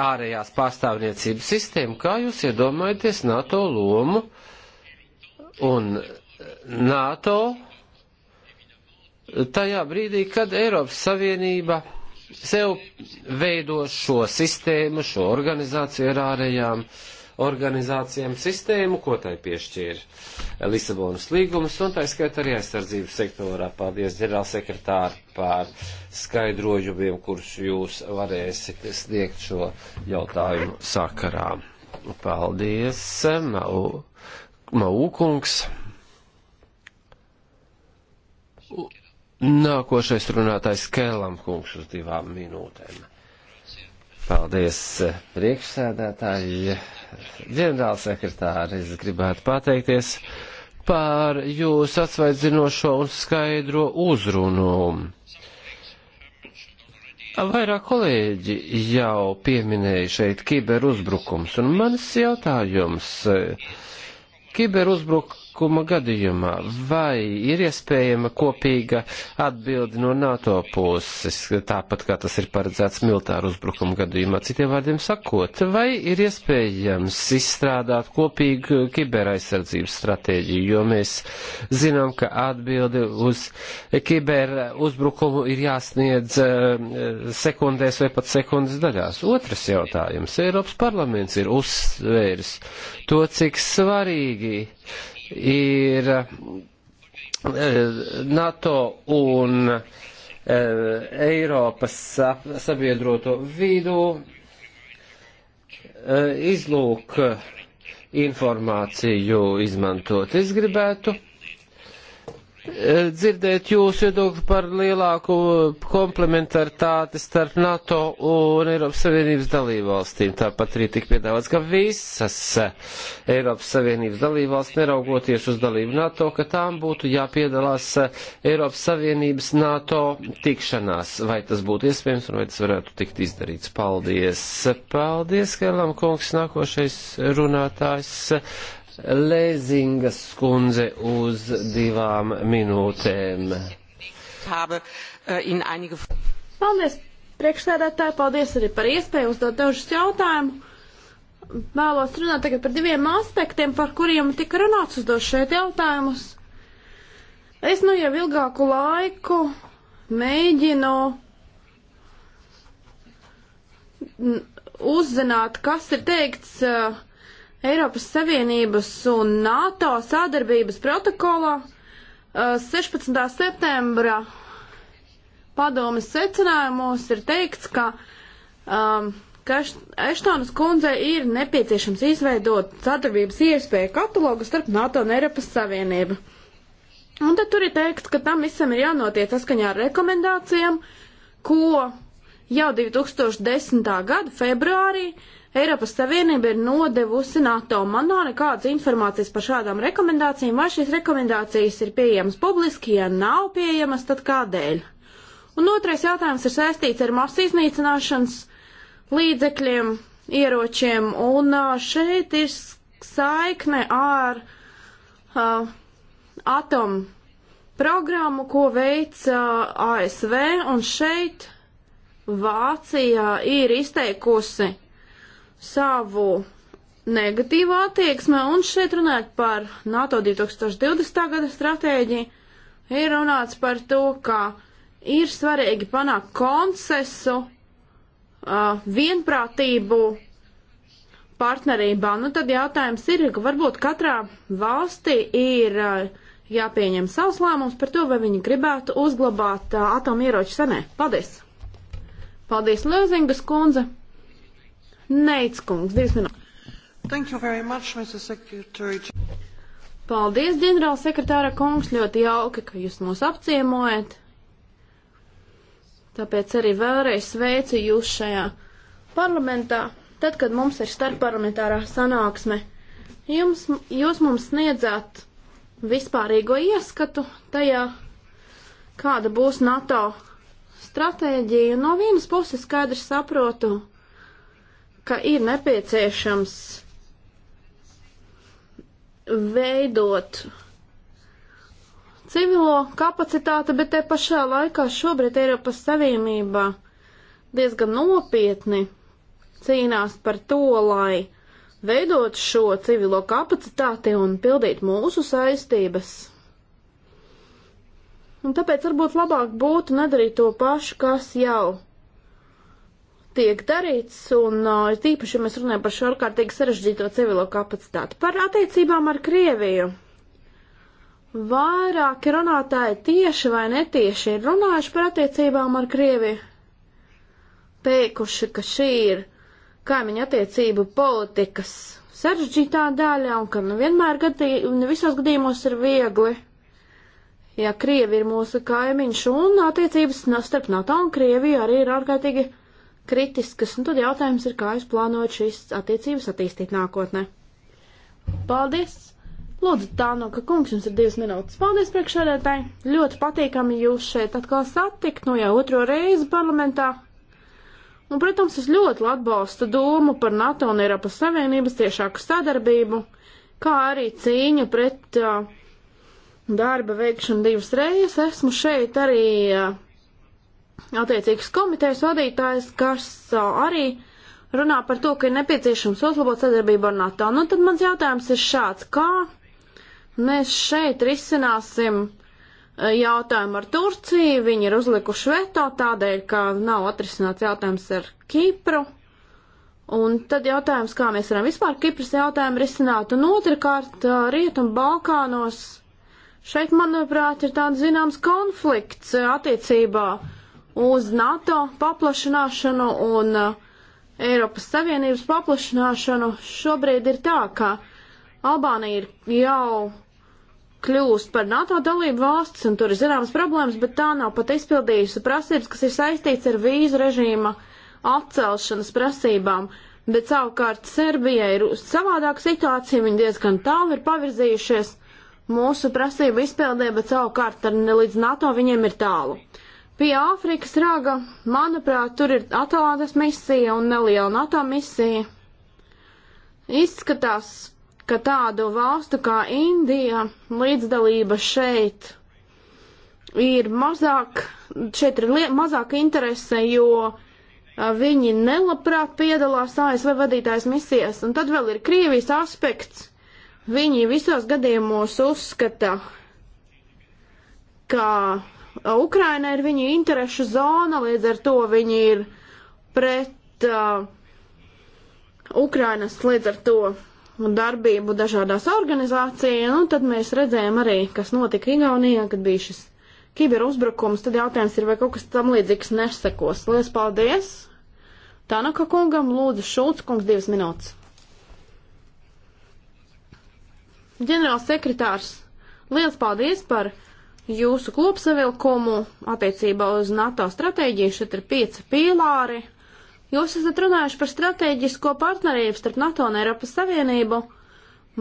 ārējās pārstāvniecības sistēmu, kā jūs iedomājaties NATO lomu un NATO tajā brīdī, kad Eiropas Savienība sev veido šo sistēmu, šo organizāciju ar ārējām organizācijām sistēmu, ko tai piešķīra Lisabonas līgumas, un tā skaitā arī aizsardzības sektorā. Paldies, ģenerālsekretāri, par skaidrojumiem, kurus jūs varēsiet sniegt šo jautājumu sakarā. Paldies, Mau, Maukungs. Mau Nākošais runātājs Kēlam kungs uz divām minūtēm. Paldies, priekšsēdētāji, ģenerālsekretāri. Es gribētu pateikties par jūsu atsvaidzinošo un skaidro uzrunu. Vairāk kolēģi jau pieminēja šeit kiberuzbrukums, un manis jautājums kiberuzbruk uzbrukuma gadījumā, vai ir iespējama kopīga atbildi no NATO puses, tāpat kā tas ir paredzēts militāru uzbrukumu gadījumā, citiem vārdiem sakot, vai ir iespējams izstrādāt kopīgu kiberaizsardzības stratēģiju, jo mēs zinām, ka atbildi uz kiberuzbrukumu ir jāsniedz eh, sekundēs vai pat sekundes daļās. Otrs jautājums. Eiropas parlaments ir uzsvērs to, cik svarīgi ir eh, NATO un eh, Eiropas sabiedroto vidū eh, izlūk informāciju izmantot. Es gribētu Eh, dzirdēt jūsu viedokli par lielāku komplementaritāti starp NATO un Eiropas Savienības dalībvalstīm. Tāpat arī tika piedāvāts, ka visas eh, Eiropas Savienības dalībvalsts, neraugoties uz dalību NATO, ka tām būtu jāpiedalās eh, Eiropas Savienības NATO tikšanās. Vai tas būtu iespējams un vai tas varētu tikt izdarīts? Paldies! Paldies, Kēlam kungs, nākošais runātājs Lēzingas skundze uz divām minūtēm. Äh, paldies, priekšsēdētāji, paldies arī par iespēju uzdot dažus jautājumus. Vēlos runāt tagad par diviem aspektiem, par kuriem tika runāts uzdot šeit jautājumus. Es nu jau ilgāku laiku mēģinu uzzināt, kas ir teikts uh, Eiropas Savienības un NATO sadarbības protokolā 16. Uh, septembra padomes secinājumos ir teikts, ka, um, ka Eštonas kundzei ir nepieciešams izveidot sadarbības iespēju katalogu starp NATO un Eiropas Savienību. Un tad tur ir teikts, ka tam visam ir jānotiek saskaņā ar rekomendācijām, ko jau 2010. gada februārī uh, Eiropas Savienība ir nodevusi NATO. Man nav nekādas informācijas par šādām rekomendācijām, vai šīs rekomendācijas ir pieejamas publiski, ja nav pieejamas, tad kādēļ? Un otrais jautājums ir saistīts ar masu iznīcināšanas līdzekļiem, ieročiem, un šeit ir saikne ar uh, atomu programmu, ko veica ASV, un šeit Vācija ir izteikusi savu negatīvo attieksmi, un šeit runājot par NATO 2020. gada stratēģiju, ir runāts par to, ka ir svarīgi panākt konsesu, uh, vienprātību partnerībā. Nu, tad jautājums ir, ka varbūt katrā valstī ir uh, jāpieņem savs lēmums par to, vai viņi gribētu uzglabāt uh, atomieroču senē. Paldies! Paldies, Lēzingas kundze! Neits kungs, divas minūtes. Thank you very much, Mr. Secretary. Paldies, ģenerāla sekretāra kungs, ļoti jauki, ka jūs mūs apciemojat. Tāpēc arī vēlreiz sveicu jūs šajā parlamentā. Tad, kad mums ir starpparlamentārā sanāksme, jums, jūs mums sniedzāt vispārīgo ieskatu tajā, kāda būs NATO stratēģija. No vienas puses skaidri saprotu, ka ir nepieciešams veidot civilo kapacitāti, bet te pašā laikā šobrīd Eiropas Savienībā diezgan nopietni cīnās par to, lai veidot šo civilo kapacitāti un pildīt mūsu saistības. Un tāpēc varbūt labāk būtu nedarīt to pašu, kas jau tiek darīts, un uh, tīpaši, ja mēs runājam par šo ārkārtīgi sarežģīto civilo kapacitāti, par attiecībām ar Krieviju. Vairāki runātāji tieši vai netieši ir runājuši par attiecībām ar Krieviju, teikuši, ka šī ir kaimiņa attiecību politikas sarežģītā daļa, un ka nevienmēr gadī, ne visos gadījumos ir viegli. Ja Krievi ir mūsu kaimiņš, un attiecības starp NATO un Krieviju arī ir ārkārtīgi kritiskas, un tad jautājums ir, kā jūs plānojat šīs attiecības attīstīt nākotnē. Paldies! Lūdzu, Tānoka kungs, jums ir divas minūtes. Paldies priekšsēdētāji! Ļoti patīkami jūs šeit atkal satikt, nu jau otro reizi parlamentā. Un, protams, es ļoti atbalstu domu par NATO un Eiropas Savienības tiešāku sadarbību, kā arī cīņu pret uh, darba veikšanu divas reizes. Esmu šeit arī uh, attiecīgas komitejas vadītājs, kas arī runā par to, ka ir nepieciešams uzlabot sadarbību ar NATO. Nu, tad mans jautājums ir šāds, kā mēs šeit risināsim jautājumu ar Turciju, viņi ir uzlikuši veto tādēļ, ka nav atrisināts jautājums ar Kipru. Un tad jautājums, kā mēs varam vispār Kipras jautājumu risināt, un otrkārt, Rietum Balkānos šeit, manuprāt, ir tāds zināms konflikts attiecībā uh, uz NATO paplašināšanu un uh, Eiropas Savienības paplašināšanu, šobrīd ir tā, ka Albānija ir jau kļūst par NATO dalību valsts, un tur ir zināmas problēmas, bet tā nav pat izpildījusi prasības, kas ir saistīts ar vīzu režīma atcelšanas prasībām. Bet savukārt Serbija ir savādāka situācija, viņi diezgan tālu ir pavirzījušies mūsu prasību izpildē, bet savukārt ar, līdz NATO viņiem ir tālu. Uh, Pie Āfrikas raga, manuprāt, tur ir Atlantas misija un neliela NATO misija. Izskatās, ka tādu valstu kā Indija līdzdalība šeit ir mazāk, šeit ir liet, mazāk interese, jo viņi nelabprāt piedalās ASV vadītājas misijas. Un tad vēl ir Krievijas aspekts. Viņi visos gadījumos uzskata, ka Ukraina ir viņa interešu zona, līdz ar to viņi ir pret uh, Ukrainas līdz ar to darbību dažādās organizācijās, un tad mēs redzējām arī, kas notika Igaunijā, kad bija šis kiberuzbrukums, tad jautājums ir, vai kaut kas tam līdzīgs nesekos. Lies paldies! Tanaka kungam lūdzu Šulc kungs divas minūtes. Ģenerāls sekretārs, liels paldies par jūsu kopsavilkumu attiecībā uz NATO stratēģiju. Šeit ir pieci pīlāri. Jūs esat runājuši par strateģisko partnerību starp NATO un Eiropas Savienību.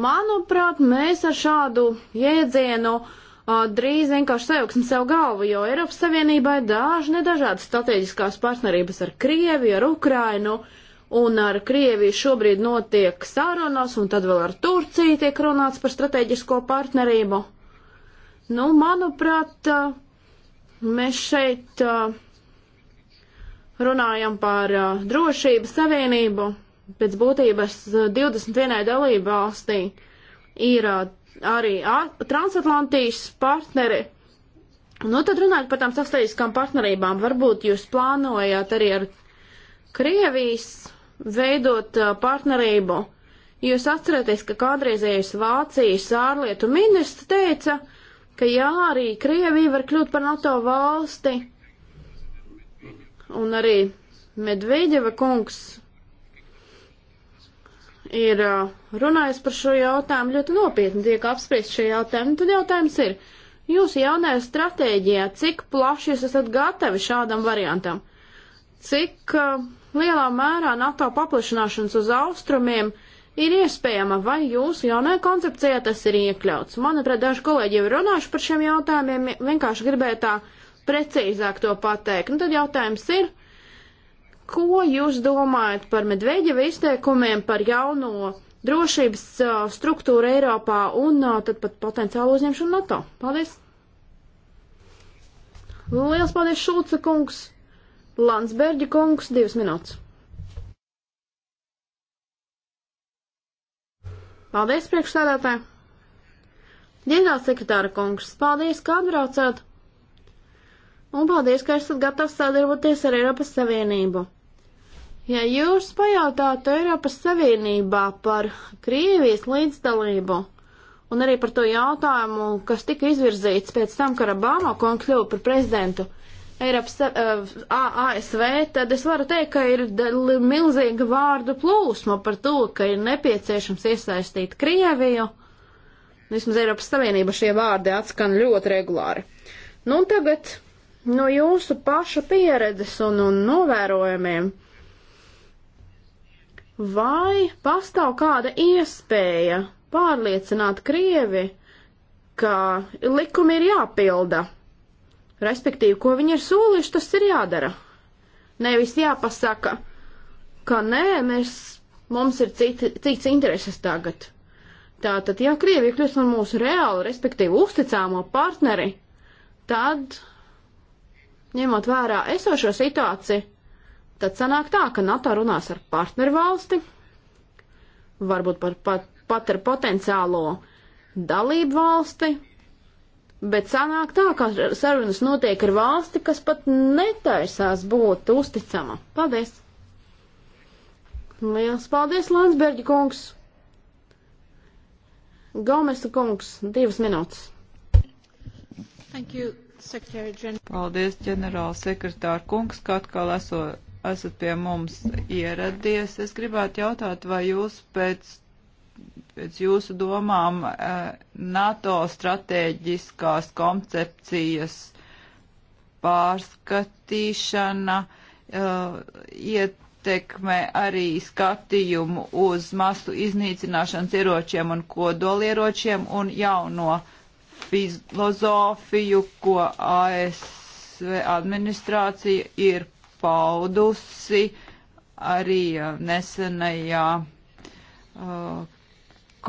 Manuprāt, mēs ar šādu jēdzienu uh, drīz vienkārši sajauksim sev galvu, jo Eiropas Savienībai daži nedažādas strateģiskās partnerības ar Krieviju, ar Ukrainu, un ar Krieviju šobrīd notiek sārunas, un tad vēl ar Turciju tiek runāts par strateģisko partnerību. Nu, manuprāt, mēs šeit runājam par drošības savienību. Pēc būtības 21. dalība valstī ir arī transatlantijas partneri. Nu, tad runājot par tām sastāviskām partnerībām, varbūt jūs plānojat arī ar Krievijas veidot partnerību. Jūs atceraties, ka kādreizējais Vācijas ārlietu ministrs teica, ka ka jā, arī Krievija var kļūt par NATO valsti. Un arī Medveģeva kungs ir uh, runājis par šo jautājumu ļoti nopietni, tiek apspriest šie jautājumi. Tad jautājums ir, jūsu jaunajā stratēģijā, cik plaši jūs esat gatavi šādam variantam? Cik uh, lielā mērā NATO paplašināšanas uz austrumiem uh, ir iespējama, vai jūsu jaunajā koncepcijā tas ir iekļauts. Manuprāt, daži kolēģi jau runājuši par šiem jautājumiem, vienkārši gribēju tā precīzāk to pateikt. Nu, tad jautājums ir, ko jūs domājat par Medveģeva izteikumiem par jauno drošības uh, struktūru Eiropā un uh, tad pat potenciālu uzņemšanu NATO? Paldies! Liels paldies, Šulca kungs! Landsbergi kungs, divas minūtes. Paldies, priekšsēdētāji! Ģenerālsekretāra kungs, paldies, ka atbraucāt! Un paldies, ka esat gatavs sadarboties ar Eiropas Savienību. Ja jūs pajautātu Eiropas Savienībā par Krievijas līdzdalību un arī par to jautājumu, kas tika izvirzīts pēc tam, kad Obama kungs kļuva par prezidentu, Eiropas, uh, eh, ASV, tad es varu teikt, ka ir milzīga vārdu plūsma par to, ka ir nepieciešams iesaistīt Krieviju. Vismaz Eiropas Savienība šie vārdi atskan ļoti regulāri. Nu, un tagad no jūsu paša pieredzes un, un novērojumiem, vai pastāv kāda iespēja pārliecināt Krievi, ka likumi ir jāpilda? Respektīvi, ko viņi ir solījuši, tas ir jādara. Nevis jāpasaka, ka nē, mēs, mums ir citi, cits intereses tagad. Tātad, ja Krievija kļūst par mūsu reālu, respektīvi uzticāmo partneri, tad, ņemot vērā esošo situāciju, tad sanāk tā, ka NATO runās ar partneru valsti, varbūt pat, pat, pat ar potenciālo dalību valsti, Bet sanāk tā, ka sarunas notiek ar valsti, kas pat netaisās būt uzticama. Paldies! Liels paldies, Landsbergi kungs! Gomesa kungs, divas minūtes. Thank you, Secretary General. Paldies, ģenerāla sekretāra kungs, ka atkal esot esat pie mums ieradies. Es gribētu jautāt, vai jūs pēc pēc jūsu domām eh, NATO stratēģiskās koncepcijas pārskatīšana eh, ietekmē arī skatījumu uz masu iznīcināšanas ieročiem un kodolieročiem un jauno filozofiju, ko ASV administrācija ir paudusi arī eh, nesenajā uh,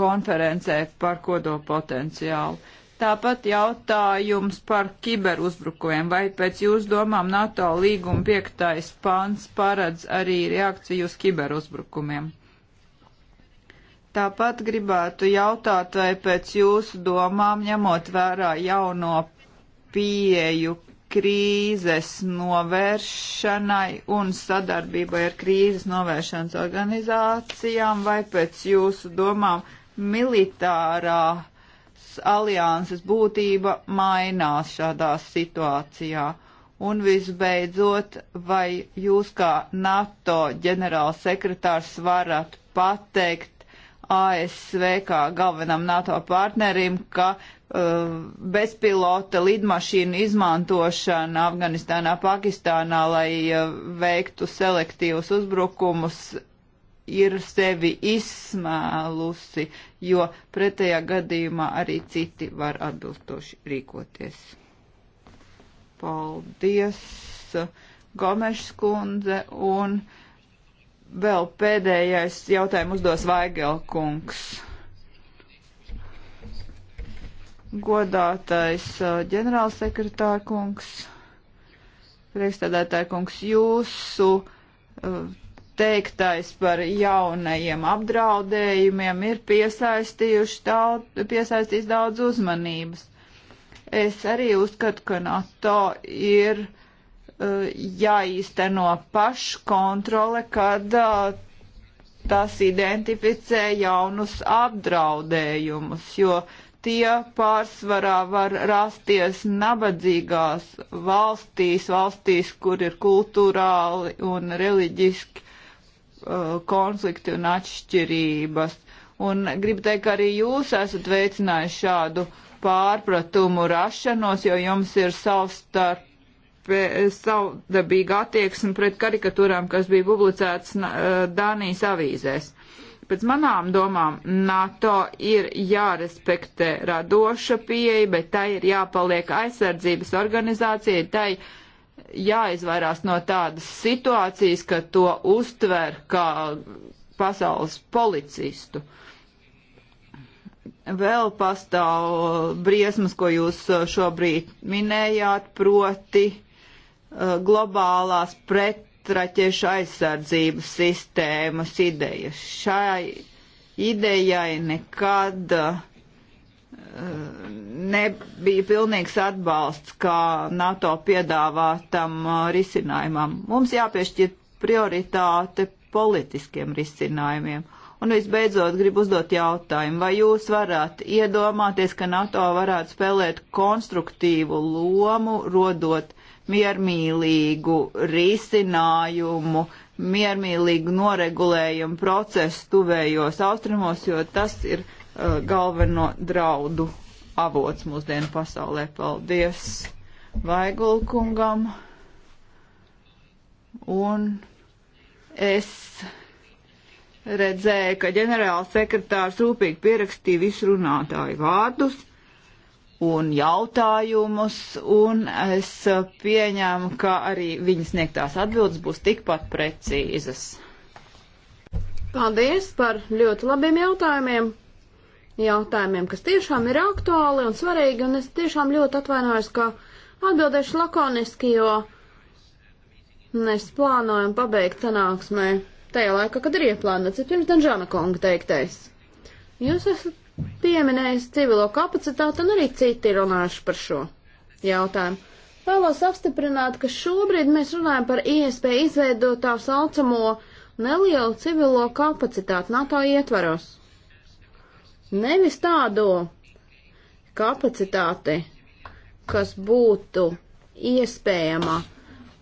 konferencē par kodopotenciālu. Tāpat jautājums par kiberuzbrukumiem. Vai pēc jūsu domām NATO līguma piektais pants paredz arī reakciju uz kiberuzbrukumiem? Tāpat gribētu jautāt, vai pēc jūsu domām, ņemot vērā jauno pieju krīzes novēršanai un sadarbībai ar krīzes novēršanas organizācijām, vai pēc jūsu domām, uh, militārā alianses būtība mainās šādā situācijā. Un visbeidzot, vai jūs kā NATO ģenerālsekretārs varat pateikt ASV kā galvenam NATO partnerim, ka uh, bezpilota lidmašīnu izmantošana Afganistānā, Pakistānā, lai uh, veiktu selektīvus uzbrukumus, ir sevi izsmēlusi, jo pretējā gadījumā arī citi var atbilstoši rīkoties. Paldies, Gomešs kundze, un vēl pēdējais jautājumu uzdos Vaigelkungs. Godātais uh, ģenerālsekretārkungs, priekšstādātājkungs, jūsu uh, teiktais par jaunajiem apdraudējumiem ir daudz, piesaistījis daudz uzmanības. Es arī uzskatu, ka NATO ir uh, jāīsteno paškontrole, kad uh, tas identificē jaunus apdraudējumus, jo tie pārsvarā var rasties nabadzīgās valstīs, valstīs, kur ir kultūrāli un reliģiski Uh, konflikti un atšķirības. Un gribu teikt, ka arī jūs esat veicinājuši šādu pārpratumu rašanos, jo jums ir savstarp savdabīga attieksme pret karikatūrām, kas bija publicētas uh, Dānijas avīzēs. Pēc manām domām NATO ir jārespektē radoša pieeja, bet tai ir jāpaliek aizsardzības organizācija, tai jāizvairās no tādas situācijas, ka to uztver kā pasaules policistu. Vēl pastāv briesmas, ko jūs šobrīd minējāt, proti eh, globālās pretraķiešu aizsardzības sistēmas idejas. Šai idejai nekad uh, nebija pilnīgs atbalsts kā NATO piedāvātam uh, risinājumam. Mums jāpiešķir prioritāte politiskiem risinājumiem. Un visbeidzot, gribu uzdot jautājumu, vai jūs varat iedomāties, ka NATO varētu spēlēt konstruktīvu lomu, rodot miermīlīgu risinājumu, miermīlīgu noregulējumu procesu tuvējos austrumos, jo tas ir Uh, galveno draudu avots mūsdienu pasaulē. Paldies Vaigulkungam. Un es redzēju, ka ģenerāls sekretārs rūpīgi pierakstīja visu runātāju vārdus un jautājumus, un es pieņēmu, ka arī viņas sniegtās atbildes būs tikpat precīzas. Paldies par ļoti labiem jautājumiem! jautājumiem, kas tiešām ir aktuāli un svarīgi, un es tiešām ļoti atvainojos, ka atbildēšu lakoniski, jo mēs plānojam pabeigt sanāksmē tajā laikā, kad ir ieplānots, ir pirms Danžāna kunga teiktais. Jūs esat pieminējis civilo kapacitāti, un arī citi runājuši par šo jautājumu. Vēlos apstiprināt, ka šobrīd mēs runājam par iespēju izveidot tā saucamo nelielu civilo kapacitāti NATO ietvaros. Nevis tādu kapacitāti, kas būtu iespējama,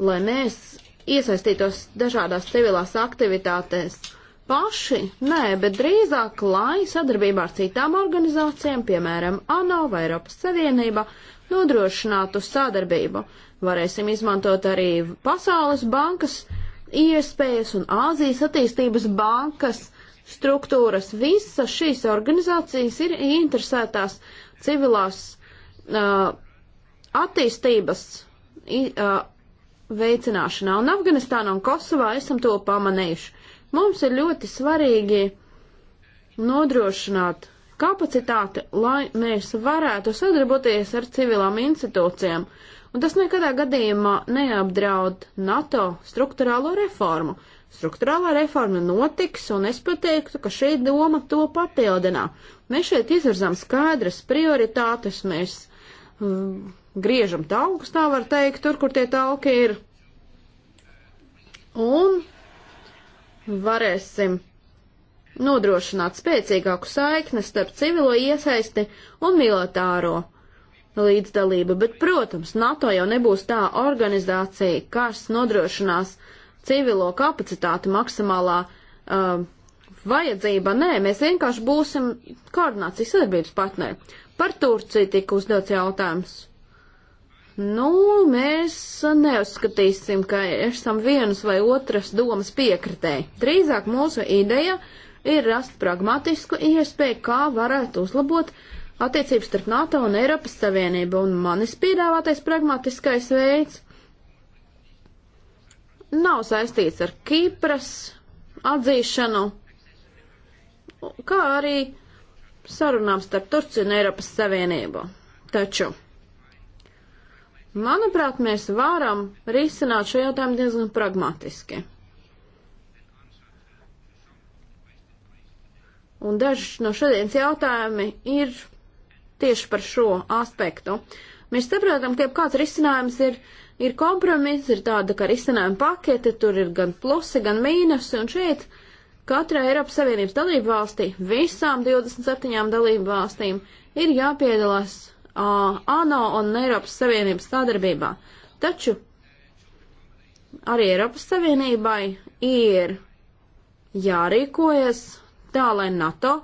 lai mēs iesaistītos dažādās civilās aktivitātēs paši, nē, bet drīzāk, lai sadarbībā ar citām organizācijām, piemēram, ANO vai Eiropas Savienība, nodrošinātu sadarbību. Varēsim izmantot arī Pasaules bankas iespējas un Āzijas attīstības bankas struktūras. Visas šīs organizācijas ir interesētās civilās uh, attīstības uh, veicināšanā. Un Afganistānā un Kosovā esam to pamanījuši. Mums ir ļoti svarīgi nodrošināt kapacitāti, lai mēs varētu sadarboties ar civilām institūcijām, un tas nekadā gadījumā neapdraud NATO struktūrālo reformu. Struktūrālā reforma notiks, un es pateiktu, ka šī doma to papildinā. Mēs šeit izvirzām skaidras prioritātes, mēs mm, griežam taukus, tā var teikt, tur, kur tie tauki ir. Un varēsim nodrošināt spēcīgāku saikni starp civilo iesaisti un militāro līdzdalību, bet, protams, NATO jau nebūs tā organizācija, kas nodrošinās uh, civilo kapacitāti maksimālā uh, vajadzība. Nē, mēs vienkārši būsim koordinācijas sadarbības partneri. Par Turciju tika uzdots jautājums. Nu, mēs neuzskatīsim, ka esam vienas vai otras domas piekritēji. Drīzāk mūsu ideja ir rast pragmatisku iespēju, kā varētu uzlabot attiecības starp NATO un Eiropas Savienību, un manis piedāvātais pragmatiskais veids nav saistīts ar Kīpras atzīšanu, kā arī sarunām starp Turciju un Eiropas Savienību. Taču, manuprāt, mēs varam risināt šo jautājumu diezgan pragmatiski. Un daži no šodienas jautājumi ir tieši par šo aspektu. Mēs saprotam, ka jebkāds risinājums ir ir kompromiss, ir tāda, ka risinājuma pakete, tur ir gan plusi, gan mīnusi, un šeit katrai Eiropas Savienības dalību valstī, visām 27 dalību valstīm, ir jāpiedalās uh, ANO un Eiropas Savienības sadarbībā. Taču arī Eiropas Savienībai ir jārīkojas tā, lai NATO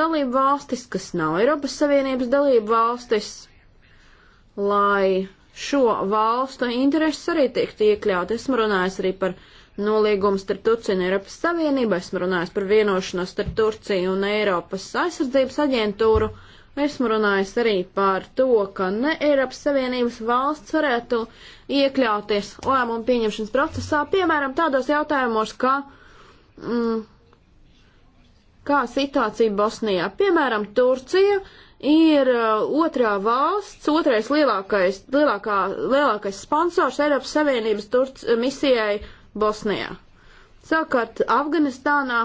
dalību valstis, kas nav Eiropas Savienības dalību valstis, lai šo valstu intereses arī tiektu iekļaut. Esmu runājis arī par noliegumu starp Turciju un Eiropas Savienību, esmu runājis par vienošanos starp Turciju un Eiropas aizsardzības aģentūru, esmu runājis arī par to, ka ne Eiropas Savienības valsts varētu iekļauties lēmumu pieņemšanas procesā, piemēram, tādos jautājumos, kā, mm, kā situācija Bosnijā. Piemēram, Turcija ir uh, otrā valsts, otrais lielākais, lielākā, lielākais sponsors Eiropas Savienības Turc uh, misijai Bosnijā. Savukārt Afganistānā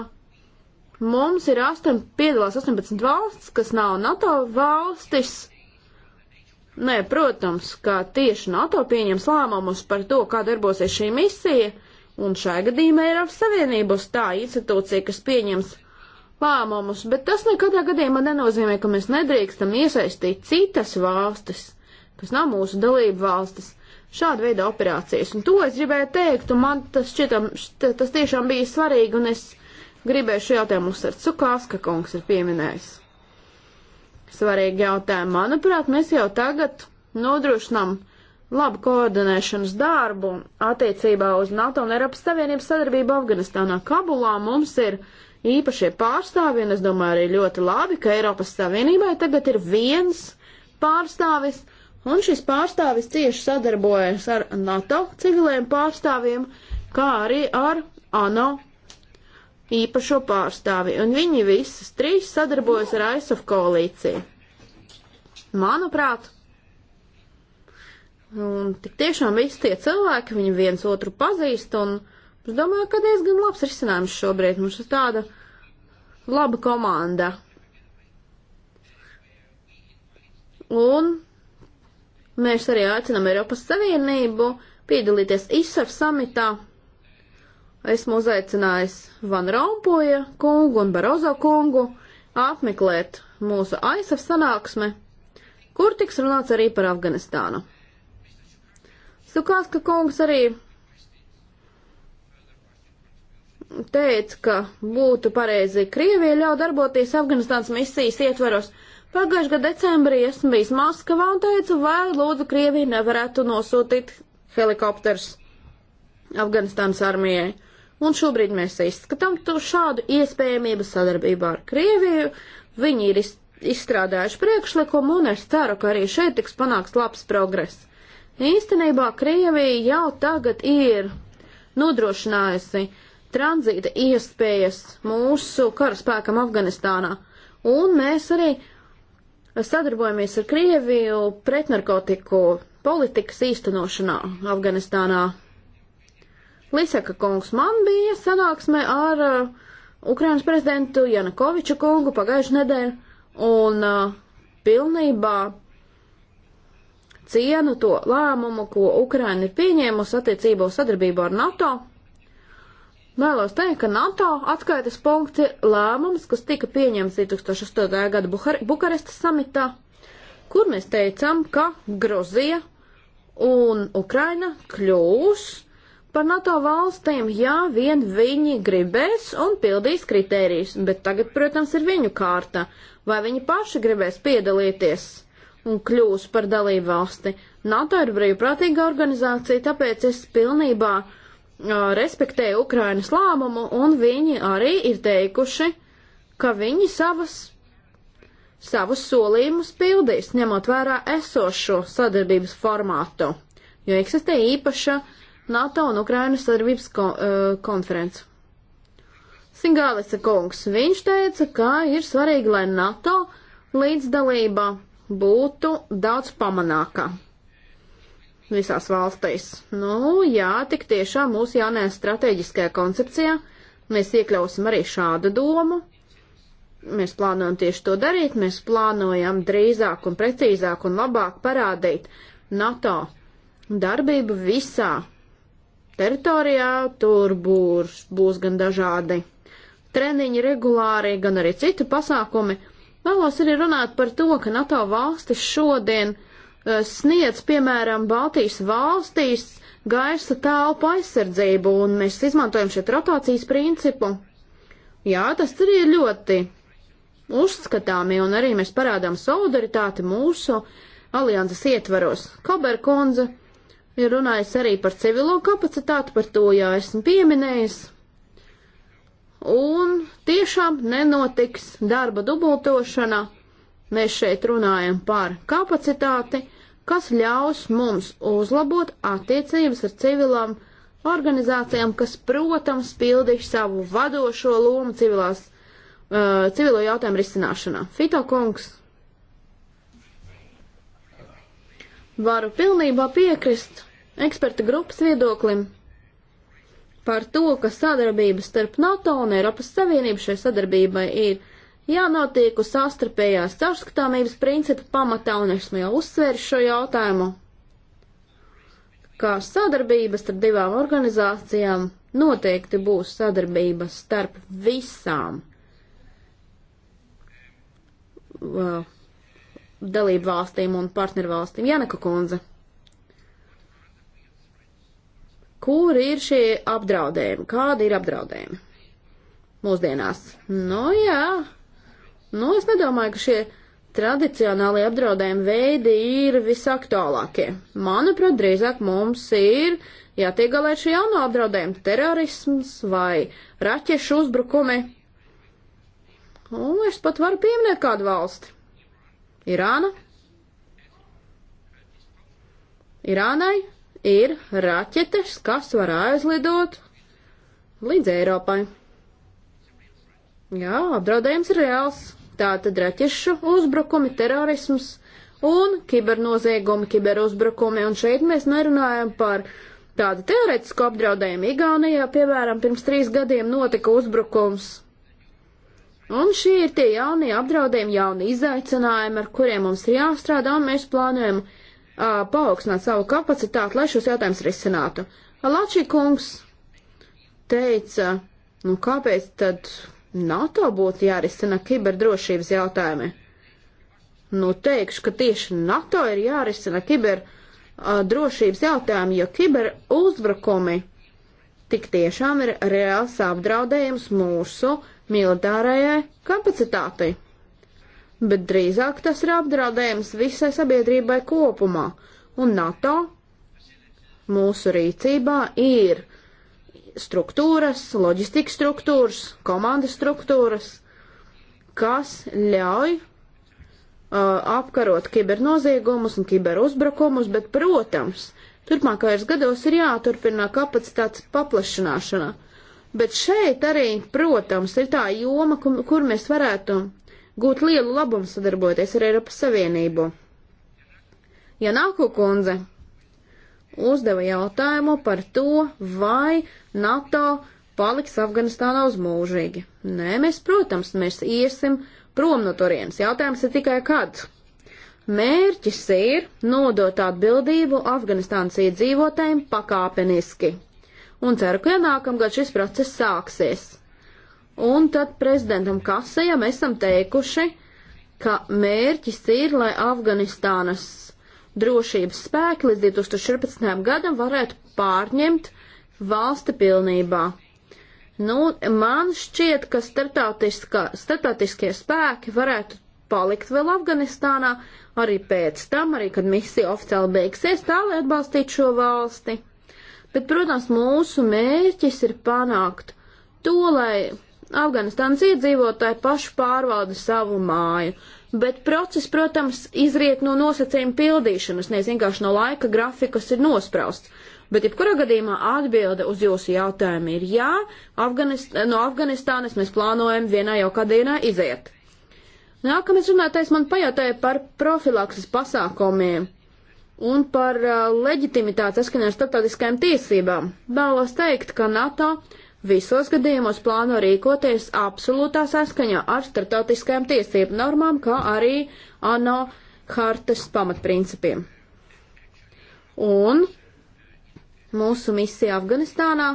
mums ir 8, piedalās 18 valsts, kas nav NATO valstis. Nē, protams, ka tieši NATO pieņems lēmumus par to, kā darbosies šī misija, un šai gadījumā Eiropas Savienība būs tā institūcija, kas pieņems lēmumus, bet tas nekādā gadījumā nenozīmē, ka mēs nedrīkstam iesaistīt citas valstis, kas nav mūsu dalību valstis, šāda veida operācijas. Un to es gribēju teikt, un man tas šķitam, št, tas tiešām bija svarīgi, un es gribēju šo jautājumu uzsvērt. Cukās, ka kungs ir pieminējis. Svarīgi jautājumi. Manuprāt, mēs jau tagad nodrošinām labu koordinēšanas darbu attiecībā uz NATO un Eiropas Savienības sadarbību Afganistānā. Kabulā mums ir uh, īpašie pārstāvi, un es domāju arī ļoti labi, ka Eiropas Savienībai tagad ir viens pārstāvis, un šis pārstāvis cieši sadarbojas ar NATO civiliem pārstāvjiem, kā arī ar ANO īpašo pārstāvi, un viņi visas trīs sadarbojas ar ISAF koalīciju. Manuprāt, un tik tiešām visi tie cilvēki, viņi viens otru pazīst, un Es domāju, ka diezgan labs risinājums šobrīd. Mums ir tāda laba komanda. Un mēs arī aicinām Eiropas Savienību piedalīties ISAF samitā. Esmu uzaicinājis Van Rompuja kungu un Barozo kungu apmeklēt mūsu ISAF sanāksmi, kur tiks runāts arī par Afganistānu. Sukāska kungs arī teica, ka būtu pareizi Krievijai ļaut darboties Afganistānas misijas ietveros. Pagājušajā gadā decembrī esmu bijis Maskavā un teicu, vai lūdzu Krievija nevarētu nosūtīt helikopters Afganistānas armijai. Un šobrīd mēs izskatām to šādu iespējamību sadarbībā ar Krieviju. Viņi ir izstrādājuši priekšlikumu un es ceru, ka arī šeit tiks panāks labs progress. Īstenībā Krievija jau tagad ir nodrošinājusi uh, tranzīta iespējas mūsu karaspēkam Afganistānā. Un mēs arī sadarbojamies ar Krieviju pretnarkotiku politikas īstenošanā Afganistānā. Liseka kungs man bija sanāksme ar uh, Ukrainas prezidentu Janukoviču kungu pagājušajā nedēļā un uh, pilnībā cienu to lēmumu, ko Ukraina ir pieņēmusi attiecībā sadarbībā ar NATO. Vēlos teikt, ka NATO atskaites punkts ir lēmums, kas tika pieņemts 2008. gada Buhar Bukarestas samitā, kur mēs teicām, ka Grozija un Ukraina kļūs par NATO valstīm, ja vien viņi gribēs un pildīs kritērijus, bet tagad, protams, ir viņu kārta, vai viņi paši gribēs piedalīties un kļūs par dalību valsti. NATO ir brīvprātīga organizācija, tāpēc es pilnībā uh, respektēja Ukrainas lēmumu, un viņi arī ir teikuši, ka viņi savas, savus solījumus pildīs, ņemot vērā esošo sadarbības formātu, jo eksistē īpaša NATO un Ukrainas sadarbības ko, uh, konference. Singālisa kungs, viņš teica, ka ir svarīgi, lai NATO līdzdalība būtu daudz pamanākā visās valstīs. Nu, jā, tik tiešām mūsu jaunajā strateģiskajā koncepcijā mēs iekļausim arī šādu domu. Mēs plānojam tieši to darīt, mēs plānojam drīzāk un precīzāk un labāk parādīt NATO darbību visā teritorijā. Tur būs, būs gan dažādi treniņi regulāri, gan arī citi pasākumi. Vēlos arī runāt par to, ka NATO valstis šodien uh, Eh, sniedz, piemēram, Baltijas valstīs gaisa telpu aizsardzību, un mēs izmantojam šeit rotācijas principu. Jā, tas arī ir ļoti uzskatāmi, un arī mēs parādām solidaritāti mūsu alianses ietvaros. Kaber kundze ir runājis arī par civilo kapacitāti, par to jau esmu pieminējis. Un tiešām nenotiks darba dubultošana. Mēs šeit runājam par kapacitāti kas ļaus mums uzlabot attiecības ar civilām organizācijām, kas, protams, pildīšu savu vadošo lomu civilās, uh, civilo jautājumu risināšanā. Fito kungs. Varu pilnībā piekrist eksperta grupas viedoklim par to, ka sadarbība starp NATO un Eiropas Savienību šai sadarbībai ir jānotiek uz sastarpējās caurskatāmības principu pamatā, un esmu jau uzsvēris šo jautājumu, kā sadarbības starp divām organizācijām noteikti būs sadarbība starp visām uh, dalību valstīm un partneru valstīm. Janeka kundze, kur ir šie apdraudējumi? Kādi ir apdraudējumi mūsdienās? Nu jā, Nu, es nedomāju, ka šie tradicionālie apdraudējumi veidi ir visaktuālākie. Manuprāt, drīzāk mums ir jātiek galā ar šo jauno apdraudējumu - terorisms vai raķešu uzbrukumi. Un es pat varu pieminēt kādu valsti. Irāna. Irānai ir raķetes, kas var aizlidot līdz Eiropai. Jā, apdraudējums ir reāls. Tātad raķešu uzbrukumi, terorisms un kibernoziegumi, kiberuzbrukumi. Un šeit mēs nerunājam par tādu teoretisku apdraudējumu. Igaunijā, piemēram, pirms trīs gadiem notika uzbrukums. Un šie ir tie jaunie apdraudējumi, jaunie izaicinājumi, ar kuriem mums ir jāstrādā, un mēs plānojam uh, paaugstināt savu kapacitāti, lai šos jautājumus risinātu. Lačī kungs teica, nu kāpēc tad NATO būtu jārisina kiberdrošības jautājumi. Nu, teikšu, ka tieši NATO ir jārisina kiberdrošības jautājumi, jo kiberuzbrukumi tik tiešām ir reāls apdraudējums mūsu militārajai kapacitātei. Bet drīzāk tas ir apdraudējums visai sabiedrībai kopumā, un NATO mūsu rīcībā ir struktūras, loģistikas struktūras, komandas struktūras, kas ļauj uh, apkarot kibernoziegumus un kiberuzbrukumus, bet, protams, turpmākajos gados ir jāturpina kapacitātes paplašināšana. Bet šeit arī, protams, ir tā joma, kur, kur mēs varētu gūt lielu labumu sadarboties ar Eiropas Savienību. Ja nāku kundze, uzdeva jautājumu par to, vai NATO paliks Afganistānā uz mūžīgi. Nē, mēs, protams, mēs iesim prom no turienes. Jautājums ir tikai kad. Mērķis ir nodot atbildību Afganistānas iedzīvotājiem pakāpeniski. Un ceru, ka nākamgad šis process sāksies. Un tad prezidentam Kasajam esam teikuši, ka mērķis ir, lai Afganistānas drošības spēki līdz 2014. gadam varētu pārņemt valsti pilnībā. Nu, man šķiet, ka starptautiskie spēki varētu palikt vēl Afganistānā arī pēc tam, arī kad misija oficiāli beigsies, tā lai atbalstītu šo valsti. Bet, protams, mūsu mērķis ir panākt to, lai Afganistānas iedzīvotāji paši pārvalda savu māju, bet process, protams, izriet no nosacījuma pildīšanas, nevis vienkārši no laika grafika, kas ir nosprausts. Bet, ja kurā gadījumā atbilde uz jūsu jautājumu ir jā, Afganist no Afganistānas mēs plānojam vienā jau kādienā iziet. Nākamais runātais man pajautāja par profilakses pasākumiem un par uh, leģitimitāti saskanē ar starptautiskajām tiesībām. Vēlos teikt, ka NATO Visos gadījumos plāno rīkoties absolūtā saskaņā ar startautiskajām tiesību normām, kā arī ANO hartas pamatprincipiem. Un mūsu misija Afganistānā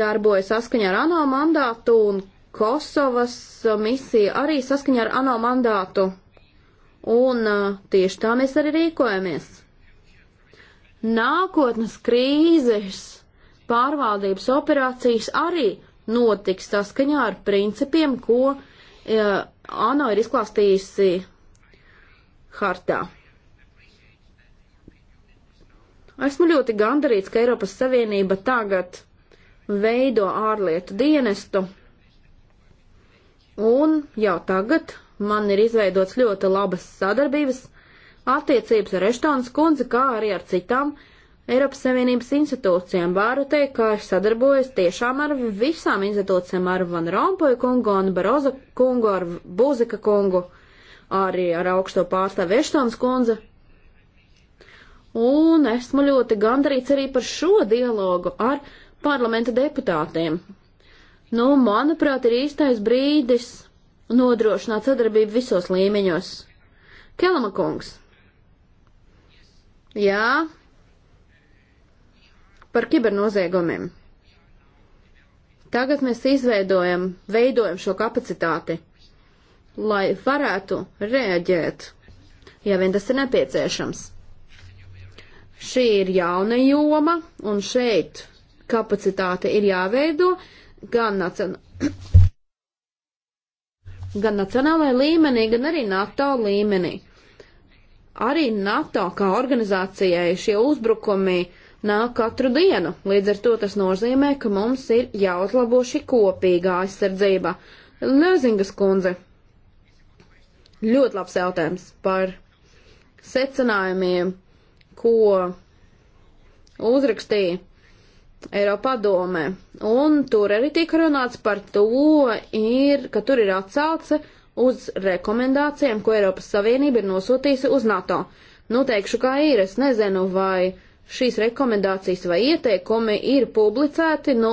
darbojas saskaņā ar ANO mandātu un Kosovas misija arī saskaņā ar ANO mandātu. Un uh, tieši tā mēs arī rīkojamies. Nākotnes krīzes pārvaldības operācijas arī notiks saskaņā ar principiem, ko ja, eh, ANO ir izklāstījusi hartā. Esmu ļoti gandarīts, ka Eiropas Savienība tagad veido ārlietu dienestu, un jau tagad man ir izveidots ļoti labas sadarbības attiecības ar Eštānas kundzi, kā arī ar citām uh, Eiropas Savienības institūcijām. Varu teikt, ka es sadarbojos tiešām ar visām institūcijām, ar Van Rompuju kungu, ar Baroza kungu, ar Buzika kungu, arī ar augsto pārstāvu Eštons kundze. Un esmu ļoti gandarīts arī par šo dialogu ar parlamenta deputātiem. Nu, manuprāt, ir īstais brīdis nodrošināt sadarbību visos līmeņos. Kelama kungs. Jā, par kibernoziegumiem. Tagad mēs izveidojam, veidojam šo kapacitāti, lai varētu reaģēt, ja vien tas ir nepieciešams. Šī ir jauna joma, un šeit kapacitāte ir jāveido gan, nacion... gan nacionālajā līmenī, gan arī NATO līmenī. Arī NATO kā organizācijai šie uzbrukumi uh, nāk katru dienu. Līdz ar to tas nozīmē, ka mums ir jāuzlabo šī kopīgā aizsardzība. Lēzingas kundze. Ļoti labs jautājums par secinājumiem, ko uzrakstīja Eiropadomē. Un tur arī tika runāts par to, ir, ka tur ir atsauce uz rekomendācijām, ko Eiropas Savienība ir nosūtījusi uz NATO. Nu, teikšu, kā ir, es nezinu, vai šīs rekomendācijas vai ieteikumi ir publicēti no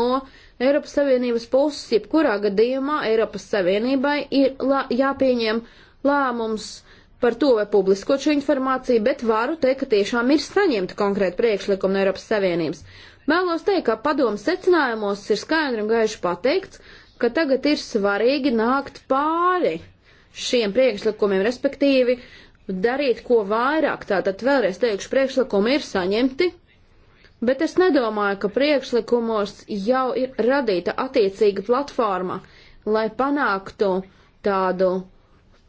Eiropas Savienības puses, jebkurā gadījumā Eiropas Savienībai ir lā, jāpieņem lēmums par to, vai publiskot šo informāciju, bet varu teikt, ka tiešām ir saņemta konkrēta priekšlikuma no Eiropas Savienības. Vēlos teikt, ka padomu secinājumos ir skaidri un gaiši pateikts, ka tagad ir svarīgi nākt pāri šiem priekšlikumiem, respektīvi uh, darīt ko vairāk. Tātad vēlreiz teikšu, priekšlikumi ir saņemti, bet es nedomāju, ka priekšlikumos jau ir radīta attiecīga platforma, lai panāktu tādu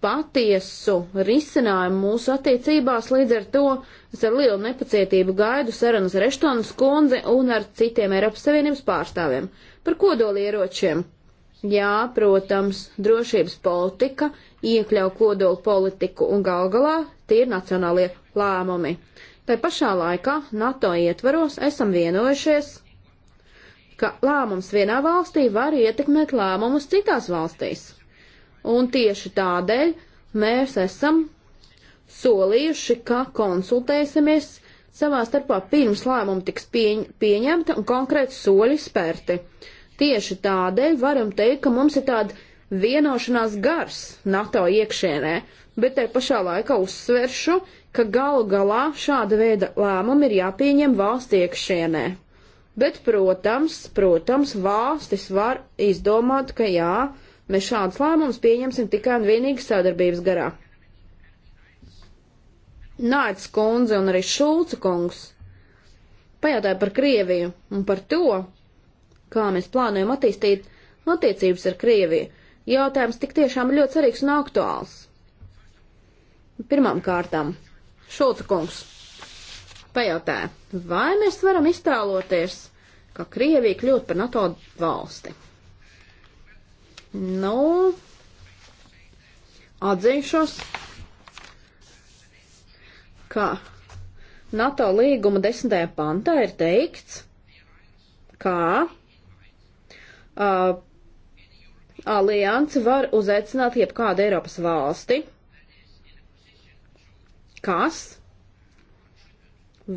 patiesu risinājumu mūsu attiecībās. Līdz ar to es ar lielu nepacietību gaidu sarunas ar Eštonas kundzi un ar citiem Eiropas Savienības pārstāvjiem par kodolieročiem. Jā, protams, drošības politika iekļauj kodolu politiku un gal galā tie ir nacionālie lēmumi. Tai pašā laikā NATO ietvaros esam vienojušies, ka lēmums vienā valstī var ietekmēt lēmumus citās valstīs. Un tieši tādēļ mēs esam solījuši, ka konsultēsimies savā starpā pirms lēmuma tiks pieņ pieņemta un konkrēti soļi spērti. Tieši tādēļ varam teikt, ka mums ir tāda vienošanās gars NATO iekšienē, bet te pašā laikā uzsveršu, ka galu galā šāda veida lēmumi ir jāpieņem valsts iekšienē. Bet, protams, protams, valstis var izdomāt, ka jā, mēs šādus lēmumus pieņemsim tikai un vienīgi sadarbības garā. Nāc kundze un arī Šulca kungs pajautāja par Krieviju un par to, kā mēs plānojam attīstīt attiecības ar Krieviju jautājums tik tiešām ir ļoti svarīgs un aktuāls. Pirmām kārtām, Šulca kungs pajautā, vai mēs varam iztēloties, ka Krievija kļūt par NATO valsti? Nu, atzīšos, ka NATO līguma desmitajā pantā ir teikts, ka uh, alianse var uzaicināt jebkādu Eiropas valsti, kas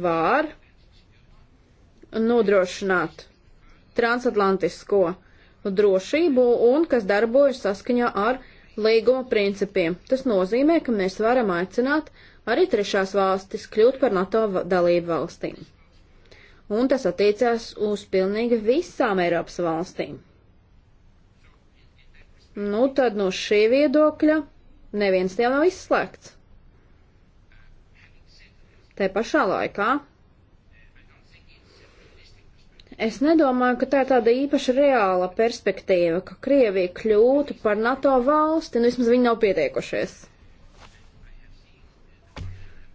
var nodrošināt transatlantisko drošību un kas darbojas saskaņā ar līguma principiem. Tas nozīmē, ka mēs varam aicināt arī trešās valstis kļūt par NATO dalību valstīm. Un tas attiecās uz pilnīgi visām Eiropas valstīm nu tad no šī viedokļa neviens tie nav izslēgts. Te pašā laikā es nedomāju, ka tā ir tāda īpaši reāla perspektīva, ka Krievija kļūtu par NATO valsti, nu vismaz viņi nav pieteikušies.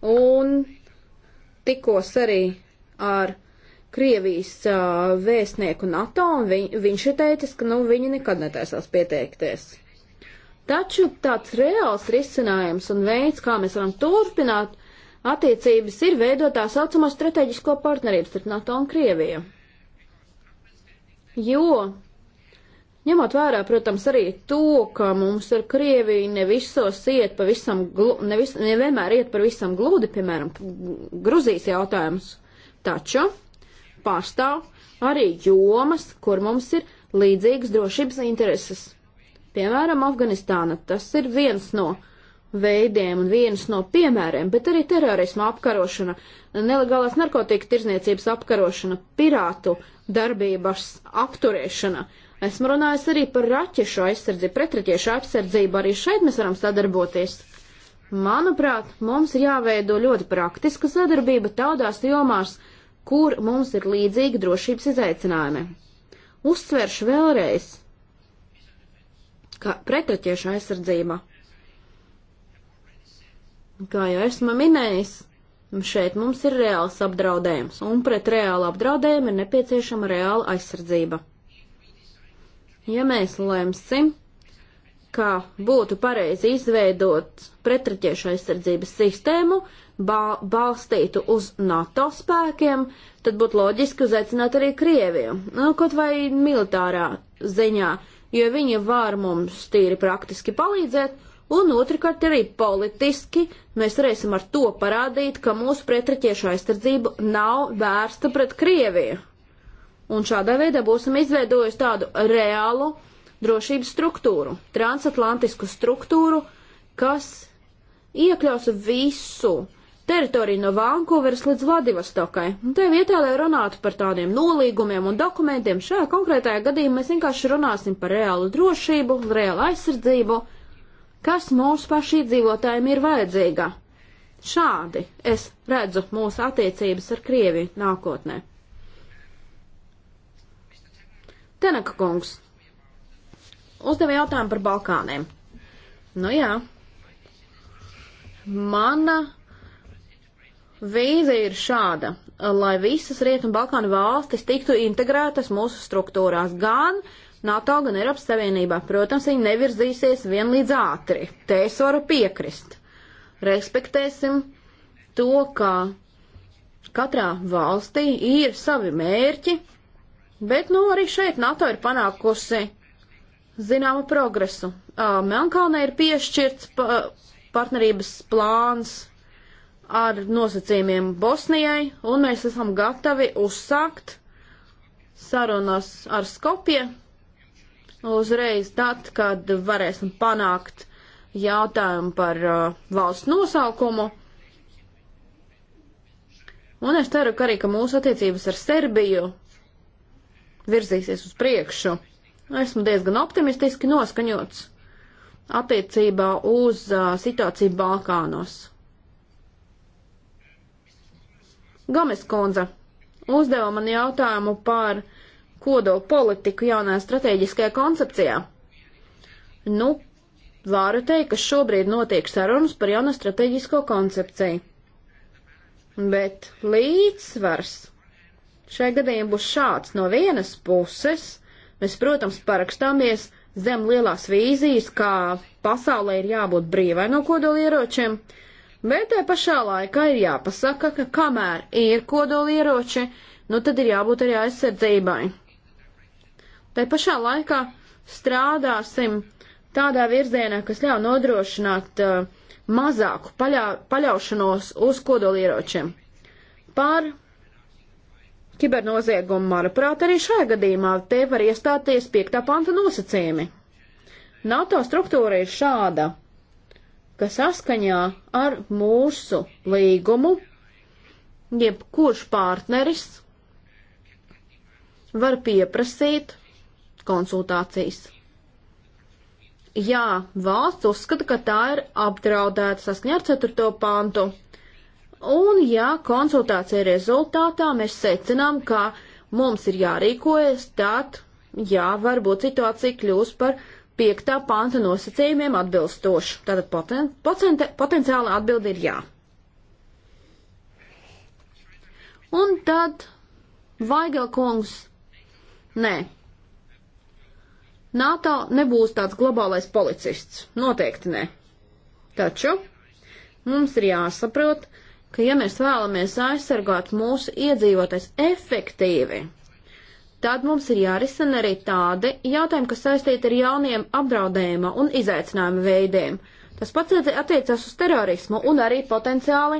Un tikos arī ar Krievijas uh, vēstnieku NATO, un viņ, viņš ir teicis, ka nu, viņi nekad netaisās pieteikties. Taču tāds reāls risinājums un veids, kā mēs varam turpināt attiecības, ir veidot tā saucamo strateģisko partnerību starp NATO un Krieviju. Jo, ņemot vērā, protams, arī to, ka mums ar Krieviju ne visos iet pavisam, ne, vis, ne vienmēr iet pavisam glūdi, piemēram, Gruzijas jautājums. Taču pastāv arī jomas, kur mums ir līdzīgas drošības intereses. Piemēram, Afganistāna tas ir viens no veidiem un viens no piemēriem, bet arī terorisma apkarošana, nelegālās narkotika tirzniecības apkarošana, pirātu darbības apturēšana. Esmu runājis arī par raķešu aizsardzību, pretraķiešu aizsardzību, arī šeit mēs varam sadarboties. Manuprāt, mums jāveido ļoti praktiska sadarbība tādās jomās, kur mums ir līdzīgi drošības izaicinājumi. Uzsveršu vēlreiz, ka pretoķiešu aizsardzība, kā jau esmu minējis, šeit mums ir reāls apdraudējums, un pret reālu apdraudējumu ir nepieciešama reāla aizsardzība. Ja mēs lemsim ka būtu pareizi izveidot pretraķiešu aizsardzības sistēmu, ba balstītu uz NATO spēkiem, tad būtu loģiski uzaicināt arī Krieviju, nu, kaut vai militārā ziņā, jo viņi var mums tīri praktiski palīdzēt, un otrkārt arī politiski mēs varēsim ar to parādīt, ka mūsu pretraķiešu aizsardzība nav vērsta pret Krieviju. Un šādā veidā būsim izveidojuši tādu reālu uh, drošības struktūru, transatlantisku struktūru, kas iekļaus visu teritoriju no Vankūveras līdz Vladivostokai. Un te vietā, lai runātu par tādiem nolīgumiem un dokumentiem, šajā konkrētajā gadījumā mēs vienkārši runāsim par reālu drošību, reālu aizsardzību, kas mūsu pašu iedzīvotājiem ir vajadzīga. Šādi es redzu mūsu attiecības ar Krieviju nākotnē. Tenaka kungs, uzdeva jautājumu par Balkāniem. Nu jā, mana vīzija ir šāda, lai visas Rietumu Balkānu valstis tiktu integrētas mūsu struktūrās gan NATO, gan Eiropas Savienībā. Protams, viņi nevirzīsies vienlīdz ātri. Te es varu piekrist. Respektēsim to, ka katrā valstī ir savi mērķi, bet, nu, arī šeit NATO ir panākusi zināmu progresu. Melnkalnē ir piešķirts pa partnerības plāns ar nosacījumiem Bosnijai, un mēs esam gatavi uzsākt sarunas ar Skopje uzreiz tad, kad varēsim panākt jautājumu par uh, valsts nosaukumu. Un es ceru, ka arī, ka mūsu attiecības ar Serbiju virzīsies uz priekšu. Esmu diezgan optimistiski noskaņots attiecībā uz uh, situāciju Balkānos. Gomes kundze uzdeva man jautājumu par kodolu politiku jaunajā strateģiskajā koncepcijā. Nu, varu teikt, ka šobrīd notiek sarunas par jaunu strateģisko koncepciju. Bet līdzsvars šai gadījumā būs šāds no vienas puses Mēs, protams, parakstāmies zem lielās vīzijas, kā pasaulē ir jābūt brīvai no kodolieročiem, bet tajā pašā laikā ir jāpasaka, ka kamēr ir kodolieroči, nu tad ir jābūt arī aizsardzībai. Tajā pašā laikā strādāsim tādā virzienā, kas ļauj nodrošināt uh, mazāku paļā, paļaušanos uz kodolieročiem. Par Kibernoziegumi, manuprāt, arī šajā gadījumā te var iestāties 5. panta nosacījumi. NATO struktūra ir šāda, ka saskaņā ar mūsu līgumu jebkurš partneris var pieprasīt konsultācijas. Jā, valsts uzskata, ka tā ir apdraudēta saskaņā ar 4. pantu. Un, ja konsultācija rezultātā mēs secinām, ka mums ir jārīkojas, tad, jā, varbūt situācija kļūs par 5. panta nosacījumiem atbilstošu. Tātad poten, pocente, potenciāla atbildi ir jā. Un tad Vaigelkungs. Nē. NATO nebūs tāds globālais policists. Noteikti nē. Taču mums ir jāsaprot, ka ja mēs vēlamies aizsargāt mūsu iedzīvotājs efektīvi, tad mums ir jārisina arī tādi jautājumi, kas saistīti ar jauniem apdraudējuma un izaicinājuma veidiem. Tas pats attiecas uz terorismu un arī potenciāli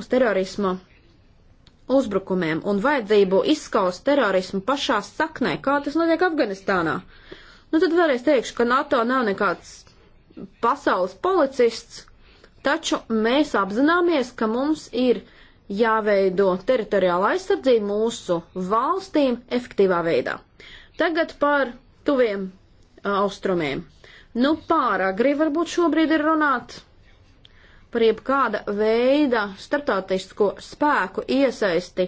uz terorismu uzbrukumiem un vajadzību izskaust terorismu pašā saknē, kā tas notiek Afganistānā. Nu tad vēlreiz teikšu, ka NATO nav nekāds pasaules policists, taču mēs apzināmies, ka mums ir jāveido teritoriāla aizsardzība mūsu valstīm efektīvā veidā. Tagad par tuviem austrumiem. Nu, pārāk grib varbūt šobrīd ir runāt par jebkāda veida starptautisko spēku iesaisti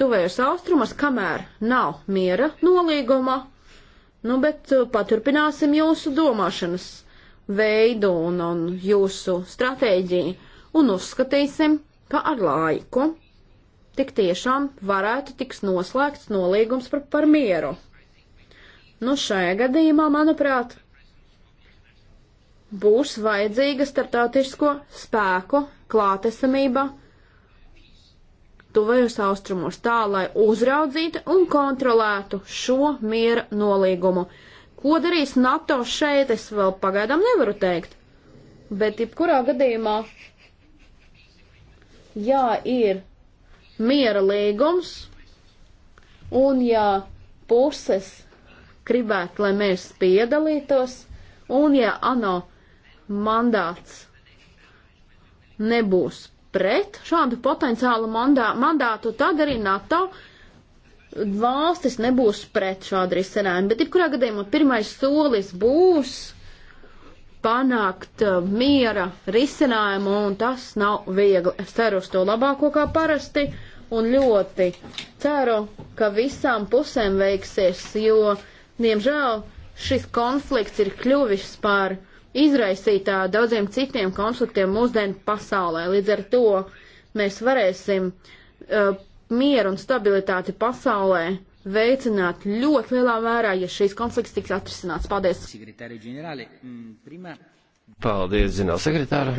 tuvējos austrumas, kamēr nav miera nolīguma. Nu, bet paturpināsim jūsu domāšanas veidu un, un jūsu stratēģiju un uzskatīsim, ka ar laiku tik tiešām varētu tiks noslēgts nolīgums par, par mieru. Nu, šajā gadījumā, manuprāt, būs vajadzīga starptautisko spēku klātesamība tuvajos austrumos tā, lai uzraudzītu un kontrolētu šo miera nolīgumu. Ko darīs NATO šeit, es vēl pagaidām nevaru teikt. Bet, jebkurā gadījumā, ja ir miera līgums un ja puses gribētu, lai mēs piedalītos, un ja ANO mandāts nebūs pret šādu potenciālu mandātu, tad arī NATO valstis nebūs pret šādu risinājumu, bet jebkurā gadījumā pirmais solis būs panākt uh, miera risinājumu, un tas nav viegli. Es ceru uz to labāko kā parasti, un ļoti ceru, ka visām pusēm veiksies, jo, diemžēl, šis konflikts ir kļuvis par izraisītā daudziem citiem konfliktiem mūsdienu pasaulē. Līdz ar to mēs varēsim uh, mieru un stabilitāti pasaulē veicināt ļoti lielā mērā, ja šīs konflikts tiks atrisināts. Paldies! Mm, paldies, zināt, sekretāra!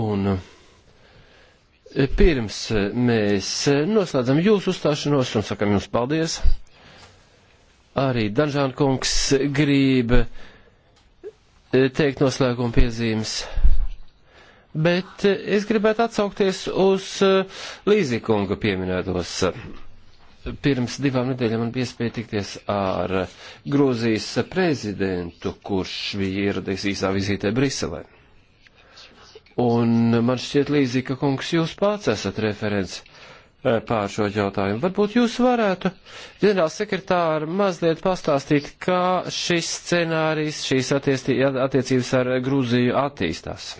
Un eh, pirms eh, mēs eh, noslēdzam jūsu uzstāšanos un sakam jums paldies, arī Danžāna kungs grib teikt noslēguma piezīmes. Bet eh, es gribētu atsaukties uz eh, Līzikunga pieminētos. Pirms divām nedēļām man bija iespēja tikties ar eh, Grūzijas prezidentu, kurš bija ieradies īsā vizītē Briselē. Un man šķiet, Līzika kungs, jūs pats esat referents pār šo jautājumu. Varbūt jūs varētu, ģenerāls sekretāri, mazliet pastāstīt, kā šis scenārijs, šīs attiecības ar Grūziju attīstās.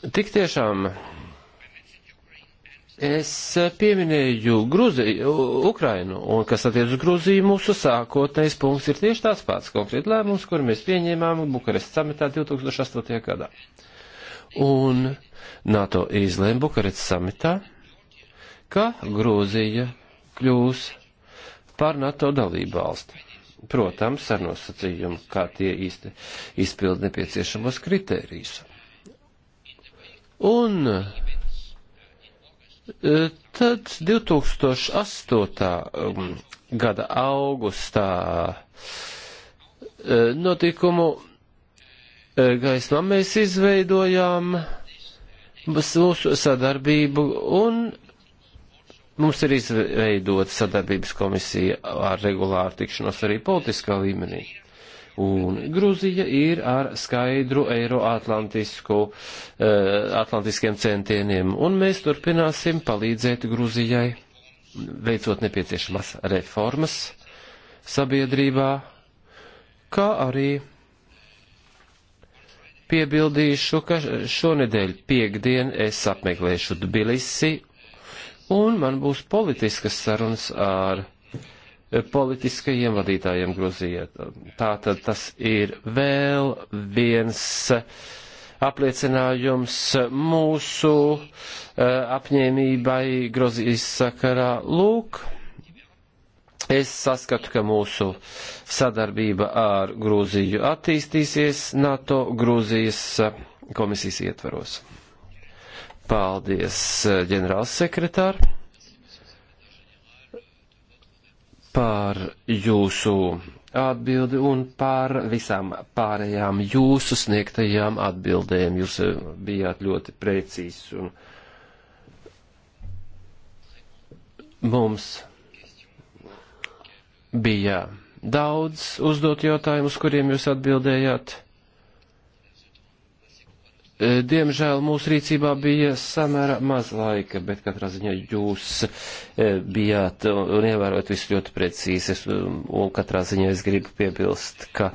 Tik tiešām es pieminēju Gruziju, Ukrainu, un kas attiec uz Gruziju, mūsu sākotnējs punkts ir tieši tās pats konkrēti lēmums, kur mēs pieņēmām Bukarestas samitā 2008. gadā. Un NATO izlēma Bukarestas samitā, ka Grūzija kļūs par NATO dalību valsti. Protams, ar nosacījumu, kā tie īsti izpild nepieciešamos kritērijus. Un e, tad 2008. Um, gada augustā e, notikumu e, gaismā mēs izveidojām mūsu sadarbību un mums ir izveidota sadarbības komisija ar regulāru tikšanos arī politiskā līmenī. Un Gruzija ir ar skaidru eiroatlantisku, uh, atlantiskiem centieniem, un mēs turpināsim palīdzēt Gruzijai, veicot nepieciešamas reformas sabiedrībā, kā arī piebildīšu, ka šonedēļ piekdien es apmeklēšu Tbilisi, un man būs politiskas sarunas ar politiskajiem vadītājiem Gruzijā. Tātad tas ir vēl viens eh, apliecinājums mūsu eh, apņēmībai Gruzijas sakarā. Lūk, es saskatu, ka mūsu sadarbība ar Grūziju attīstīsies NATO Grūzijas eh, komisijas ietveros. Paldies, ģenerāls sekretārs. par jūsu atbildi un par visām pārējām jūsu sniegtajām atbildēm. Jūs eh, bijāt ļoti precīzi un mums bija daudz uzdot jautājumus, kuriem jūs atbildējāt. E, diemžēl mūsu rīcībā bija samērā maz laika, bet katrā ziņā jūs e, bijāt un ievērot visu ļoti precīzi. Es, um, un katrā ziņā es gribu piebilst, ka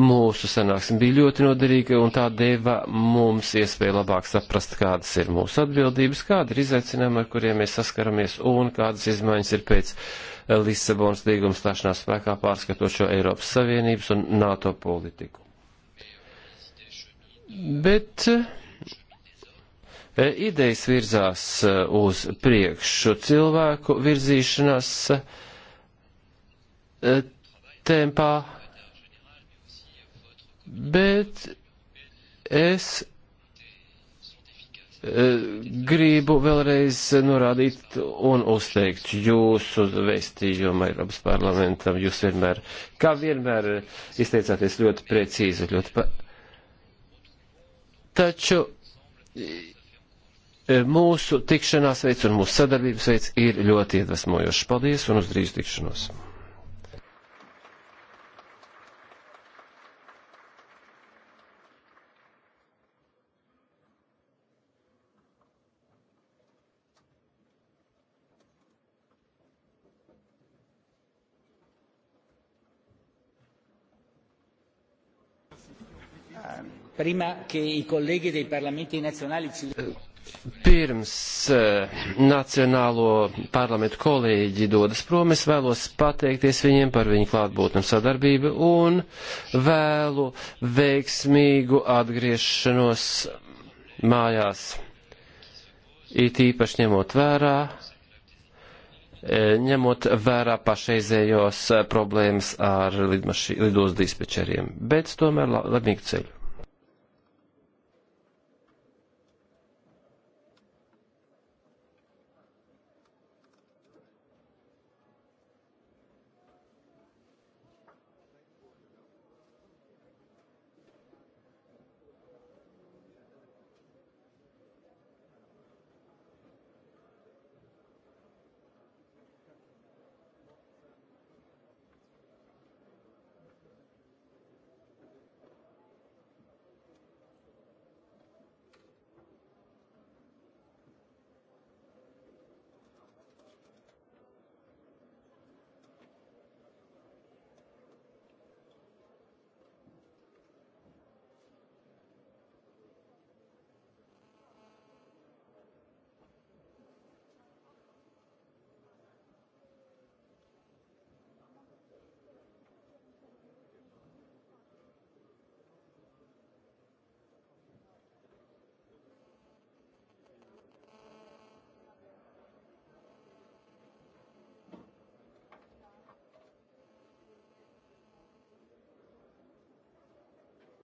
mūsu sanāksme bija ļoti noderīga un tā deva mums iespēju labāk saprast, kādas ir mūsu atbildības, kādi ir izaicinājumi, ar kuriem mēs saskaramies un kādas izmaiņas ir pēc Lisabonas līguma stāšanās spēkā pārskatot šo Eiropas Savienības un NATO politiku. Bet eh, idejas virzās eh, uz priekšu cilvēku virzīšanās eh, tempā, bet es gribu vēlreiz norādīt un uzteikt jūsu vēstījumu Eiropas parlamentam. Jūs vienmēr, kā vienmēr, izteicāties ļoti precīzi, ļoti. Pa Taču e, e, mūsu tikšanās veids un mūsu sadarbības veids ir ļoti iedvesmojošs. Paldies un uz drīz tikšanos! prima che i colleghi dei parlamenti nazionali ci Pirms eh, Nacionālo parlamentu kolēģi dodas prom, es vēlos pateikties viņiem par viņu klātbūtni un sadarbību un vēlu veiksmīgu atgriešanos mājās. It īpaši ņemot vērā, eh, ņemot vērā pašreizējos eh, problēmas ar lidmaši, lidos dispečeriem, bet tomēr labīgu ceļu.